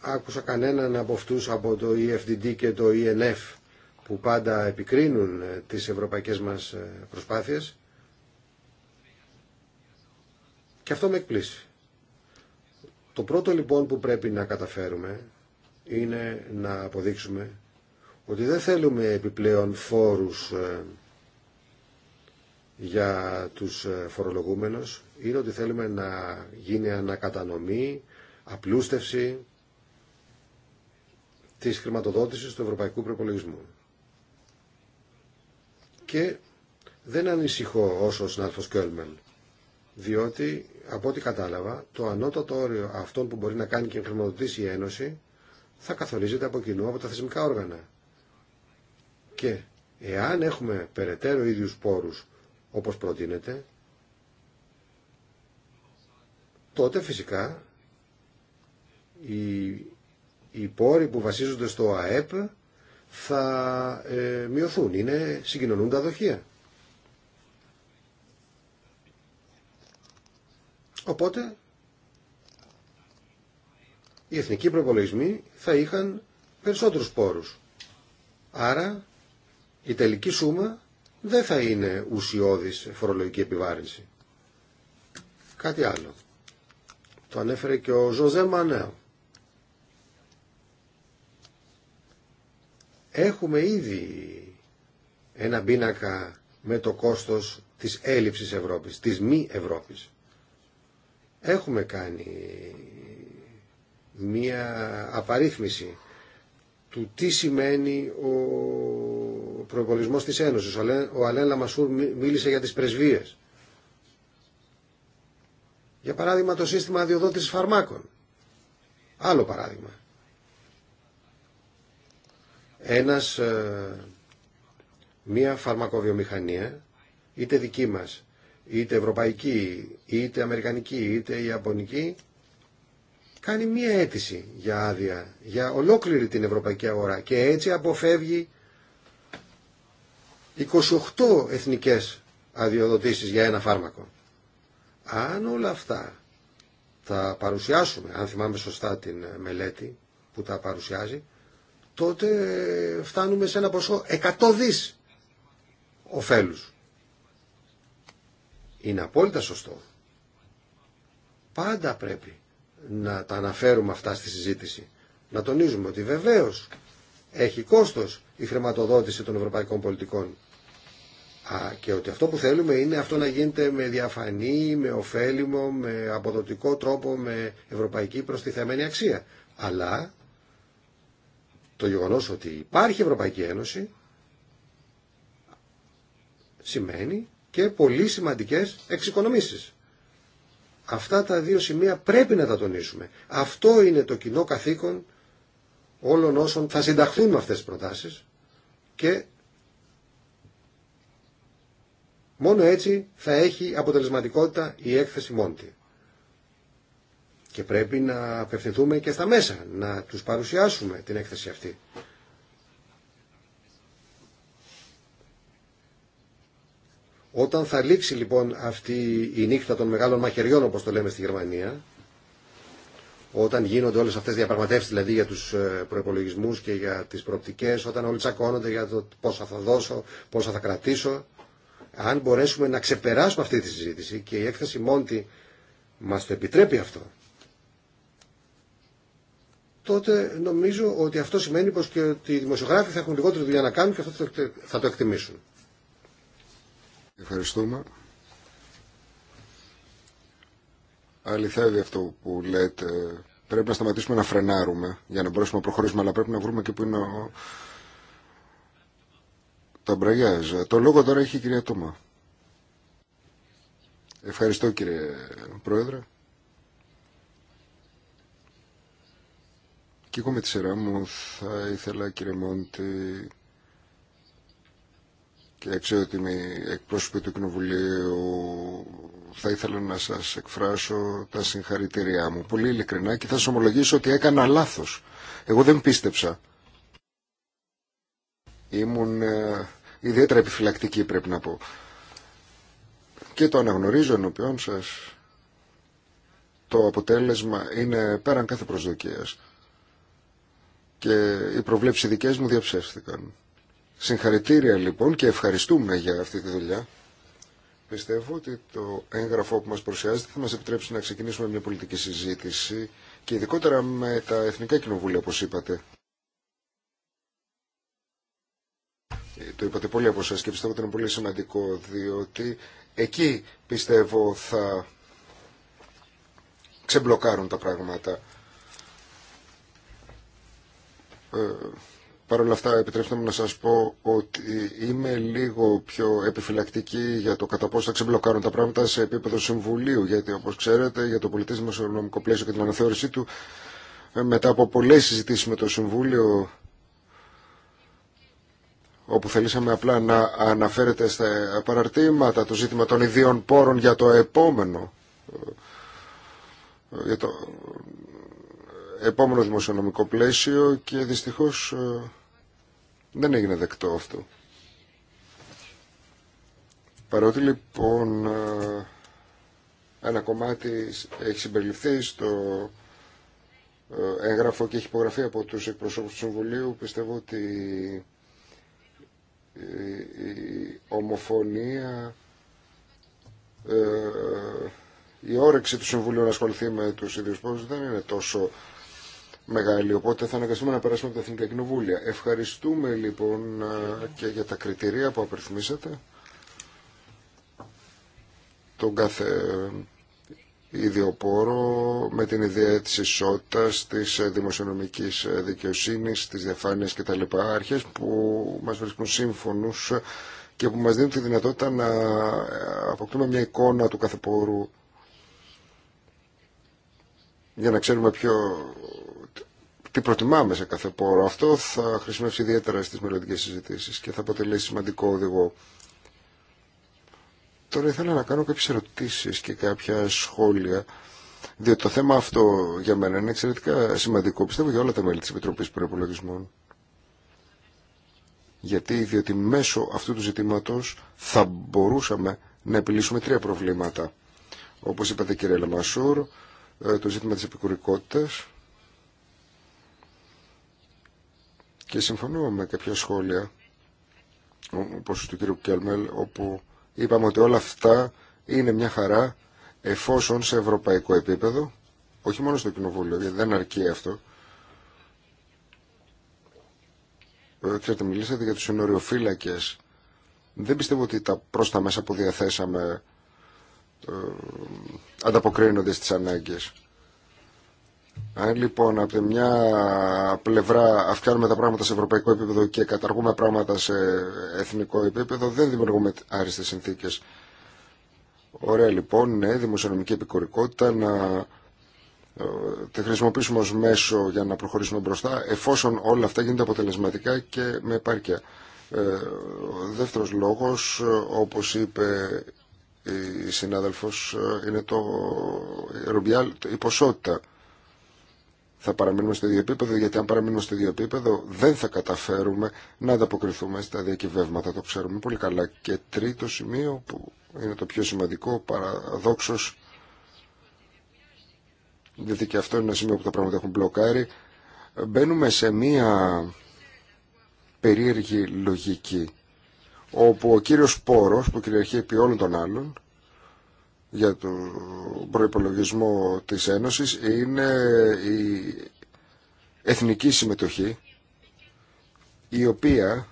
άκουσα κανέναν από αυτούς από το EFDD και το ENF που πάντα επικρίνουν ε, τις ευρωπαϊκές μας ε, προσπάθειες και αυτό με εκπλήσει. Το πρώτο λοιπόν που πρέπει να καταφέρουμε είναι να αποδείξουμε ότι δεν θέλουμε επιπλέον φόρους ε, για τους φορολογούμενους είναι ότι θέλουμε να γίνει ανακατανομή, απλούστευση της χρηματοδότησης του ευρωπαϊκού προπολογισμού και δεν ανησυχώ όσο ο συνάδελφος διότι από ό,τι κατάλαβα το ανώτατο όριο αυτών που μπορεί να κάνει και χρηματοδοτήσει η Ένωση θα καθορίζεται από κοινού από τα θεσμικά όργανα. Και εάν έχουμε περαιτέρω ίδιους πόρους όπως προτείνεται, τότε φυσικά οι, οι πόροι που βασίζονται στο ΑΕΠ θα ε, μειωθούν. Είναι, συγκοινωνούν τα δοχεία. Οπότε οι εθνικοί προπολογισμοί θα είχαν περισσότερους πόρους. Άρα η τελική σούμα δεν θα είναι ουσιώδης φορολογική επιβάρυνση. Κάτι άλλο. Το ανέφερε και ο Ζωζέ Μανέο. Έχουμε ήδη ένα πίνακα με το κόστος της έλλειψης Ευρώπης, της μη Ευρώπης. Έχουμε κάνει μία απαρίθμηση του τι σημαίνει ο προϋπολισμός της Ένωσης. Ο Αλέν Λαμασούρ μίλησε για τις πρεσβείες. Για παράδειγμα το σύστημα αδειοδότησης φαρμάκων. Άλλο παράδειγμα ένας, ε, μία φαρμακοβιομηχανία, είτε δική μας, είτε ευρωπαϊκή, είτε αμερικανική, είτε ιαπωνική, κάνει μία αίτηση για άδεια, για ολόκληρη την ευρωπαϊκή αγορά και έτσι αποφεύγει 28 εθνικές αδειοδοτήσεις για ένα φάρμακο. Αν όλα αυτά τα παρουσιάσουμε, αν θυμάμαι σωστά την μελέτη που τα παρουσιάζει, τότε φτάνουμε σε ένα ποσό 100 δις ωφέλους. Είναι απόλυτα σωστό. Πάντα πρέπει να τα αναφέρουμε αυτά στη συζήτηση. Να τονίζουμε ότι βεβαίως έχει κόστος η χρηματοδότηση των ευρωπαϊκών πολιτικών. Α, και ότι αυτό που θέλουμε είναι αυτό να γίνεται με διαφανή, με ωφέλιμο, με αποδοτικό τρόπο, με ευρωπαϊκή προστιθέμενη αξία. Αλλά το γεγονός ότι υπάρχει Ευρωπαϊκή Ένωση σημαίνει και πολύ σημαντικές εξοικονομήσεις. Αυτά τα δύο σημεία πρέπει να τα τονίσουμε. Αυτό είναι το κοινό καθήκον όλων όσων θα συνταχθούν με αυτές τις προτάσεις και μόνο έτσι θα έχει αποτελεσματικότητα η έκθεση Μόντι και πρέπει να απευθυνθούμε και στα μέσα, να τους παρουσιάσουμε την έκθεση αυτή. Όταν θα λήξει λοιπόν αυτή η νύχτα των μεγάλων μαχαιριών, όπως το λέμε στη Γερμανία, όταν γίνονται όλες αυτές οι διαπραγματεύσεις δηλαδή για τους ε, προϋπολογισμούς και για τις προοπτικές, όταν όλοι τσακώνονται για το πόσα θα δώσω, πόσα θα κρατήσω, αν μπορέσουμε να ξεπεράσουμε αυτή τη συζήτηση και η έκθεση Μόντι μας το επιτρέπει αυτό, τότε νομίζω ότι αυτό σημαίνει πως και οι δημοσιογράφοι θα έχουν λιγότερη δουλειά να κάνουν και αυτό θα το εκτιμήσουν. Ευχαριστούμε. Αληθεύει αυτό που λέτε. Πρέπει να σταματήσουμε να φρενάρουμε για να μπορέσουμε να προχωρήσουμε, αλλά πρέπει να βρούμε και που είναι ο... τα μπραγιάζ. Το λόγο τώρα έχει η κυρία Τούμα. Ευχαριστώ κύριε Πρόεδρε. Και εγώ με τη σειρά μου θα ήθελα κύριε Μόντι και είμαι εκπρόσωποι του Κοινοβουλίου θα ήθελα να σας εκφράσω τα συγχαρητήριά μου πολύ ειλικρινά και θα σας ομολογήσω ότι έκανα λάθος. Εγώ δεν πίστεψα. Ήμουν ε, ιδιαίτερα επιφυλακτική πρέπει να πω. Και το αναγνωρίζω ενώπιόν σας. Το αποτέλεσμα είναι πέραν κάθε προσδοκίας και οι προβλέψεις δικές μου διαψεύστηκαν. Συγχαρητήρια λοιπόν και ευχαριστούμε για αυτή τη δουλειά. Πιστεύω ότι το έγγραφο που μας προσιάζεται θα μας επιτρέψει να ξεκινήσουμε μια πολιτική συζήτηση και ειδικότερα με τα Εθνικά Κοινοβούλια όπως είπατε. Ε, το είπατε πολύ από εσάς και πιστεύω ότι είναι πολύ σημαντικό διότι εκεί πιστεύω θα ξεμπλοκάρουν τα πράγματα. Ε, παρ' όλα αυτά, επιτρέψτε μου να σας πω ότι είμαι λίγο πιο επιφυλακτική για το κατά πόσο θα ξεμπλοκάρουν τα πράγματα σε επίπεδο συμβουλίου, γιατί όπως ξέρετε για το πολιτισμό στο νομικό πλαίσιο και την αναθεώρησή του, ε, μετά από πολλές συζητήσεις με το Συμβούλιο, όπου θελήσαμε απλά να αναφέρεται στα παραρτήματα το ζήτημα των ιδίων πόρων για το επόμενο, ε, για το επόμενο δημοσιονομικό πλαίσιο και δυστυχώς ε, δεν έγινε δεκτό αυτό. Παρότι λοιπόν ε, ένα κομμάτι έχει συμπεριληφθεί στο ε, έγγραφο και έχει υπογραφεί από τους εκπροσώπους του Συμβουλίου, πιστεύω ότι η ομοφωνία, η όρεξη του Συμβουλίου να ασχοληθεί με τους ίδιους πόρους δεν είναι τόσο μεγάλη, οπότε θα αναγκαστούμε να περάσουμε από τα Εθνικά Κοινοβούλια. Ευχαριστούμε λοιπόν και για τα κριτηρία που απεριθμίσατε τον κάθε ιδιοπόρο με την ιδέα της ισότητας, της δημοσιονομικής δικαιοσύνης, της διαφάνειας κτλ. Αρχές που μας βρίσκουν σύμφωνους και που μας δίνουν τη δυνατότητα να αποκτούμε μια εικόνα του κάθε πόρου για να ξέρουμε ποιο τι προτιμάμε σε κάθε πόρο. Αυτό θα χρησιμεύσει ιδιαίτερα στις μελλοντικές συζητήσεις και θα αποτελεί σημαντικό οδηγό. Τώρα ήθελα να κάνω κάποιες ερωτήσεις και κάποια σχόλια, διότι το θέμα αυτό για μένα είναι εξαιρετικά σημαντικό, πιστεύω για όλα τα μέλη της Επιτροπής Προϋπολογισμών. Γιατί, διότι μέσω αυτού του ζητήματος θα μπορούσαμε να επιλύσουμε τρία προβλήματα. Όπως είπατε κύριε Λαμασούρ, ε, το ζήτημα της επικουρικότητας, Και συμφωνώ με κάποια σχόλια, όπως του κ. Κέλμελ, όπου είπαμε ότι όλα αυτά είναι μια χαρά εφόσον σε ευρωπαϊκό επίπεδο, όχι μόνο στο Κοινοβούλιο, γιατί δεν αρκεί αυτό, ε, Ξέρετε, μιλήσατε για τους συνοριοφύλακες. Δεν πιστεύω ότι τα πρόστα μέσα που διαθέσαμε ε, ανταποκρίνονται στις ανάγκες. Αν λοιπόν από τη μια πλευρά αυξάνουμε τα πράγματα σε ευρωπαϊκό επίπεδο και καταργούμε πράγματα σε εθνικό επίπεδο, δεν δημιουργούμε άριστε συνθήκε. Ωραία λοιπόν, ναι, δημοσιονομική επικορικότητα να ε, τη χρησιμοποιήσουμε ως μέσο για να προχωρήσουμε μπροστά, εφόσον όλα αυτά γίνονται αποτελεσματικά και με επάρκεια. Ε, ο δεύτερος λόγος, ε, όπως είπε η συνάδελφος, είναι το, η ποσότητα θα παραμείνουμε στο ίδιο επίπεδο, γιατί αν παραμείνουμε στο ίδιο επίπεδο δεν θα καταφέρουμε να ανταποκριθούμε στα διακυβεύματα, το ξέρουμε πολύ καλά. Και τρίτο σημείο που είναι το πιο σημαντικό, παραδόξως, γιατί και αυτό είναι ένα σημείο που τα πράγματα έχουν μπλοκάρει, μπαίνουμε σε μία περίεργη λογική, όπου ο κύριος πόρος που κυριαρχεί επί όλων των άλλων, για τον προϋπολογισμό της Ένωσης είναι η εθνική συμμετοχή η οποία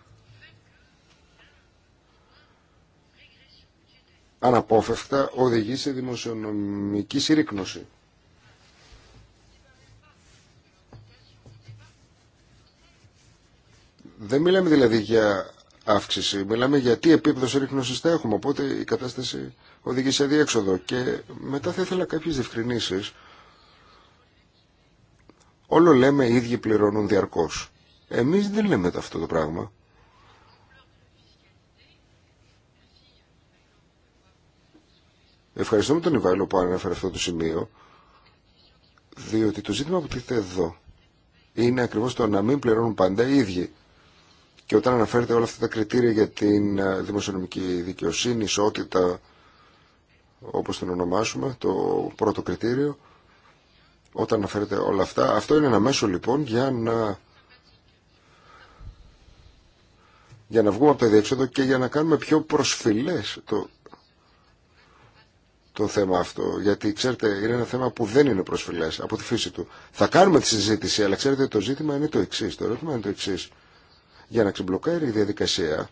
αναπόφευκτα οδηγεί σε δημοσιονομική συρρήκνωση. Δεν μιλάμε δηλαδή για αύξηση. Μιλάμε για τι επίπεδο θα έχουμε, οπότε η κατάσταση οδηγεί σε διέξοδο. Και μετά θα ήθελα κάποιες διευκρινήσει. Όλο λέμε οι ίδιοι πληρώνουν διαρκώ. Εμείς δεν λέμε αυτό το πράγμα. Ευχαριστούμε τον Ιβάλλο που ανέφερε αυτό το σημείο, διότι το ζήτημα που τίθεται εδώ είναι ακριβώς το να μην πληρώνουν πάντα οι ίδιοι. Και όταν αναφέρετε όλα αυτά τα κριτήρια για την ε, δημοσιονομική δικαιοσύνη, ισότητα, όπως την ονομάσουμε, το πρώτο κριτήριο, όταν αναφέρετε όλα αυτά, αυτό είναι ένα μέσο λοιπόν για να, για να βγούμε από το διέξοδο και για να κάνουμε πιο προσφυλές το, το θέμα αυτό. Γιατί ξέρετε, είναι ένα θέμα που δεν είναι προσφυλέ από τη φύση του. Θα κάνουμε τη συζήτηση, αλλά ξέρετε, το ζήτημα είναι το εξής, Το ερώτημα είναι το εξή για να ξεμπλοκάρει η διαδικασία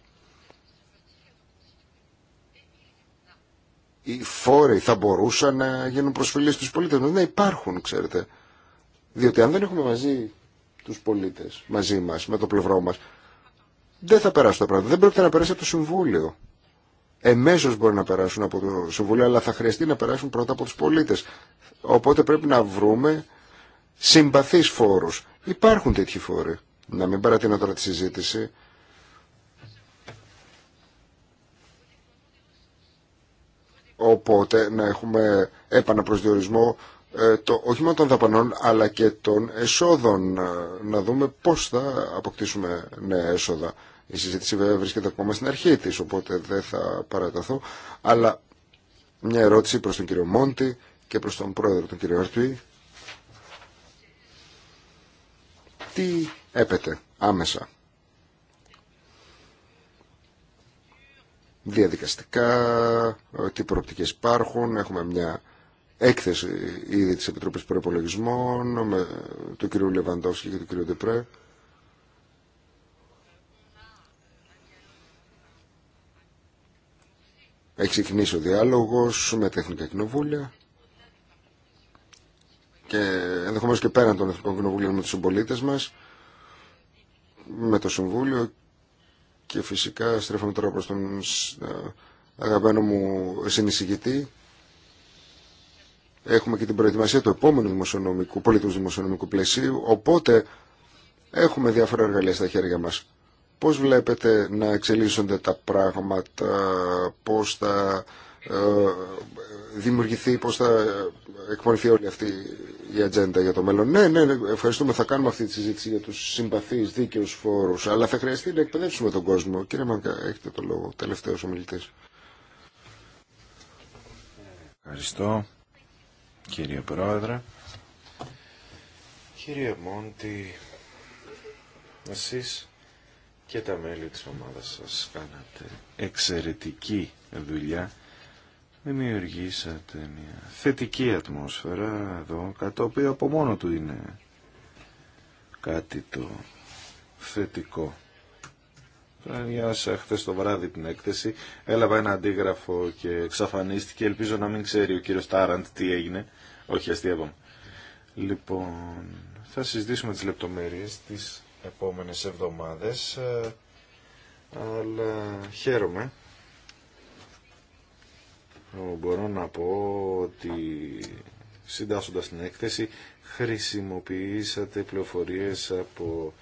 οι φόροι θα μπορούσαν να γίνουν προσφυλίες στους πολίτες Ναι, υπάρχουν ξέρετε διότι αν δεν έχουμε μαζί τους πολίτες μαζί μας με το πλευρό μας δεν θα περάσουν τα πράγματα δεν πρόκειται να περάσει από το Συμβούλιο Εμέσω μπορεί να περάσουν από το Συμβούλιο, αλλά θα χρειαστεί να περάσουν πρώτα από του πολίτε. Οπότε πρέπει να βρούμε συμπαθεί φόρου. Υπάρχουν τέτοιοι φόροι. Να μην παρατείνω τώρα τη συζήτηση. Οπότε να έχουμε επαναπροσδιορισμό ε, το, όχι μόνο των δαπανών αλλά και των εσόδων. Ε, να δούμε πώς θα αποκτήσουμε νέα έσοδα. Η συζήτηση βέβαια βρίσκεται ακόμα στην αρχή της, οπότε δεν θα παραταθώ. Αλλά μια ερώτηση προς τον κύριο Μόντι και προς τον πρόεδρο τον κύριο Αρτουή. Τι έπεται άμεσα. Διαδικαστικά, ε, τι προοπτικές υπάρχουν, έχουμε μια έκθεση ήδη της Επιτροπής Προϋπολογισμών με τον κ. Λεβαντόφσκι και τον κ. Ντεπρέ. Έχει ξεκινήσει ο διάλογος με τα Εθνικά Κοινοβούλια και ενδεχομένως και πέραν των Εθνικών Κοινοβουλίων με τους συμπολίτε μας με το Συμβούλιο και φυσικά στρέφομαι τώρα προς τον ε, αγαπημένο μου συνεισηγητή. Έχουμε και την προετοιμασία του επόμενου δημοσιονομικού, πολιτικού δημοσιονομικού πλαισίου, οπότε έχουμε διάφορα εργαλεία στα χέρια μας. Πώς βλέπετε να εξελίσσονται τα πράγματα, πώς θα... Τα ε, δημιουργηθεί, πώς θα εκπονηθεί όλη αυτή η ατζέντα για το μέλλον. Ναι, ναι, ναι, ευχαριστούμε, θα κάνουμε αυτή τη συζήτηση για τους συμπαθείς δίκαιους φόρους, αλλά θα χρειαστεί να εκπαιδεύσουμε τον κόσμο. Κύριε Μανκά, έχετε το λόγο, τελευταίος ομιλητής. Ευχαριστώ, κύριε Πρόεδρε. Κύριε Μόντι, εσείς και τα μέλη της ομάδας σας κάνατε εξαιρετική δουλειά δημιουργήσατε μια θετική ατμόσφαιρα εδώ, κατά το οποίο από μόνο του είναι κάτι το θετικό. Διάσα χθε το βράδυ την έκθεση, έλαβα ένα αντίγραφο και εξαφανίστηκε, ελπίζω να μην ξέρει ο κύριος Τάραντ τι έγινε, όχι αστείευα Λοιπόν, θα συζητήσουμε τις λεπτομέρειες τις επόμενες εβδομάδες, ε, αλλά χαίρομαι μπορώ να πω ότι συντάσσοντας την έκθεση χρησιμοποιήσατε πληροφορίες από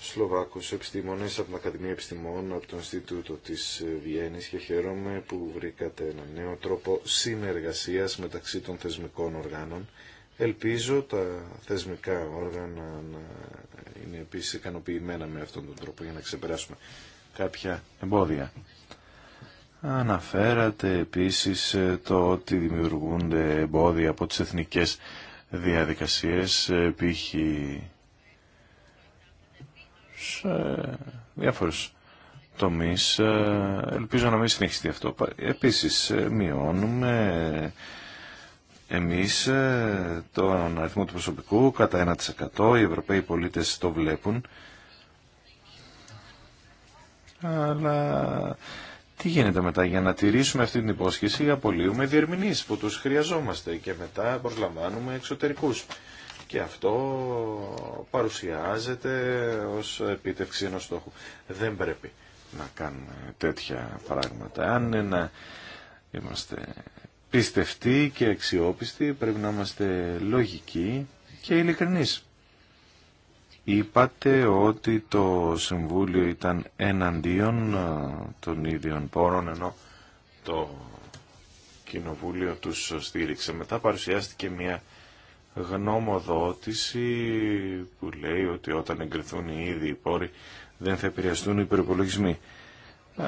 Σλοβάκους επιστήμονες από την Ακαδημία Επιστημών, από το Ινστιτούτο της Βιέννης και χαίρομαι που βρήκατε ένα νέο τρόπο συνεργασίας μεταξύ των θεσμικών οργάνων. Ελπίζω τα θεσμικά όργανα να είναι επίσης ικανοποιημένα με αυτόν τον τρόπο για να ξεπεράσουμε κάποια εμπόδια. Αναφέρατε επίσης ε, το ότι δημιουργούνται εμπόδια από τις εθνικές διαδικασίες, ε, π.χ. σε διάφορους τομείς. Ε, ελπίζω να μην συνεχιστεί αυτό. Επίσης, μειώνουμε εμείς τον αριθμό του προσωπικού κατά 1%. Οι Ευρωπαίοι πολίτες το βλέπουν. Αλλά τι γίνεται μετά, για να τηρήσουμε αυτή την υπόσχεση απολύουμε διερμηνείς που τους χρειαζόμαστε και μετά προσλαμβάνουμε εξωτερικούς. Και αυτό παρουσιάζεται ως επίτευξη ενός στόχου. Δεν πρέπει να κάνουμε τέτοια πράγματα. Αν είμαστε πιστευτοί και αξιόπιστοι, πρέπει να είμαστε λογικοί και ειλικρινείς. Είπατε ότι το Συμβούλιο ήταν εναντίον ε, των ίδιων πόρων, ενώ το Κοινοβούλιο τους στήριξε. Μετά παρουσιάστηκε μια γνώμοδότηση που λέει ότι όταν εγκριθούν οι ίδιοι πόροι δεν θα επηρεαστούν οι περιπολογισμοί. Ε,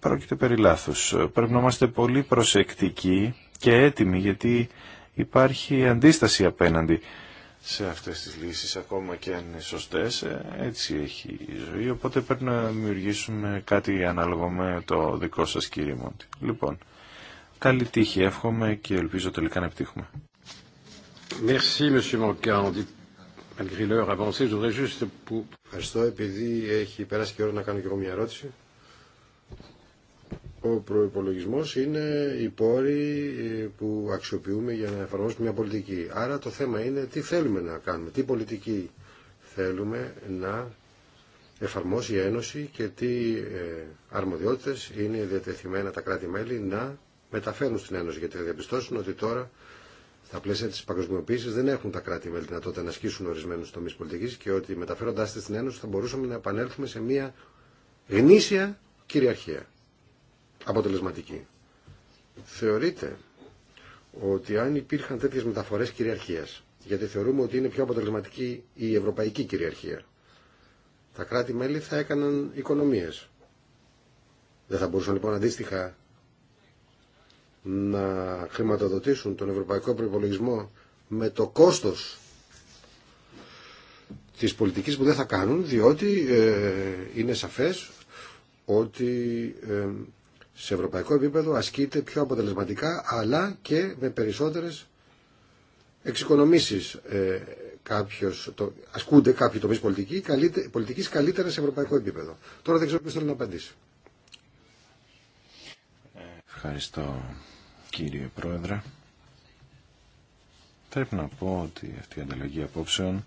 πρόκειται περί λάθους. Πρέπει να είμαστε πολύ προσεκτικοί και έτοιμοι γιατί υπάρχει αντίσταση απέναντι σε αυτές τις λύσεις ακόμα και αν είναι σωστές ε, έτσι έχει η ζωή οπότε πρέπει να δημιουργήσουμε κάτι ανάλογο με το δικό σας κύριε Μόντι λοιπόν καλή τύχη εύχομαι και ελπίζω τελικά να επιτύχουμε Ευχαριστώ επειδή έχει περάσει και ώρα να κάνω και εγώ μια ερώτηση ο προϋπολογισμός είναι οι πόροι ε, που αξιοποιούμε για να εφαρμόσουμε μια πολιτική. Άρα το θέμα είναι τι θέλουμε να κάνουμε, τι πολιτική θέλουμε να εφαρμόσει η Ένωση και τι ε, αρμοδιότητες είναι διατεθειμένα τα κράτη-μέλη να μεταφέρουν στην Ένωση. Γιατί θα διαπιστώσουν ότι τώρα στα πλαίσια της παγκοσμιοποίησης δεν έχουν τα κράτη-μέλη δυνατότητα να ασκήσουν ορισμένου τομεί πολιτική και ότι μεταφέροντάς τη στην Ένωση θα μπορούσαμε να επανέλθουμε σε μια γνήσια κυριαρχία αποτελεσματική. Θεωρείτε ότι αν υπήρχαν τέτοιες μεταφορές κυριαρχίας, γιατί θεωρούμε ότι είναι πιο αποτελεσματική η ευρωπαϊκή κυριαρχία, τα κράτη-μέλη θα έκαναν οικονομίες. Δεν θα μπορούσαν λοιπόν αντίστοιχα να χρηματοδοτήσουν τον ευρωπαϊκό προπολογισμό με το κόστος της πολιτικής που δεν θα κάνουν διότι ε, είναι σαφές ότι ε, σε ευρωπαϊκό επίπεδο ασκείται πιο αποτελεσματικά αλλά και με περισσότερες εξοικονομήσεις ε, κάποιος, το, ασκούνται κάποιοι τομείς πολιτική, καλύτε, πολιτικής καλύτερα σε ευρωπαϊκό επίπεδο. Τώρα δεν ξέρω ποιος θέλει να απαντήσει. Ευχαριστώ κύριε Πρόεδρε. Πρέπει να πω ότι αυτή η ανταλλαγή απόψεων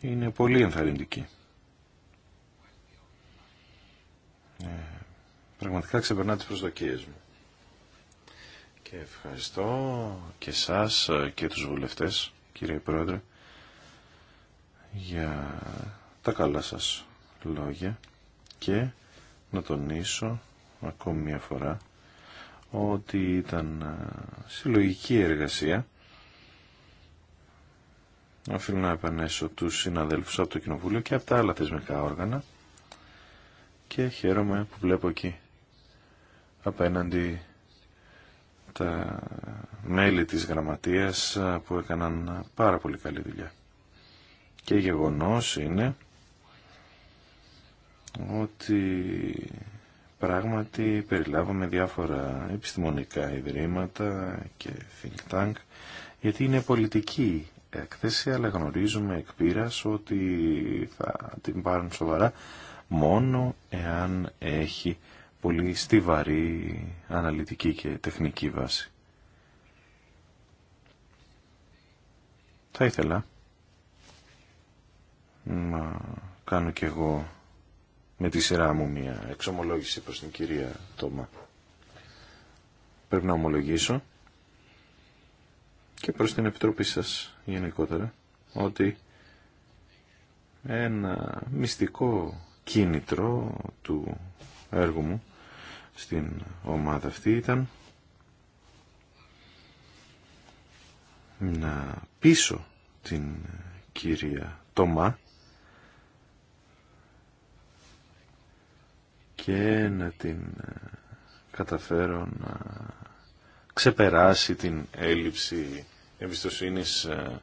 είναι πολύ ενθαρρυντική. Ε, πραγματικά ξεπερνά τις προσδοκίες μου. Και ευχαριστώ και σας ε, και τους βουλευτές, κύριε Πρόεδρε, για τα καλά σας λόγια και να τονίσω ακόμη μια φορά ότι ήταν ε, συλλογική εργασία. Οφείλω να επανέσω τους συναδέλφους από το Κοινοβούλιο και από τα άλλα θεσμικά όργανα και χαίρομαι που βλέπω εκεί απέναντι τα μέλη της γραμματείας που έκαναν πάρα πολύ καλή δουλειά. Και γεγονός είναι ότι πράγματι περιλάβαμε διάφορα επιστημονικά ιδρύματα και think tank γιατί είναι πολιτική έκθεση αλλά γνωρίζουμε εκ ότι θα την πάρουν σοβαρά μόνο εάν έχει πολύ στιβαρή αναλυτική και τεχνική βάση. Θα ήθελα να κάνω κι εγώ με τη σειρά μου μια εξομολόγηση προς την κυρία Τόμα. Πρέπει να ομολογήσω και προς την Επιτροπή σας γενικότερα ότι ένα μυστικό κίνητρο του έργου μου στην ομάδα αυτή ήταν να πίσω την κυρία Τομά και να την ε, καταφέρω να ξεπεράσει την έλλειψη εμπιστοσύνης ε,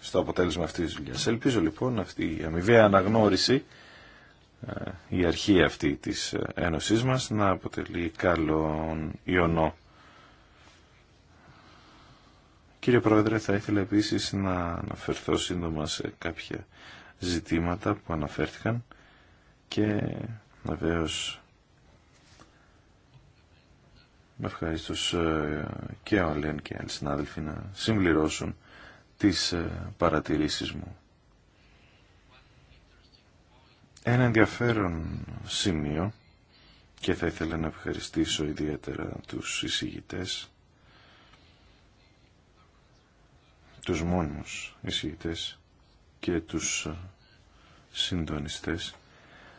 στο αποτέλεσμα αυτής της δουλειάς. Ελπίζω λοιπόν αυτή η αμοιβαία αναγνώριση ε, η αρχή αυτή της ε, Ένωσής μας να αποτελεί καλόν ιονό. Κύριε Πρόεδρε, θα ήθελα επίσης να αναφερθώ σύντομα σε κάποια ζητήματα που αναφέρθηκαν και βεβαίω με ευχαριστώ ε, και ο Αλέν και άλλοι συνάδελφοι να συμπληρώσουν τις παρατηρήσεις μου ένα ενδιαφέρον σημείο και θα ήθελα να ευχαριστήσω ιδιαίτερα τους εισηγητές, τους μόνους εισηγητές και τους συντονιστές.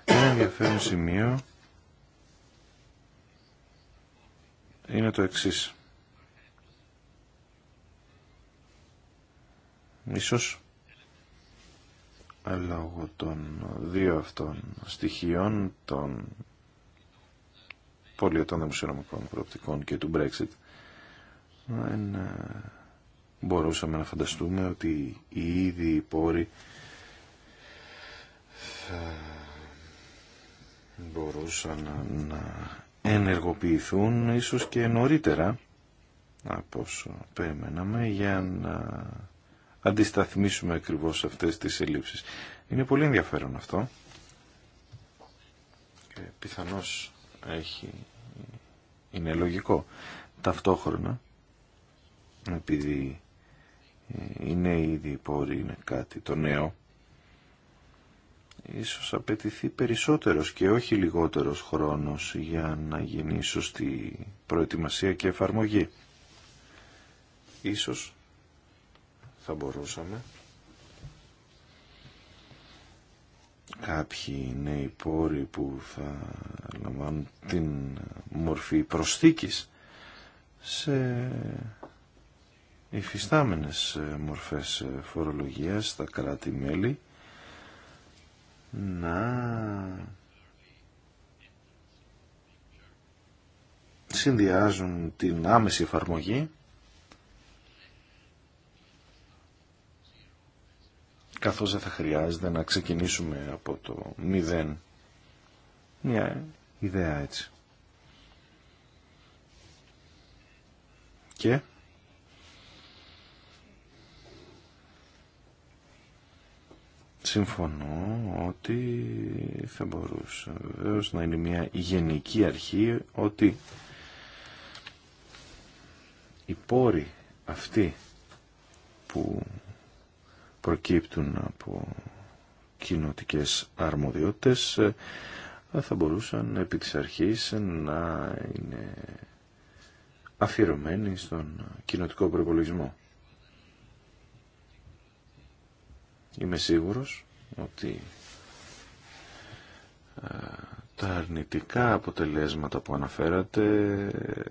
Ένα ενδιαφέρον σημείο είναι το εξής. Ίσως λόγω των δύο αυτών στοιχείων των πολιετών δημοσιονομικών προοπτικών και του Brexit ε, μπορούσαμε να φανταστούμε ότι οι ίδιοι πόροι θα μπορούσαν να ενεργοποιηθούν ίσως και νωρίτερα από όσο περιμέναμε για να αντισταθμίσουμε ακριβώς αυτές τις ελλείψεις. Είναι πολύ ενδιαφέρον αυτό. Και πιθανώς έχει... είναι λογικό. Ταυτόχρονα, επειδή ε, είναι ήδη μπορεί πόροι, είναι κάτι το νέο, ίσως απαιτηθεί περισσότερος και όχι λιγότερος χρόνος για να γίνει τη προετοιμασία και εφαρμογή. Ίσως θα μπορούσαμε. Κάποιοι νέοι πόροι που θα λαμβάνουν την μορφή προσθήκης σε υφιστάμενες μορφές φορολογίας στα κράτη-μέλη να συνδυάζουν την άμεση εφαρμογή καθώς δεν θα χρειάζεται να ξεκινήσουμε από το μηδέν. Μια ιδέα έτσι. Και... Συμφωνώ ότι θα μπορούσε βεβαίω να είναι μια γενική αρχή ότι οι πόροι αυτοί που προκύπτουν από κοινοτικές αρμοδιότητες ε, θα μπορούσαν επί της αρχής να είναι αφιερωμένοι στον κοινοτικό προπολογισμό. Είμαι σίγουρος ότι ε, τα αρνητικά αποτελέσματα που αναφέρατε ε,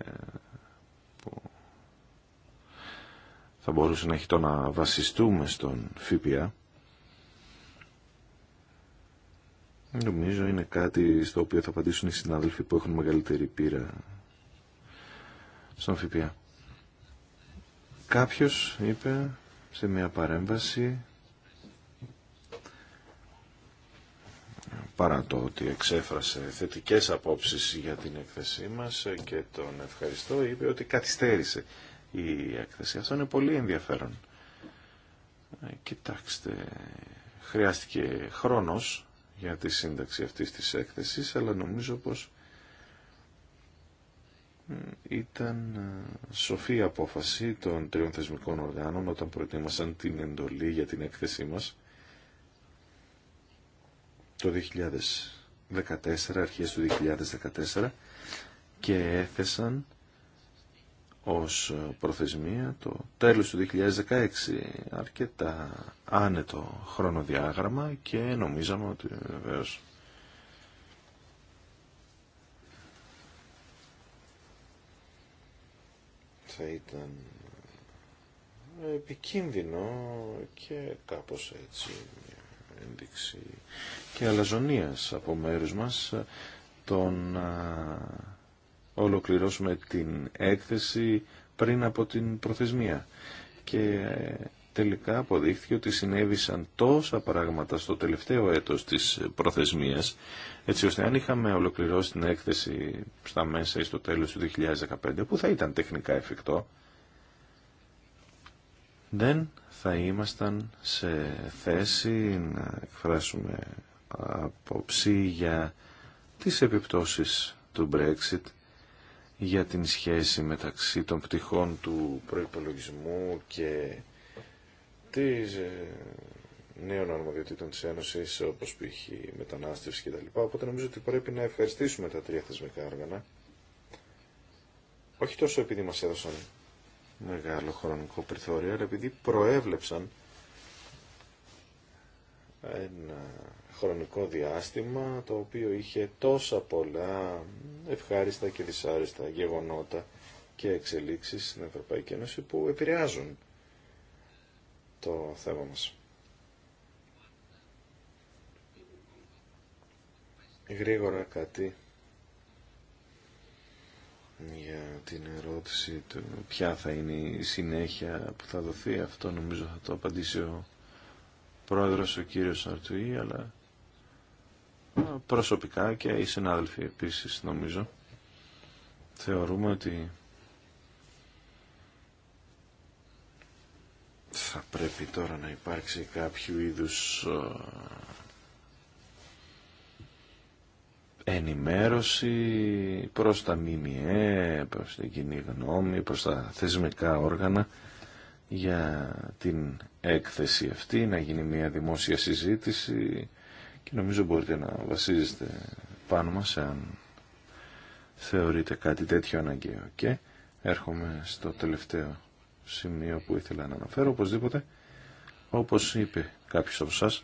θα μπορούσε να έχει το να βασιστούμε στον ΦΠΑ νομίζω είναι κάτι στο οποίο θα απαντήσουν οι συνάδελφοι που έχουν μεγαλύτερη πείρα στον ΦΠΑ κάποιος είπε σε μια παρέμβαση παρά το ότι εξέφρασε θετικές απόψεις για την έκθεσή μας και τον ευχαριστώ είπε ότι καθυστέρησε η έκθεση. Αυτό είναι πολύ ενδιαφέρον. Ε, κοιτάξτε, χρειάστηκε χρόνος για τη σύνταξη αυτής της έκθεσης, αλλά νομίζω πως ήταν ε, σοφή απόφαση των τριών θεσμικών οργάνων όταν προετοίμασαν την εντολή για την έκθεσή μας το 2014, αρχές του 2014 και έθεσαν ως προθεσμία το τέλος του 2016 αρκετά άνετο χρονοδιάγραμμα και νομίζαμε ότι βεβαίω. θα ήταν επικίνδυνο και κάπως έτσι μια ένδειξη και αλαζονίας από μέρους μας ε, ολοκληρώσουμε την έκθεση πριν από την προθεσμία. Και τελικά αποδείχθηκε ότι συνέβησαν τόσα πράγματα στο τελευταίο έτος της προθεσμίας, έτσι ώστε αν είχαμε ολοκληρώσει την έκθεση στα μέσα ή στο τέλος του 2015, που θα ήταν τεχνικά εφικτό, δεν θα ήμασταν σε θέση να εκφράσουμε απόψη για τις επιπτώσεις του Brexit για την σχέση μεταξύ των πτυχών του προϋπολογισμού και της ε, νέων αρμοδιοτήτων της Ένωσης, όπως π.χ. μετανάστευση κτλ. Οπότε νομίζω ότι πρέπει να ευχαριστήσουμε τα τρία θεσμικά όργανα. Όχι τόσο επειδή μας έδωσαν μεγάλο χρονικό περιθώριο, αλλά επειδή προέβλεψαν ένα χρονικό διάστημα το οποίο είχε τόσα πολλά ευχάριστα και δυσάριστα γεγονότα και εξελίξεις στην Ευρωπαϊκή Ένωση που επηρεάζουν το θέμα μας. Γρήγορα κάτι για την ερώτηση του ποια θα είναι η συνέχεια που θα δοθεί. Αυτό νομίζω θα το απαντήσει ο πρόεδρος ο κύριος Αρτουή, αλλά προσωπικά και οι συνάδελφοι επίσης νομίζω θεωρούμε ότι θα πρέπει τώρα να υπάρξει κάποιο είδους ε, ενημέρωση προς τα ΜΜΕ, προς την κοινή γνώμη, προς τα θεσμικά όργανα για την έκθεση αυτή, να γίνει μια δημόσια συζήτηση και νομίζω μπορείτε να βασίζεστε πάνω μας αν θεωρείτε κάτι τέτοιο αναγκαίο. Και έρχομαι στο τελευταίο σημείο που ήθελα να αναφέρω, οπωσδήποτε, όπως είπε κάποιος από εσάς,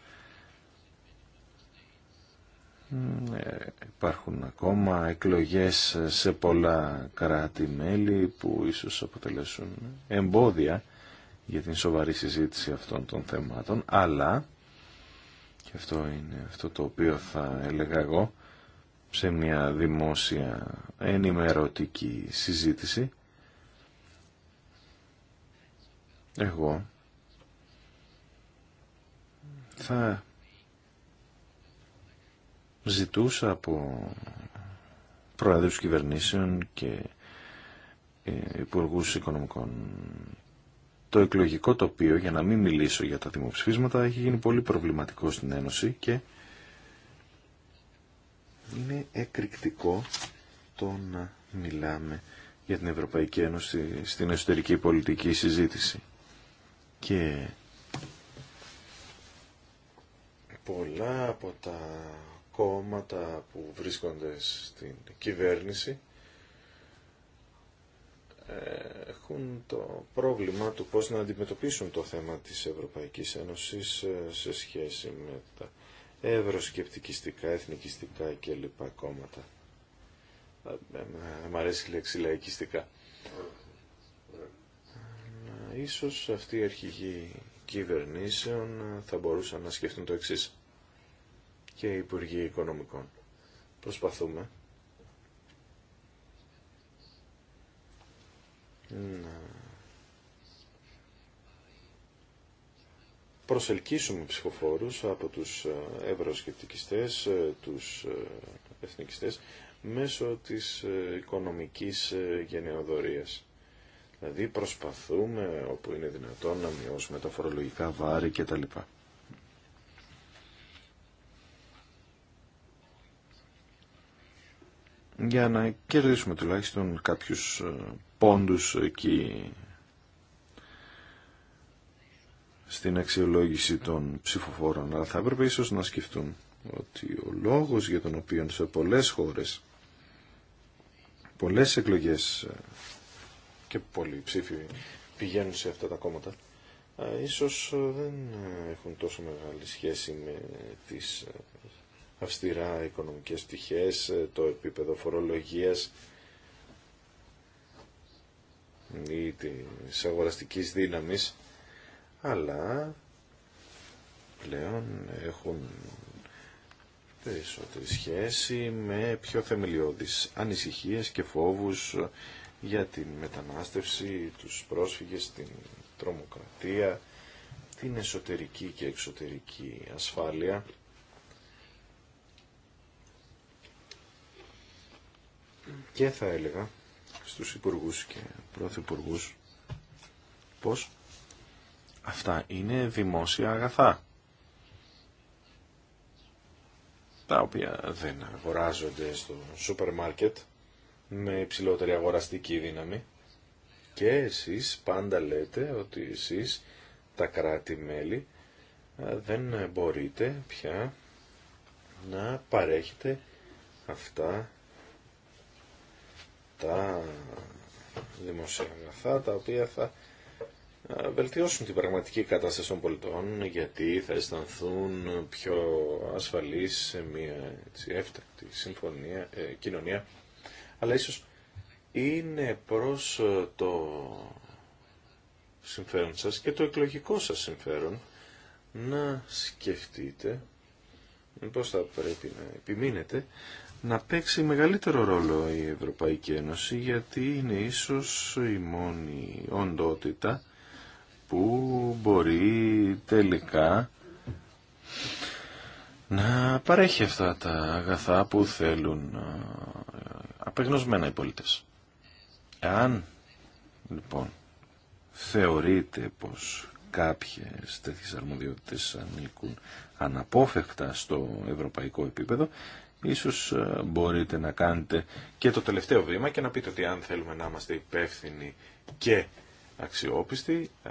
ε, υπάρχουν ακόμα εκλογές σε πολλά κράτη-μέλη που ίσως αποτελέσουν εμπόδια για την σοβαρή συζήτηση αυτών των θεμάτων, αλλά αυτό είναι αυτό το οποίο θα έλεγα εγώ σε μια δημόσια ενημερωτική συζήτηση. Εγώ θα ζητούσα από προέδρους κυβερνήσεων και ε, υπουργούς οικονομικών το εκλογικό τοπίο, για να μην μιλήσω για τα δημοψηφίσματα, έχει γίνει πολύ προβληματικό στην Ένωση και είναι εκρηκτικό το να μιλάμε για την Ευρωπαϊκή Ένωση στην εσωτερική πολιτική συζήτηση. Και πολλά από τα κόμματα που βρίσκονται στην κυβέρνηση έχουν το πρόβλημα του πώς να αντιμετωπίσουν το θέμα της Ευρωπαϊκής Ένωσης ε, σε σχέση με τα ευρωσκεπτικιστικά, εθνικιστικά και κόμματα. Ε, ε, μ' αρέσει η λέξη λαϊκιστικά. Ίσως αυτοί οι αρχηγοί κυβερνήσεων θα μπορούσαν να σκεφτούν το εξής και οι Υπουργοί Οικονομικών. Προσπαθούμε προσελκύσουμε ψυχοφόρους από τους ε, ευρωσκεπτικιστές, ε, τους ε, εθνικιστές, μέσω της οικονομικής γενεοδορίας. Δηλαδή προσπαθούμε όπου είναι δυνατόν να μειώσουμε τα φορολογικά βάρη κτλ. για να κερδίσουμε τουλάχιστον κάποιους ε, πόντους εκεί στην αξιολόγηση των ψηφοφόρων. Αλλά θα έπρεπε ίσως να σκεφτούν ότι ο λόγος για τον οποίο σε πολλές χώρες, πολλές εκλογές ε, και πολλοί ψήφοι πηγαίνουν σε αυτά τα κόμματα, ε, ίσως δεν έχουν τόσο μεγάλη σχέση με τις αυστηρά οικονομικές στοιχές, ε, το επίπεδο φορολογίας ή της αγοραστικής δύναμης, αλλά πλέον έχουν περισσότερη σχέση με πιο θεμελιώδεις ανησυχίες και φόβους για την μετανάστευση, τους πρόσφυγες, την τρομοκρατία, την εσωτερική και εξωτερική ασφάλεια και θα έλεγα στους υπουργούς και πρωθυπουργούς πως αυτά είναι δημόσια αγαθά τα οποία δεν αγοράζονται στο σούπερ μάρκετ με υψηλότερη αγοραστική δύναμη και εσείς πάντα λέτε ότι εσείς τα κράτη-μέλη δεν μπορείτε πια να παρέχετε αυτά τα δημοσία αγαθά τα οποία θα βελτιώσουν την πραγματική κατάσταση των πολιτών γιατί θα αισθανθούν πιο ασφαλείς σε μια έτσι, έφτακτη συμφωνία, ε, κοινωνία αλλά ίσως είναι προς ε, το συμφέρον σας και το εκλογικό σας συμφέρον να σκεφτείτε πώς θα πρέπει να επιμείνετε να παίξει μεγαλύτερο ρόλο η Ευρωπαϊκή Ένωση γιατί είναι ίσως η μόνη οντότητα που μπορεί τελικά να παρέχει αυτά τα αγαθά που θέλουν ε, απεγνωσμένα οι πολίτες. Αν λοιπόν θεωρείτε πως κάποιες τέτοιες αρμοδιότητες ανήκουν αναπόφευκτα στο ευρωπαϊκό επίπεδο Ίσως ε, μπορείτε να κάνετε και το τελευταίο βήμα και να πείτε ότι αν θέλουμε να είμαστε υπεύθυνοι και αξιόπιστοι, ε,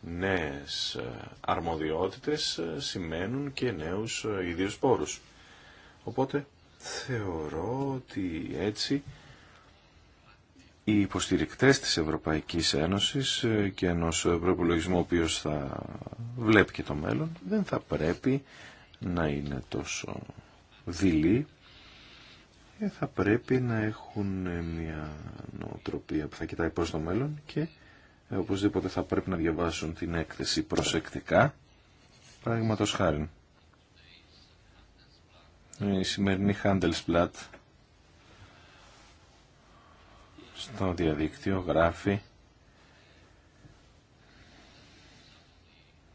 νέες ε, αρμοδιότητες σημαίνουν και νέους ιδίους πόρους. Οπότε θεωρώ ότι έτσι οι υποστηρικτές της Ευρωπαϊκής Ένωσης και ενός προπολογισμού ο οποίος θα βλέπει και το μέλλον δεν θα πρέπει να είναι τόσο δειλή ε, θα πρέπει να έχουν μια νοοτροπία που θα κοιτάει προς το μέλλον και ε, οπωσδήποτε θα πρέπει να διαβάσουν την έκθεση προσεκτικά πράγματος χάρη η σημερινή Handelsblatt στο διαδίκτυο γράφει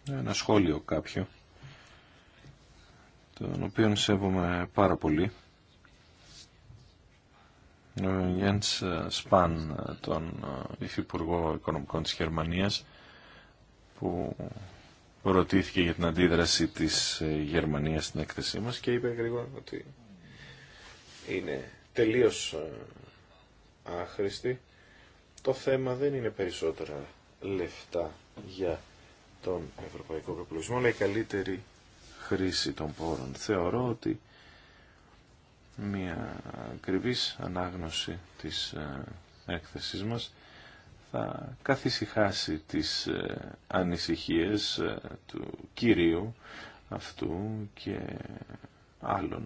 ένα σχόλιο κάποιο τον οποίο σέβομαι πάρα πολύ. Ο Γιάννης Σπαν, τον ε, Υφυπουργό Οικονομικών της Γερμανίας, που ρωτήθηκε για την αντίδραση της ε, Γερμανίας στην έκθεσή μας και είπε γρήγορα ότι είναι τελείως ε, άχρηστη. Το θέμα δεν είναι περισσότερα λεφτά για τον ευρωπαϊκό προπολογισμό, αλλά η καλύτερη χρήση των πόρων. Θεωρώ ότι μια ακριβής ανάγνωση της ε, έκθεσής μας θα καθησυχάσει τις ε, ανησυχίες ε, του κυρίου αυτού και άλλων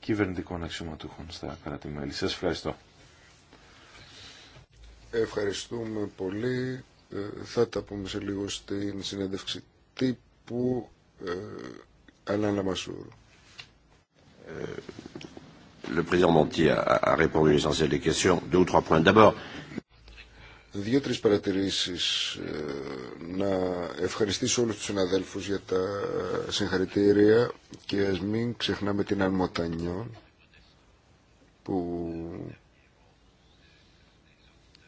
κυβερνητικών αξιωματούχων στα κράτη-μέλη. Σας ευχαριστώ. Ευχαριστούμε πολύ. Θα τα πούμε σε λίγο στην συνέντευξη τύπου που ε, Αλάν Λαμασούρ. Euh, le président Monti a, a répondu l'essentiel des questions. Deux ou trois points. D'abord, Δύο-τρεις παρατηρήσεις. Ε, να ευχαριστήσω όλους τους συναδέλφους για τα ε, συγχαρητήρια και ας μην ξεχνάμε την Αλμοτανιό που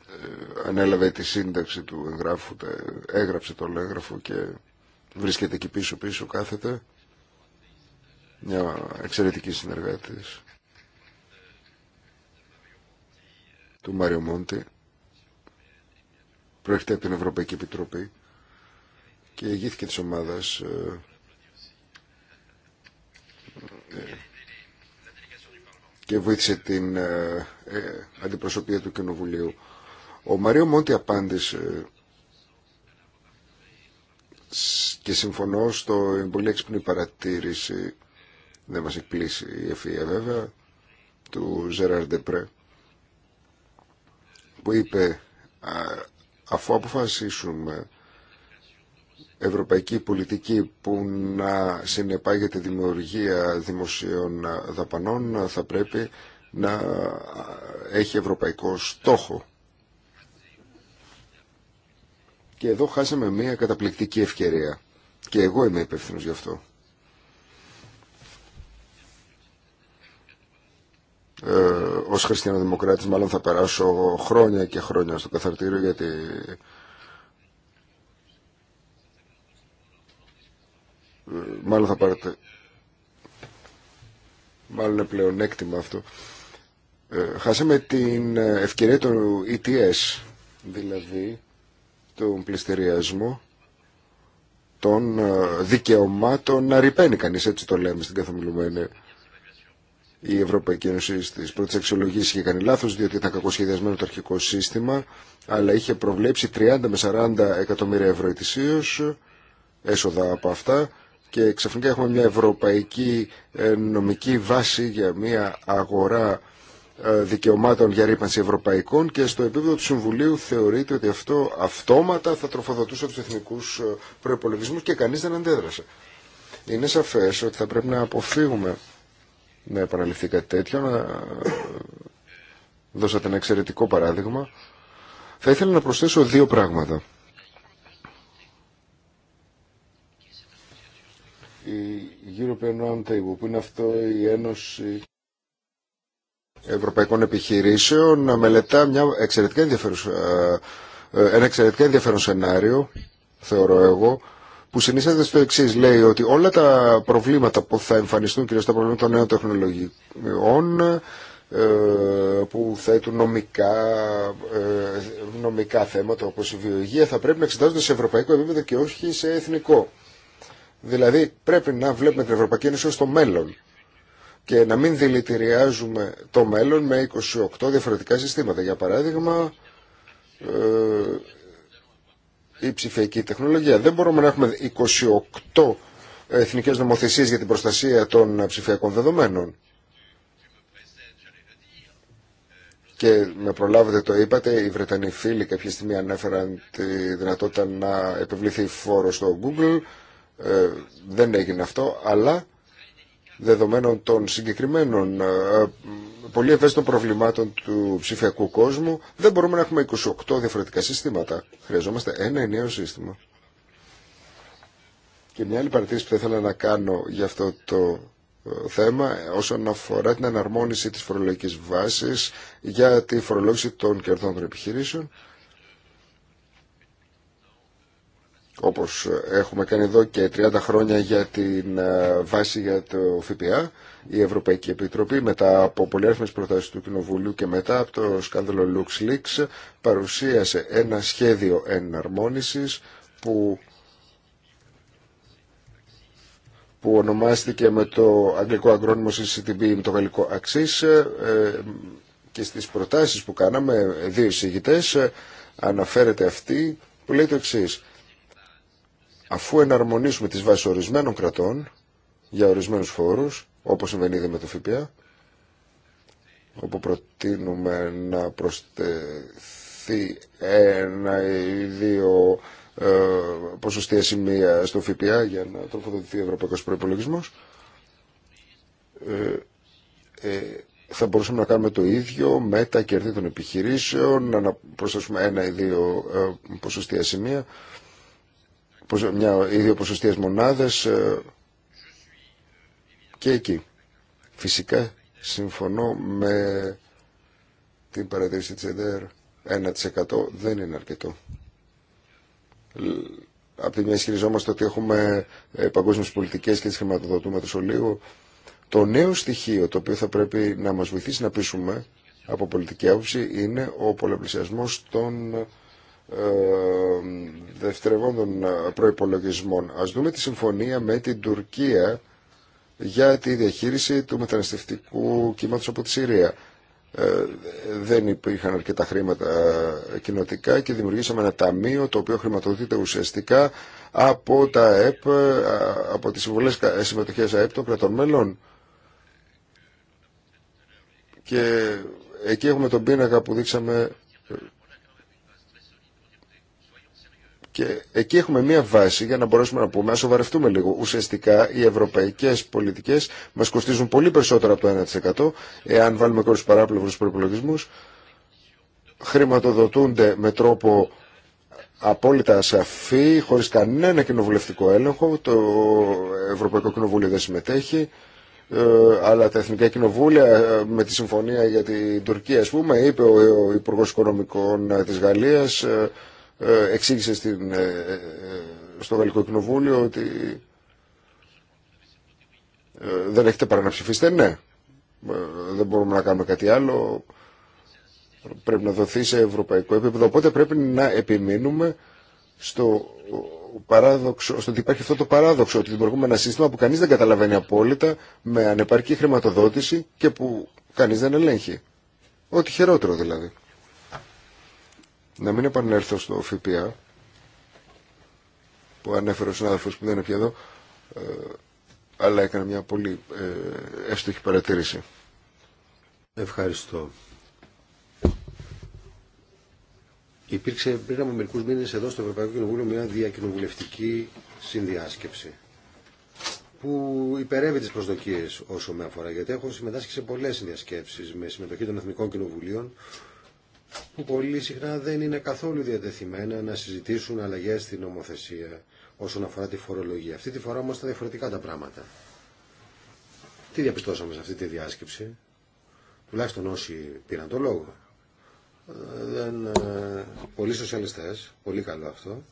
ε, ανέλαβε τη σύνταξη του εγγράφου, έγραψε το έγγραφο και βρίσκεται εκεί πίσω πίσω κάθεται μια εξαιρετική συνεργάτης του Μάριο Μόντι προέρχεται από την Ευρωπαϊκή Επιτροπή και ηγήθηκε της ομάδας ε, και βοήθησε την ε, ε, αντιπροσωπεία του Κοινοβουλίου. Ο Μαρίο Μόντι απάντησε και συμφωνώ στο πολύ έξυπνη παρατήρηση δεν μας εκπλήσει η ευφυΐα βέβαια του Ζεράρ Ντεπρέ που είπε αφού αποφασίσουμε ευρωπαϊκή πολιτική που να συνεπάγεται δημιουργία δημοσίων δαπανών θα πρέπει να έχει ευρωπαϊκό στόχο Και εδώ χάσαμε μια καταπληκτική ευκαιρία. Και εγώ είμαι υπεύθυνο γι' αυτό. Ε, Ω χριστιανοδημοκράτη, μάλλον θα περάσω χρόνια και χρόνια στο καθαρτήριο γιατί. Ε, μάλλον θα πάρετε. Μάλλον είναι πλεονέκτημα αυτό. Ε, χάσαμε την ευκαιρία του ETS, δηλαδή τον πληστηριασμό των ε, δικαιωμάτων να ρηπαίνει κανείς, έτσι το λέμε στην καθομιλουμένη. Η Ευρωπαϊκή Ένωση στι πρώτε αξιολογήσει είχε κάνει λάθο διότι ήταν κακοσχεδιασμένο το αρχικό σύστημα, αλλά είχε προβλέψει 30 με 40 εκατομμύρια ευρώ ετησίω έσοδα από αυτά και ξαφνικά έχουμε μια ευρωπαϊκή ε, νομική βάση για μια αγορά ε, δικαιωμάτων για ρήπανση ευρωπαϊκών και στο επίπεδο του Συμβουλίου θεωρείται ότι αυτό αυτόματα θα τροφοδοτούσε τους εθνικούς ε, προπολογισμού και κανείς δεν αντέδρασε. Είναι σαφές ότι θα πρέπει να αποφύγουμε να επαναληφθεί κάτι τέτοιο, να ε, δώσατε ένα εξαιρετικό παράδειγμα. Θα ήθελα να προσθέσω δύο πράγματα. Η που είναι αυτό η ένωση ευρωπαϊκών επιχειρήσεων μελετά μια ε, ε, ένα εξαιρετικά ενδιαφέρον σενάριο, θεωρώ εγώ, που συνίσταται στο εξή. Λέει ότι όλα τα προβλήματα που θα εμφανιστούν, κυρίω τα προβλήματα των νέων τεχνολογιών, ε, που θέτουν νομικά, νομικά θέματα όπως η βιολογία, θα πρέπει να εξετάζονται σε ευρωπαϊκό επίπεδο και όχι σε εθνικό. Δηλαδή πρέπει να βλέπουμε την Ευρωπαϊκή Ένωση ως το μέλλον και να μην δηλητηριάζουμε το μέλλον με 28 διαφορετικά συστήματα. Για παράδειγμα, ε, η ψηφιακή τεχνολογία. Δεν μπορούμε να έχουμε 28 εθνικές νομοθεσίες για την προστασία των ψηφιακών δεδομένων. Και με προλάβετε το είπατε, οι Βρετανοί φίλοι κάποια στιγμή ανέφεραν τη δυνατότητα να επιβληθεί φόρο στο Google. Ε, δεν έγινε αυτό, αλλά δεδομένων των συγκεκριμένων ε, ε, πολύ ευαίσθητων προβλημάτων του ψηφιακού κόσμου, δεν μπορούμε να έχουμε 28 διαφορετικά συστήματα. Χρειαζόμαστε ένα ενιαίο σύστημα. Και μια άλλη παρατήρηση που θα ήθελα να κάνω για αυτό το ε, θέμα όσον αφορά την αναρμόνιση της φορολογικής βάσης για τη φορολόγηση των κερδών των επιχειρήσεων. όπως έχουμε κάνει εδώ και 30 χρόνια για την ε, βάση για το ΦΠΑ, η Ευρωπαϊκή Επιτροπή μετά από πολυάριθμες προτάσεις του Κοινοβουλίου και μετά από το σκάνδαλο LuxLeaks παρουσίασε ένα σχέδιο εναρμόνισης που που ονομάστηκε με το αγγλικό αγρόνιμο CCTB με το γαλλικό αξίς ε, και στις προτάσεις που κάναμε δύο εισηγητές ε, αναφέρεται αυτή που λέει το εξής αφού εναρμονίσουμε τις βάσεις ορισμένων κρατών για ορισμένους φόρους, όπως συμβαίνει ήδη με το ΦΠΑ, όπου προτείνουμε να προσθεθεί ένα ή δύο ε, ποσοστία σημεία στο ΦΠΑ για να τροφοδοτηθεί ο Ευρωπαϊκός Προϋπολογισμός, ε, ε θα μπορούσαμε να κάνουμε το ίδιο με τα κερδί των επιχειρήσεων, να προσθέσουμε ένα ή δύο ε, ποσοστία σημεία μια ίδιο ποσοστία μονάδε μονάδες ε, και εκεί. Φυσικά συμφωνώ με την παρατήρηση της ΕΔΕΡ 1% δεν είναι αρκετό. Απ' τη μια ισχυριζόμαστε ότι έχουμε ε, παγκόσμιε πολιτικές και τις χρηματοδοτούμε τόσο λίγο. Το νέο στοιχείο το οποίο θα πρέπει να μας βοηθήσει να πείσουμε από πολιτική άποψη είναι ο πολλαπλησιασμός των ε, δευτερευόντων ε, προϋπολογισμών. Ας δούμε τη συμφωνία με την Τουρκία για τη διαχείριση του μεταναστευτικού κύματος από τη Συρία. Ε, δεν υπήρχαν αρκετά χρήματα κοινοτικά και δημιουργήσαμε ένα ταμείο το οποίο χρηματοδοτείται ουσιαστικά από τα ΕΠ, από τις συμβολές συμμετοχές ΑΕΠ των κρατών μελών. Και εκεί έχουμε τον πίνακα που δείξαμε και εκεί έχουμε μία βάση για να μπορέσουμε να πούμε, να σοβαρευτούμε λίγο. Ουσιαστικά οι ευρωπαϊκέ πολιτικέ μα κοστίζουν πολύ περισσότερο από το 1%. Εάν βάλουμε και όλου παράπλευρου προπολογισμού, χρηματοδοτούνται με τρόπο απόλυτα ασαφή, χωρί κανένα κοινοβουλευτικό έλεγχο. Το Ευρωπαϊκό Κοινοβούλιο δεν συμμετέχει, ε, αλλά τα Εθνικά Κοινοβούλια ε, με τη συμφωνία για την Τουρκία, α πούμε, είπε ο Υπουργό Οικονομικών Γαλλία. Ε, Γαλλίας, ε, εξήγησε στην, ε, ε, στο Γαλλικό Κοινοβούλιο ότι δεν έχετε παρά να ψηφίσετε ναι. Δεν μπορούμε να κάνουμε κάτι άλλο. Πρέπει να δοθεί σε ευρωπαϊκό επίπεδο. Οπότε πρέπει να επιμείνουμε στο παράδοξο, στο ότι υπάρχει αυτό το παράδοξο ότι δημιουργούμε ένα σύστημα που κανείς δεν καταλαβαίνει απόλυτα με ανεπαρκή χρηματοδότηση και που κανείς δεν ελέγχει. Ό,τι χειρότερο δηλαδή να μην επανέλθω στο ΦΠΑ που ανέφερε ο συνάδελφος που δεν είναι πια εδώ ε, αλλά έκανε μια πολύ ε, εύστοχη παρατήρηση. Ευχαριστώ. Υπήρξε πριν από μερικού μήνε εδώ στο Ευρωπαϊκό Κοινοβούλιο μια διακοινοβουλευτική συνδιάσκεψη που υπερεύει τι προσδοκίε όσο με αφορά. Γιατί έχω συμμετάσχει σε πολλέ συνδιασκέψει με συμμετοχή των Εθνικών Κοινοβουλίων που πολύ συχνά δεν είναι καθόλου διατεθειμένα να συζητήσουν αλλαγέ στην νομοθεσία όσον αφορά τη φορολογία. Αυτή τη φορά όμω ήταν διαφορετικά τα πράγματα. Τι διαπιστώσαμε σε αυτή τη διάσκεψη, τουλάχιστον όσοι πήραν το λόγο. Ε, πολλοί σοσιαλιστέ, πολύ καλό αυτό,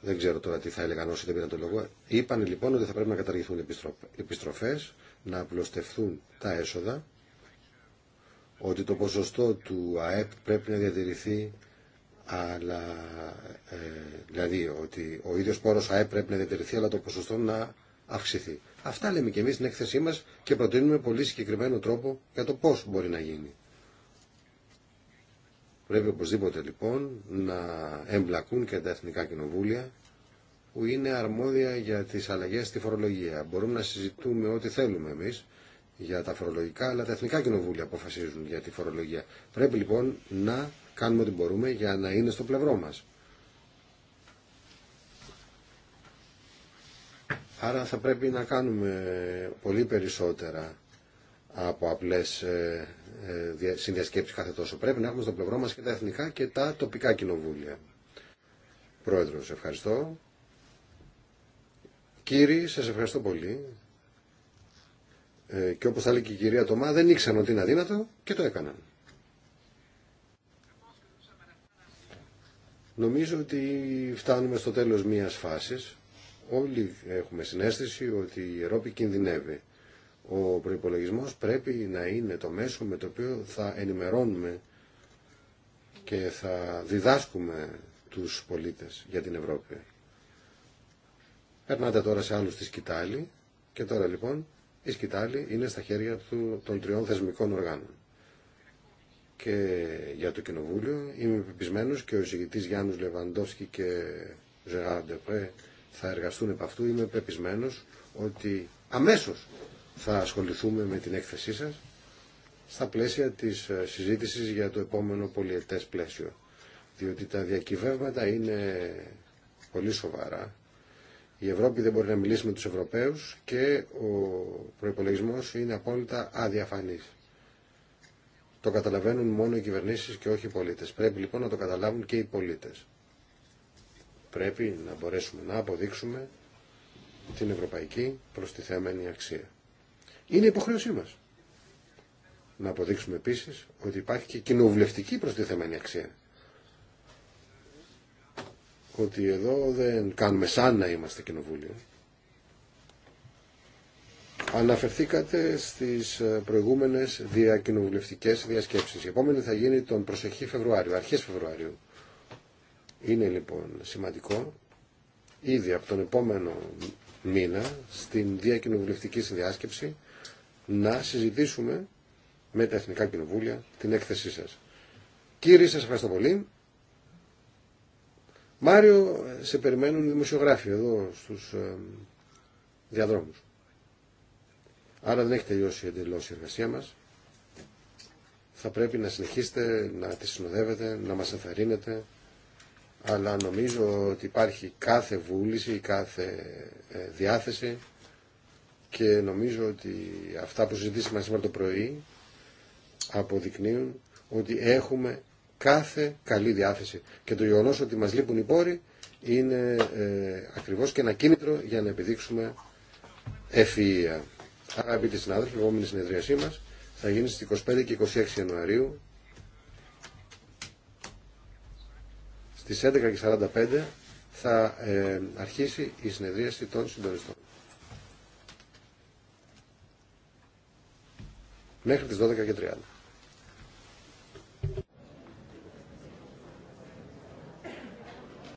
δεν ξέρω τώρα τι θα έλεγαν όσοι δεν πήραν το λόγο, είπαν λοιπόν ότι θα πρέπει να καταργηθούν οι επιστροφέ, να απλωστευτούν τα έσοδα ότι το ποσοστό του ΑΕΠ πρέπει να διατηρηθεί αλλά ε, δηλαδή ότι ο ίδιος πόρος ΑΕΠ πρέπει να διατηρηθεί αλλά το ποσοστό να αυξηθεί. Αυτά λέμε και εμείς στην έκθεσή μας και προτείνουμε πολύ συγκεκριμένο τρόπο για το πώς μπορεί να γίνει. Πρέπει οπωσδήποτε λοιπόν να εμπλακούν και τα εθνικά κοινοβούλια που είναι αρμόδια για τις αλλαγές στη φορολογία. Μπορούμε να συζητούμε ό,τι θέλουμε εμείς για τα φορολογικά, αλλά τα εθνικά κοινοβούλια αποφασίζουν για τη φορολογία. Πρέπει λοιπόν να κάνουμε ό,τι μπορούμε για να είναι στο πλευρό μας. Άρα θα πρέπει να κάνουμε πολύ περισσότερα από απλές ε, ε, συνδιασκέψεις κάθε τόσο. Πρέπει να έχουμε στο πλευρό μας και τα εθνικά και τα τοπικά κοινοβούλια. Πρόεδρος, ευχαριστώ. Κύριοι, σας ευχαριστώ πολύ. Ε, και όπως θα λέει και η κυρία Τωμά δεν ήξεραν ότι είναι αδύνατο και το έκαναν. Νομίζω ότι φτάνουμε στο τέλος μιας φάσης. Όλοι έχουμε συνέστηση ότι η Ευρώπη κινδυνεύει. Ο προϋπολογισμός πρέπει να είναι το μέσο με το οποίο θα ενημερώνουμε και θα διδάσκουμε τους πολίτες για την Ευρώπη. Περνάτε τώρα σε άλλους τη σκητάλη και τώρα λοιπόν η σκητάλη είναι στα χέρια του, των τριών θεσμικών οργάνων. Και για το Κοινοβούλιο είμαι πεπισμένο και ο εισηγητή Γιάννου Λεβαντόφσκι και Ζεράρ Ντεπρέ θα εργαστούν επ' αυτού. Είμαι πεπισμένο ότι αμέσω θα ασχοληθούμε με την έκθεσή σα στα πλαίσια τη ε, συζήτηση για το επόμενο πολιετέ πλαίσιο. Διότι τα διακυβεύματα είναι πολύ σοβαρά η Ευρώπη δεν μπορεί να μιλήσει με τους Ευρωπαίους και ο προϋπολογισμός είναι απόλυτα αδιαφανής. Το καταλαβαίνουν μόνο οι κυβερνήσεις και όχι οι πολίτες. Πρέπει λοιπόν να το καταλάβουν και οι πολίτες. Πρέπει να μπορέσουμε να αποδείξουμε την ευρωπαϊκή προστιθέμενη αξία. Είναι υποχρέωσή μας. Να αποδείξουμε επίσης ότι υπάρχει και κοινοβουλευτική προστιθέμενη αξία ότι εδώ δεν κάνουμε σαν να είμαστε κοινοβούλιο. Αναφερθήκατε στις ε, προηγούμενες διακοινοβουλευτικές διασκέψεις. Η επόμενη θα γίνει τον προσεχή Φεβρουάριο, αρχές Φεβρουάριου. Είναι λοιπόν σημαντικό ήδη από τον επόμενο μήνα στην διακοινοβουλευτική συνδιάσκεψη να συζητήσουμε με τα Εθνικά Κοινοβούλια την έκθεσή σας. Κύριοι, σας ευχαριστώ πολύ. Μάριο, σε περιμένουν οι δημοσιογράφοι εδώ στους ε, διαδρόμους. Άρα δεν έχει τελειώσει εντελώ η εργασία μας. Θα πρέπει να συνεχίσετε, να τη συνοδεύετε, να μας ενθαρρύνετε. Αλλά νομίζω ότι υπάρχει κάθε βούληση, κάθε ε, διάθεση και νομίζω ότι αυτά που συζητήσαμε σήμερα το πρωί αποδεικνύουν ότι έχουμε κάθε καλή διάθεση. Και το γεγονό ότι μα λείπουν οι πόροι είναι ε, ακριβώ και ένα κίνητρο για να επιδείξουμε ευφυα. Αγαπητοί συνάδελφοι, η επόμενη συνεδρίασή μα θα γίνει στι 25 και 26 Ιανουαρίου στις 11.45 θα ε, αρχίσει η συνεδρίαση των συντονιστών. Μέχρι τις 12.30.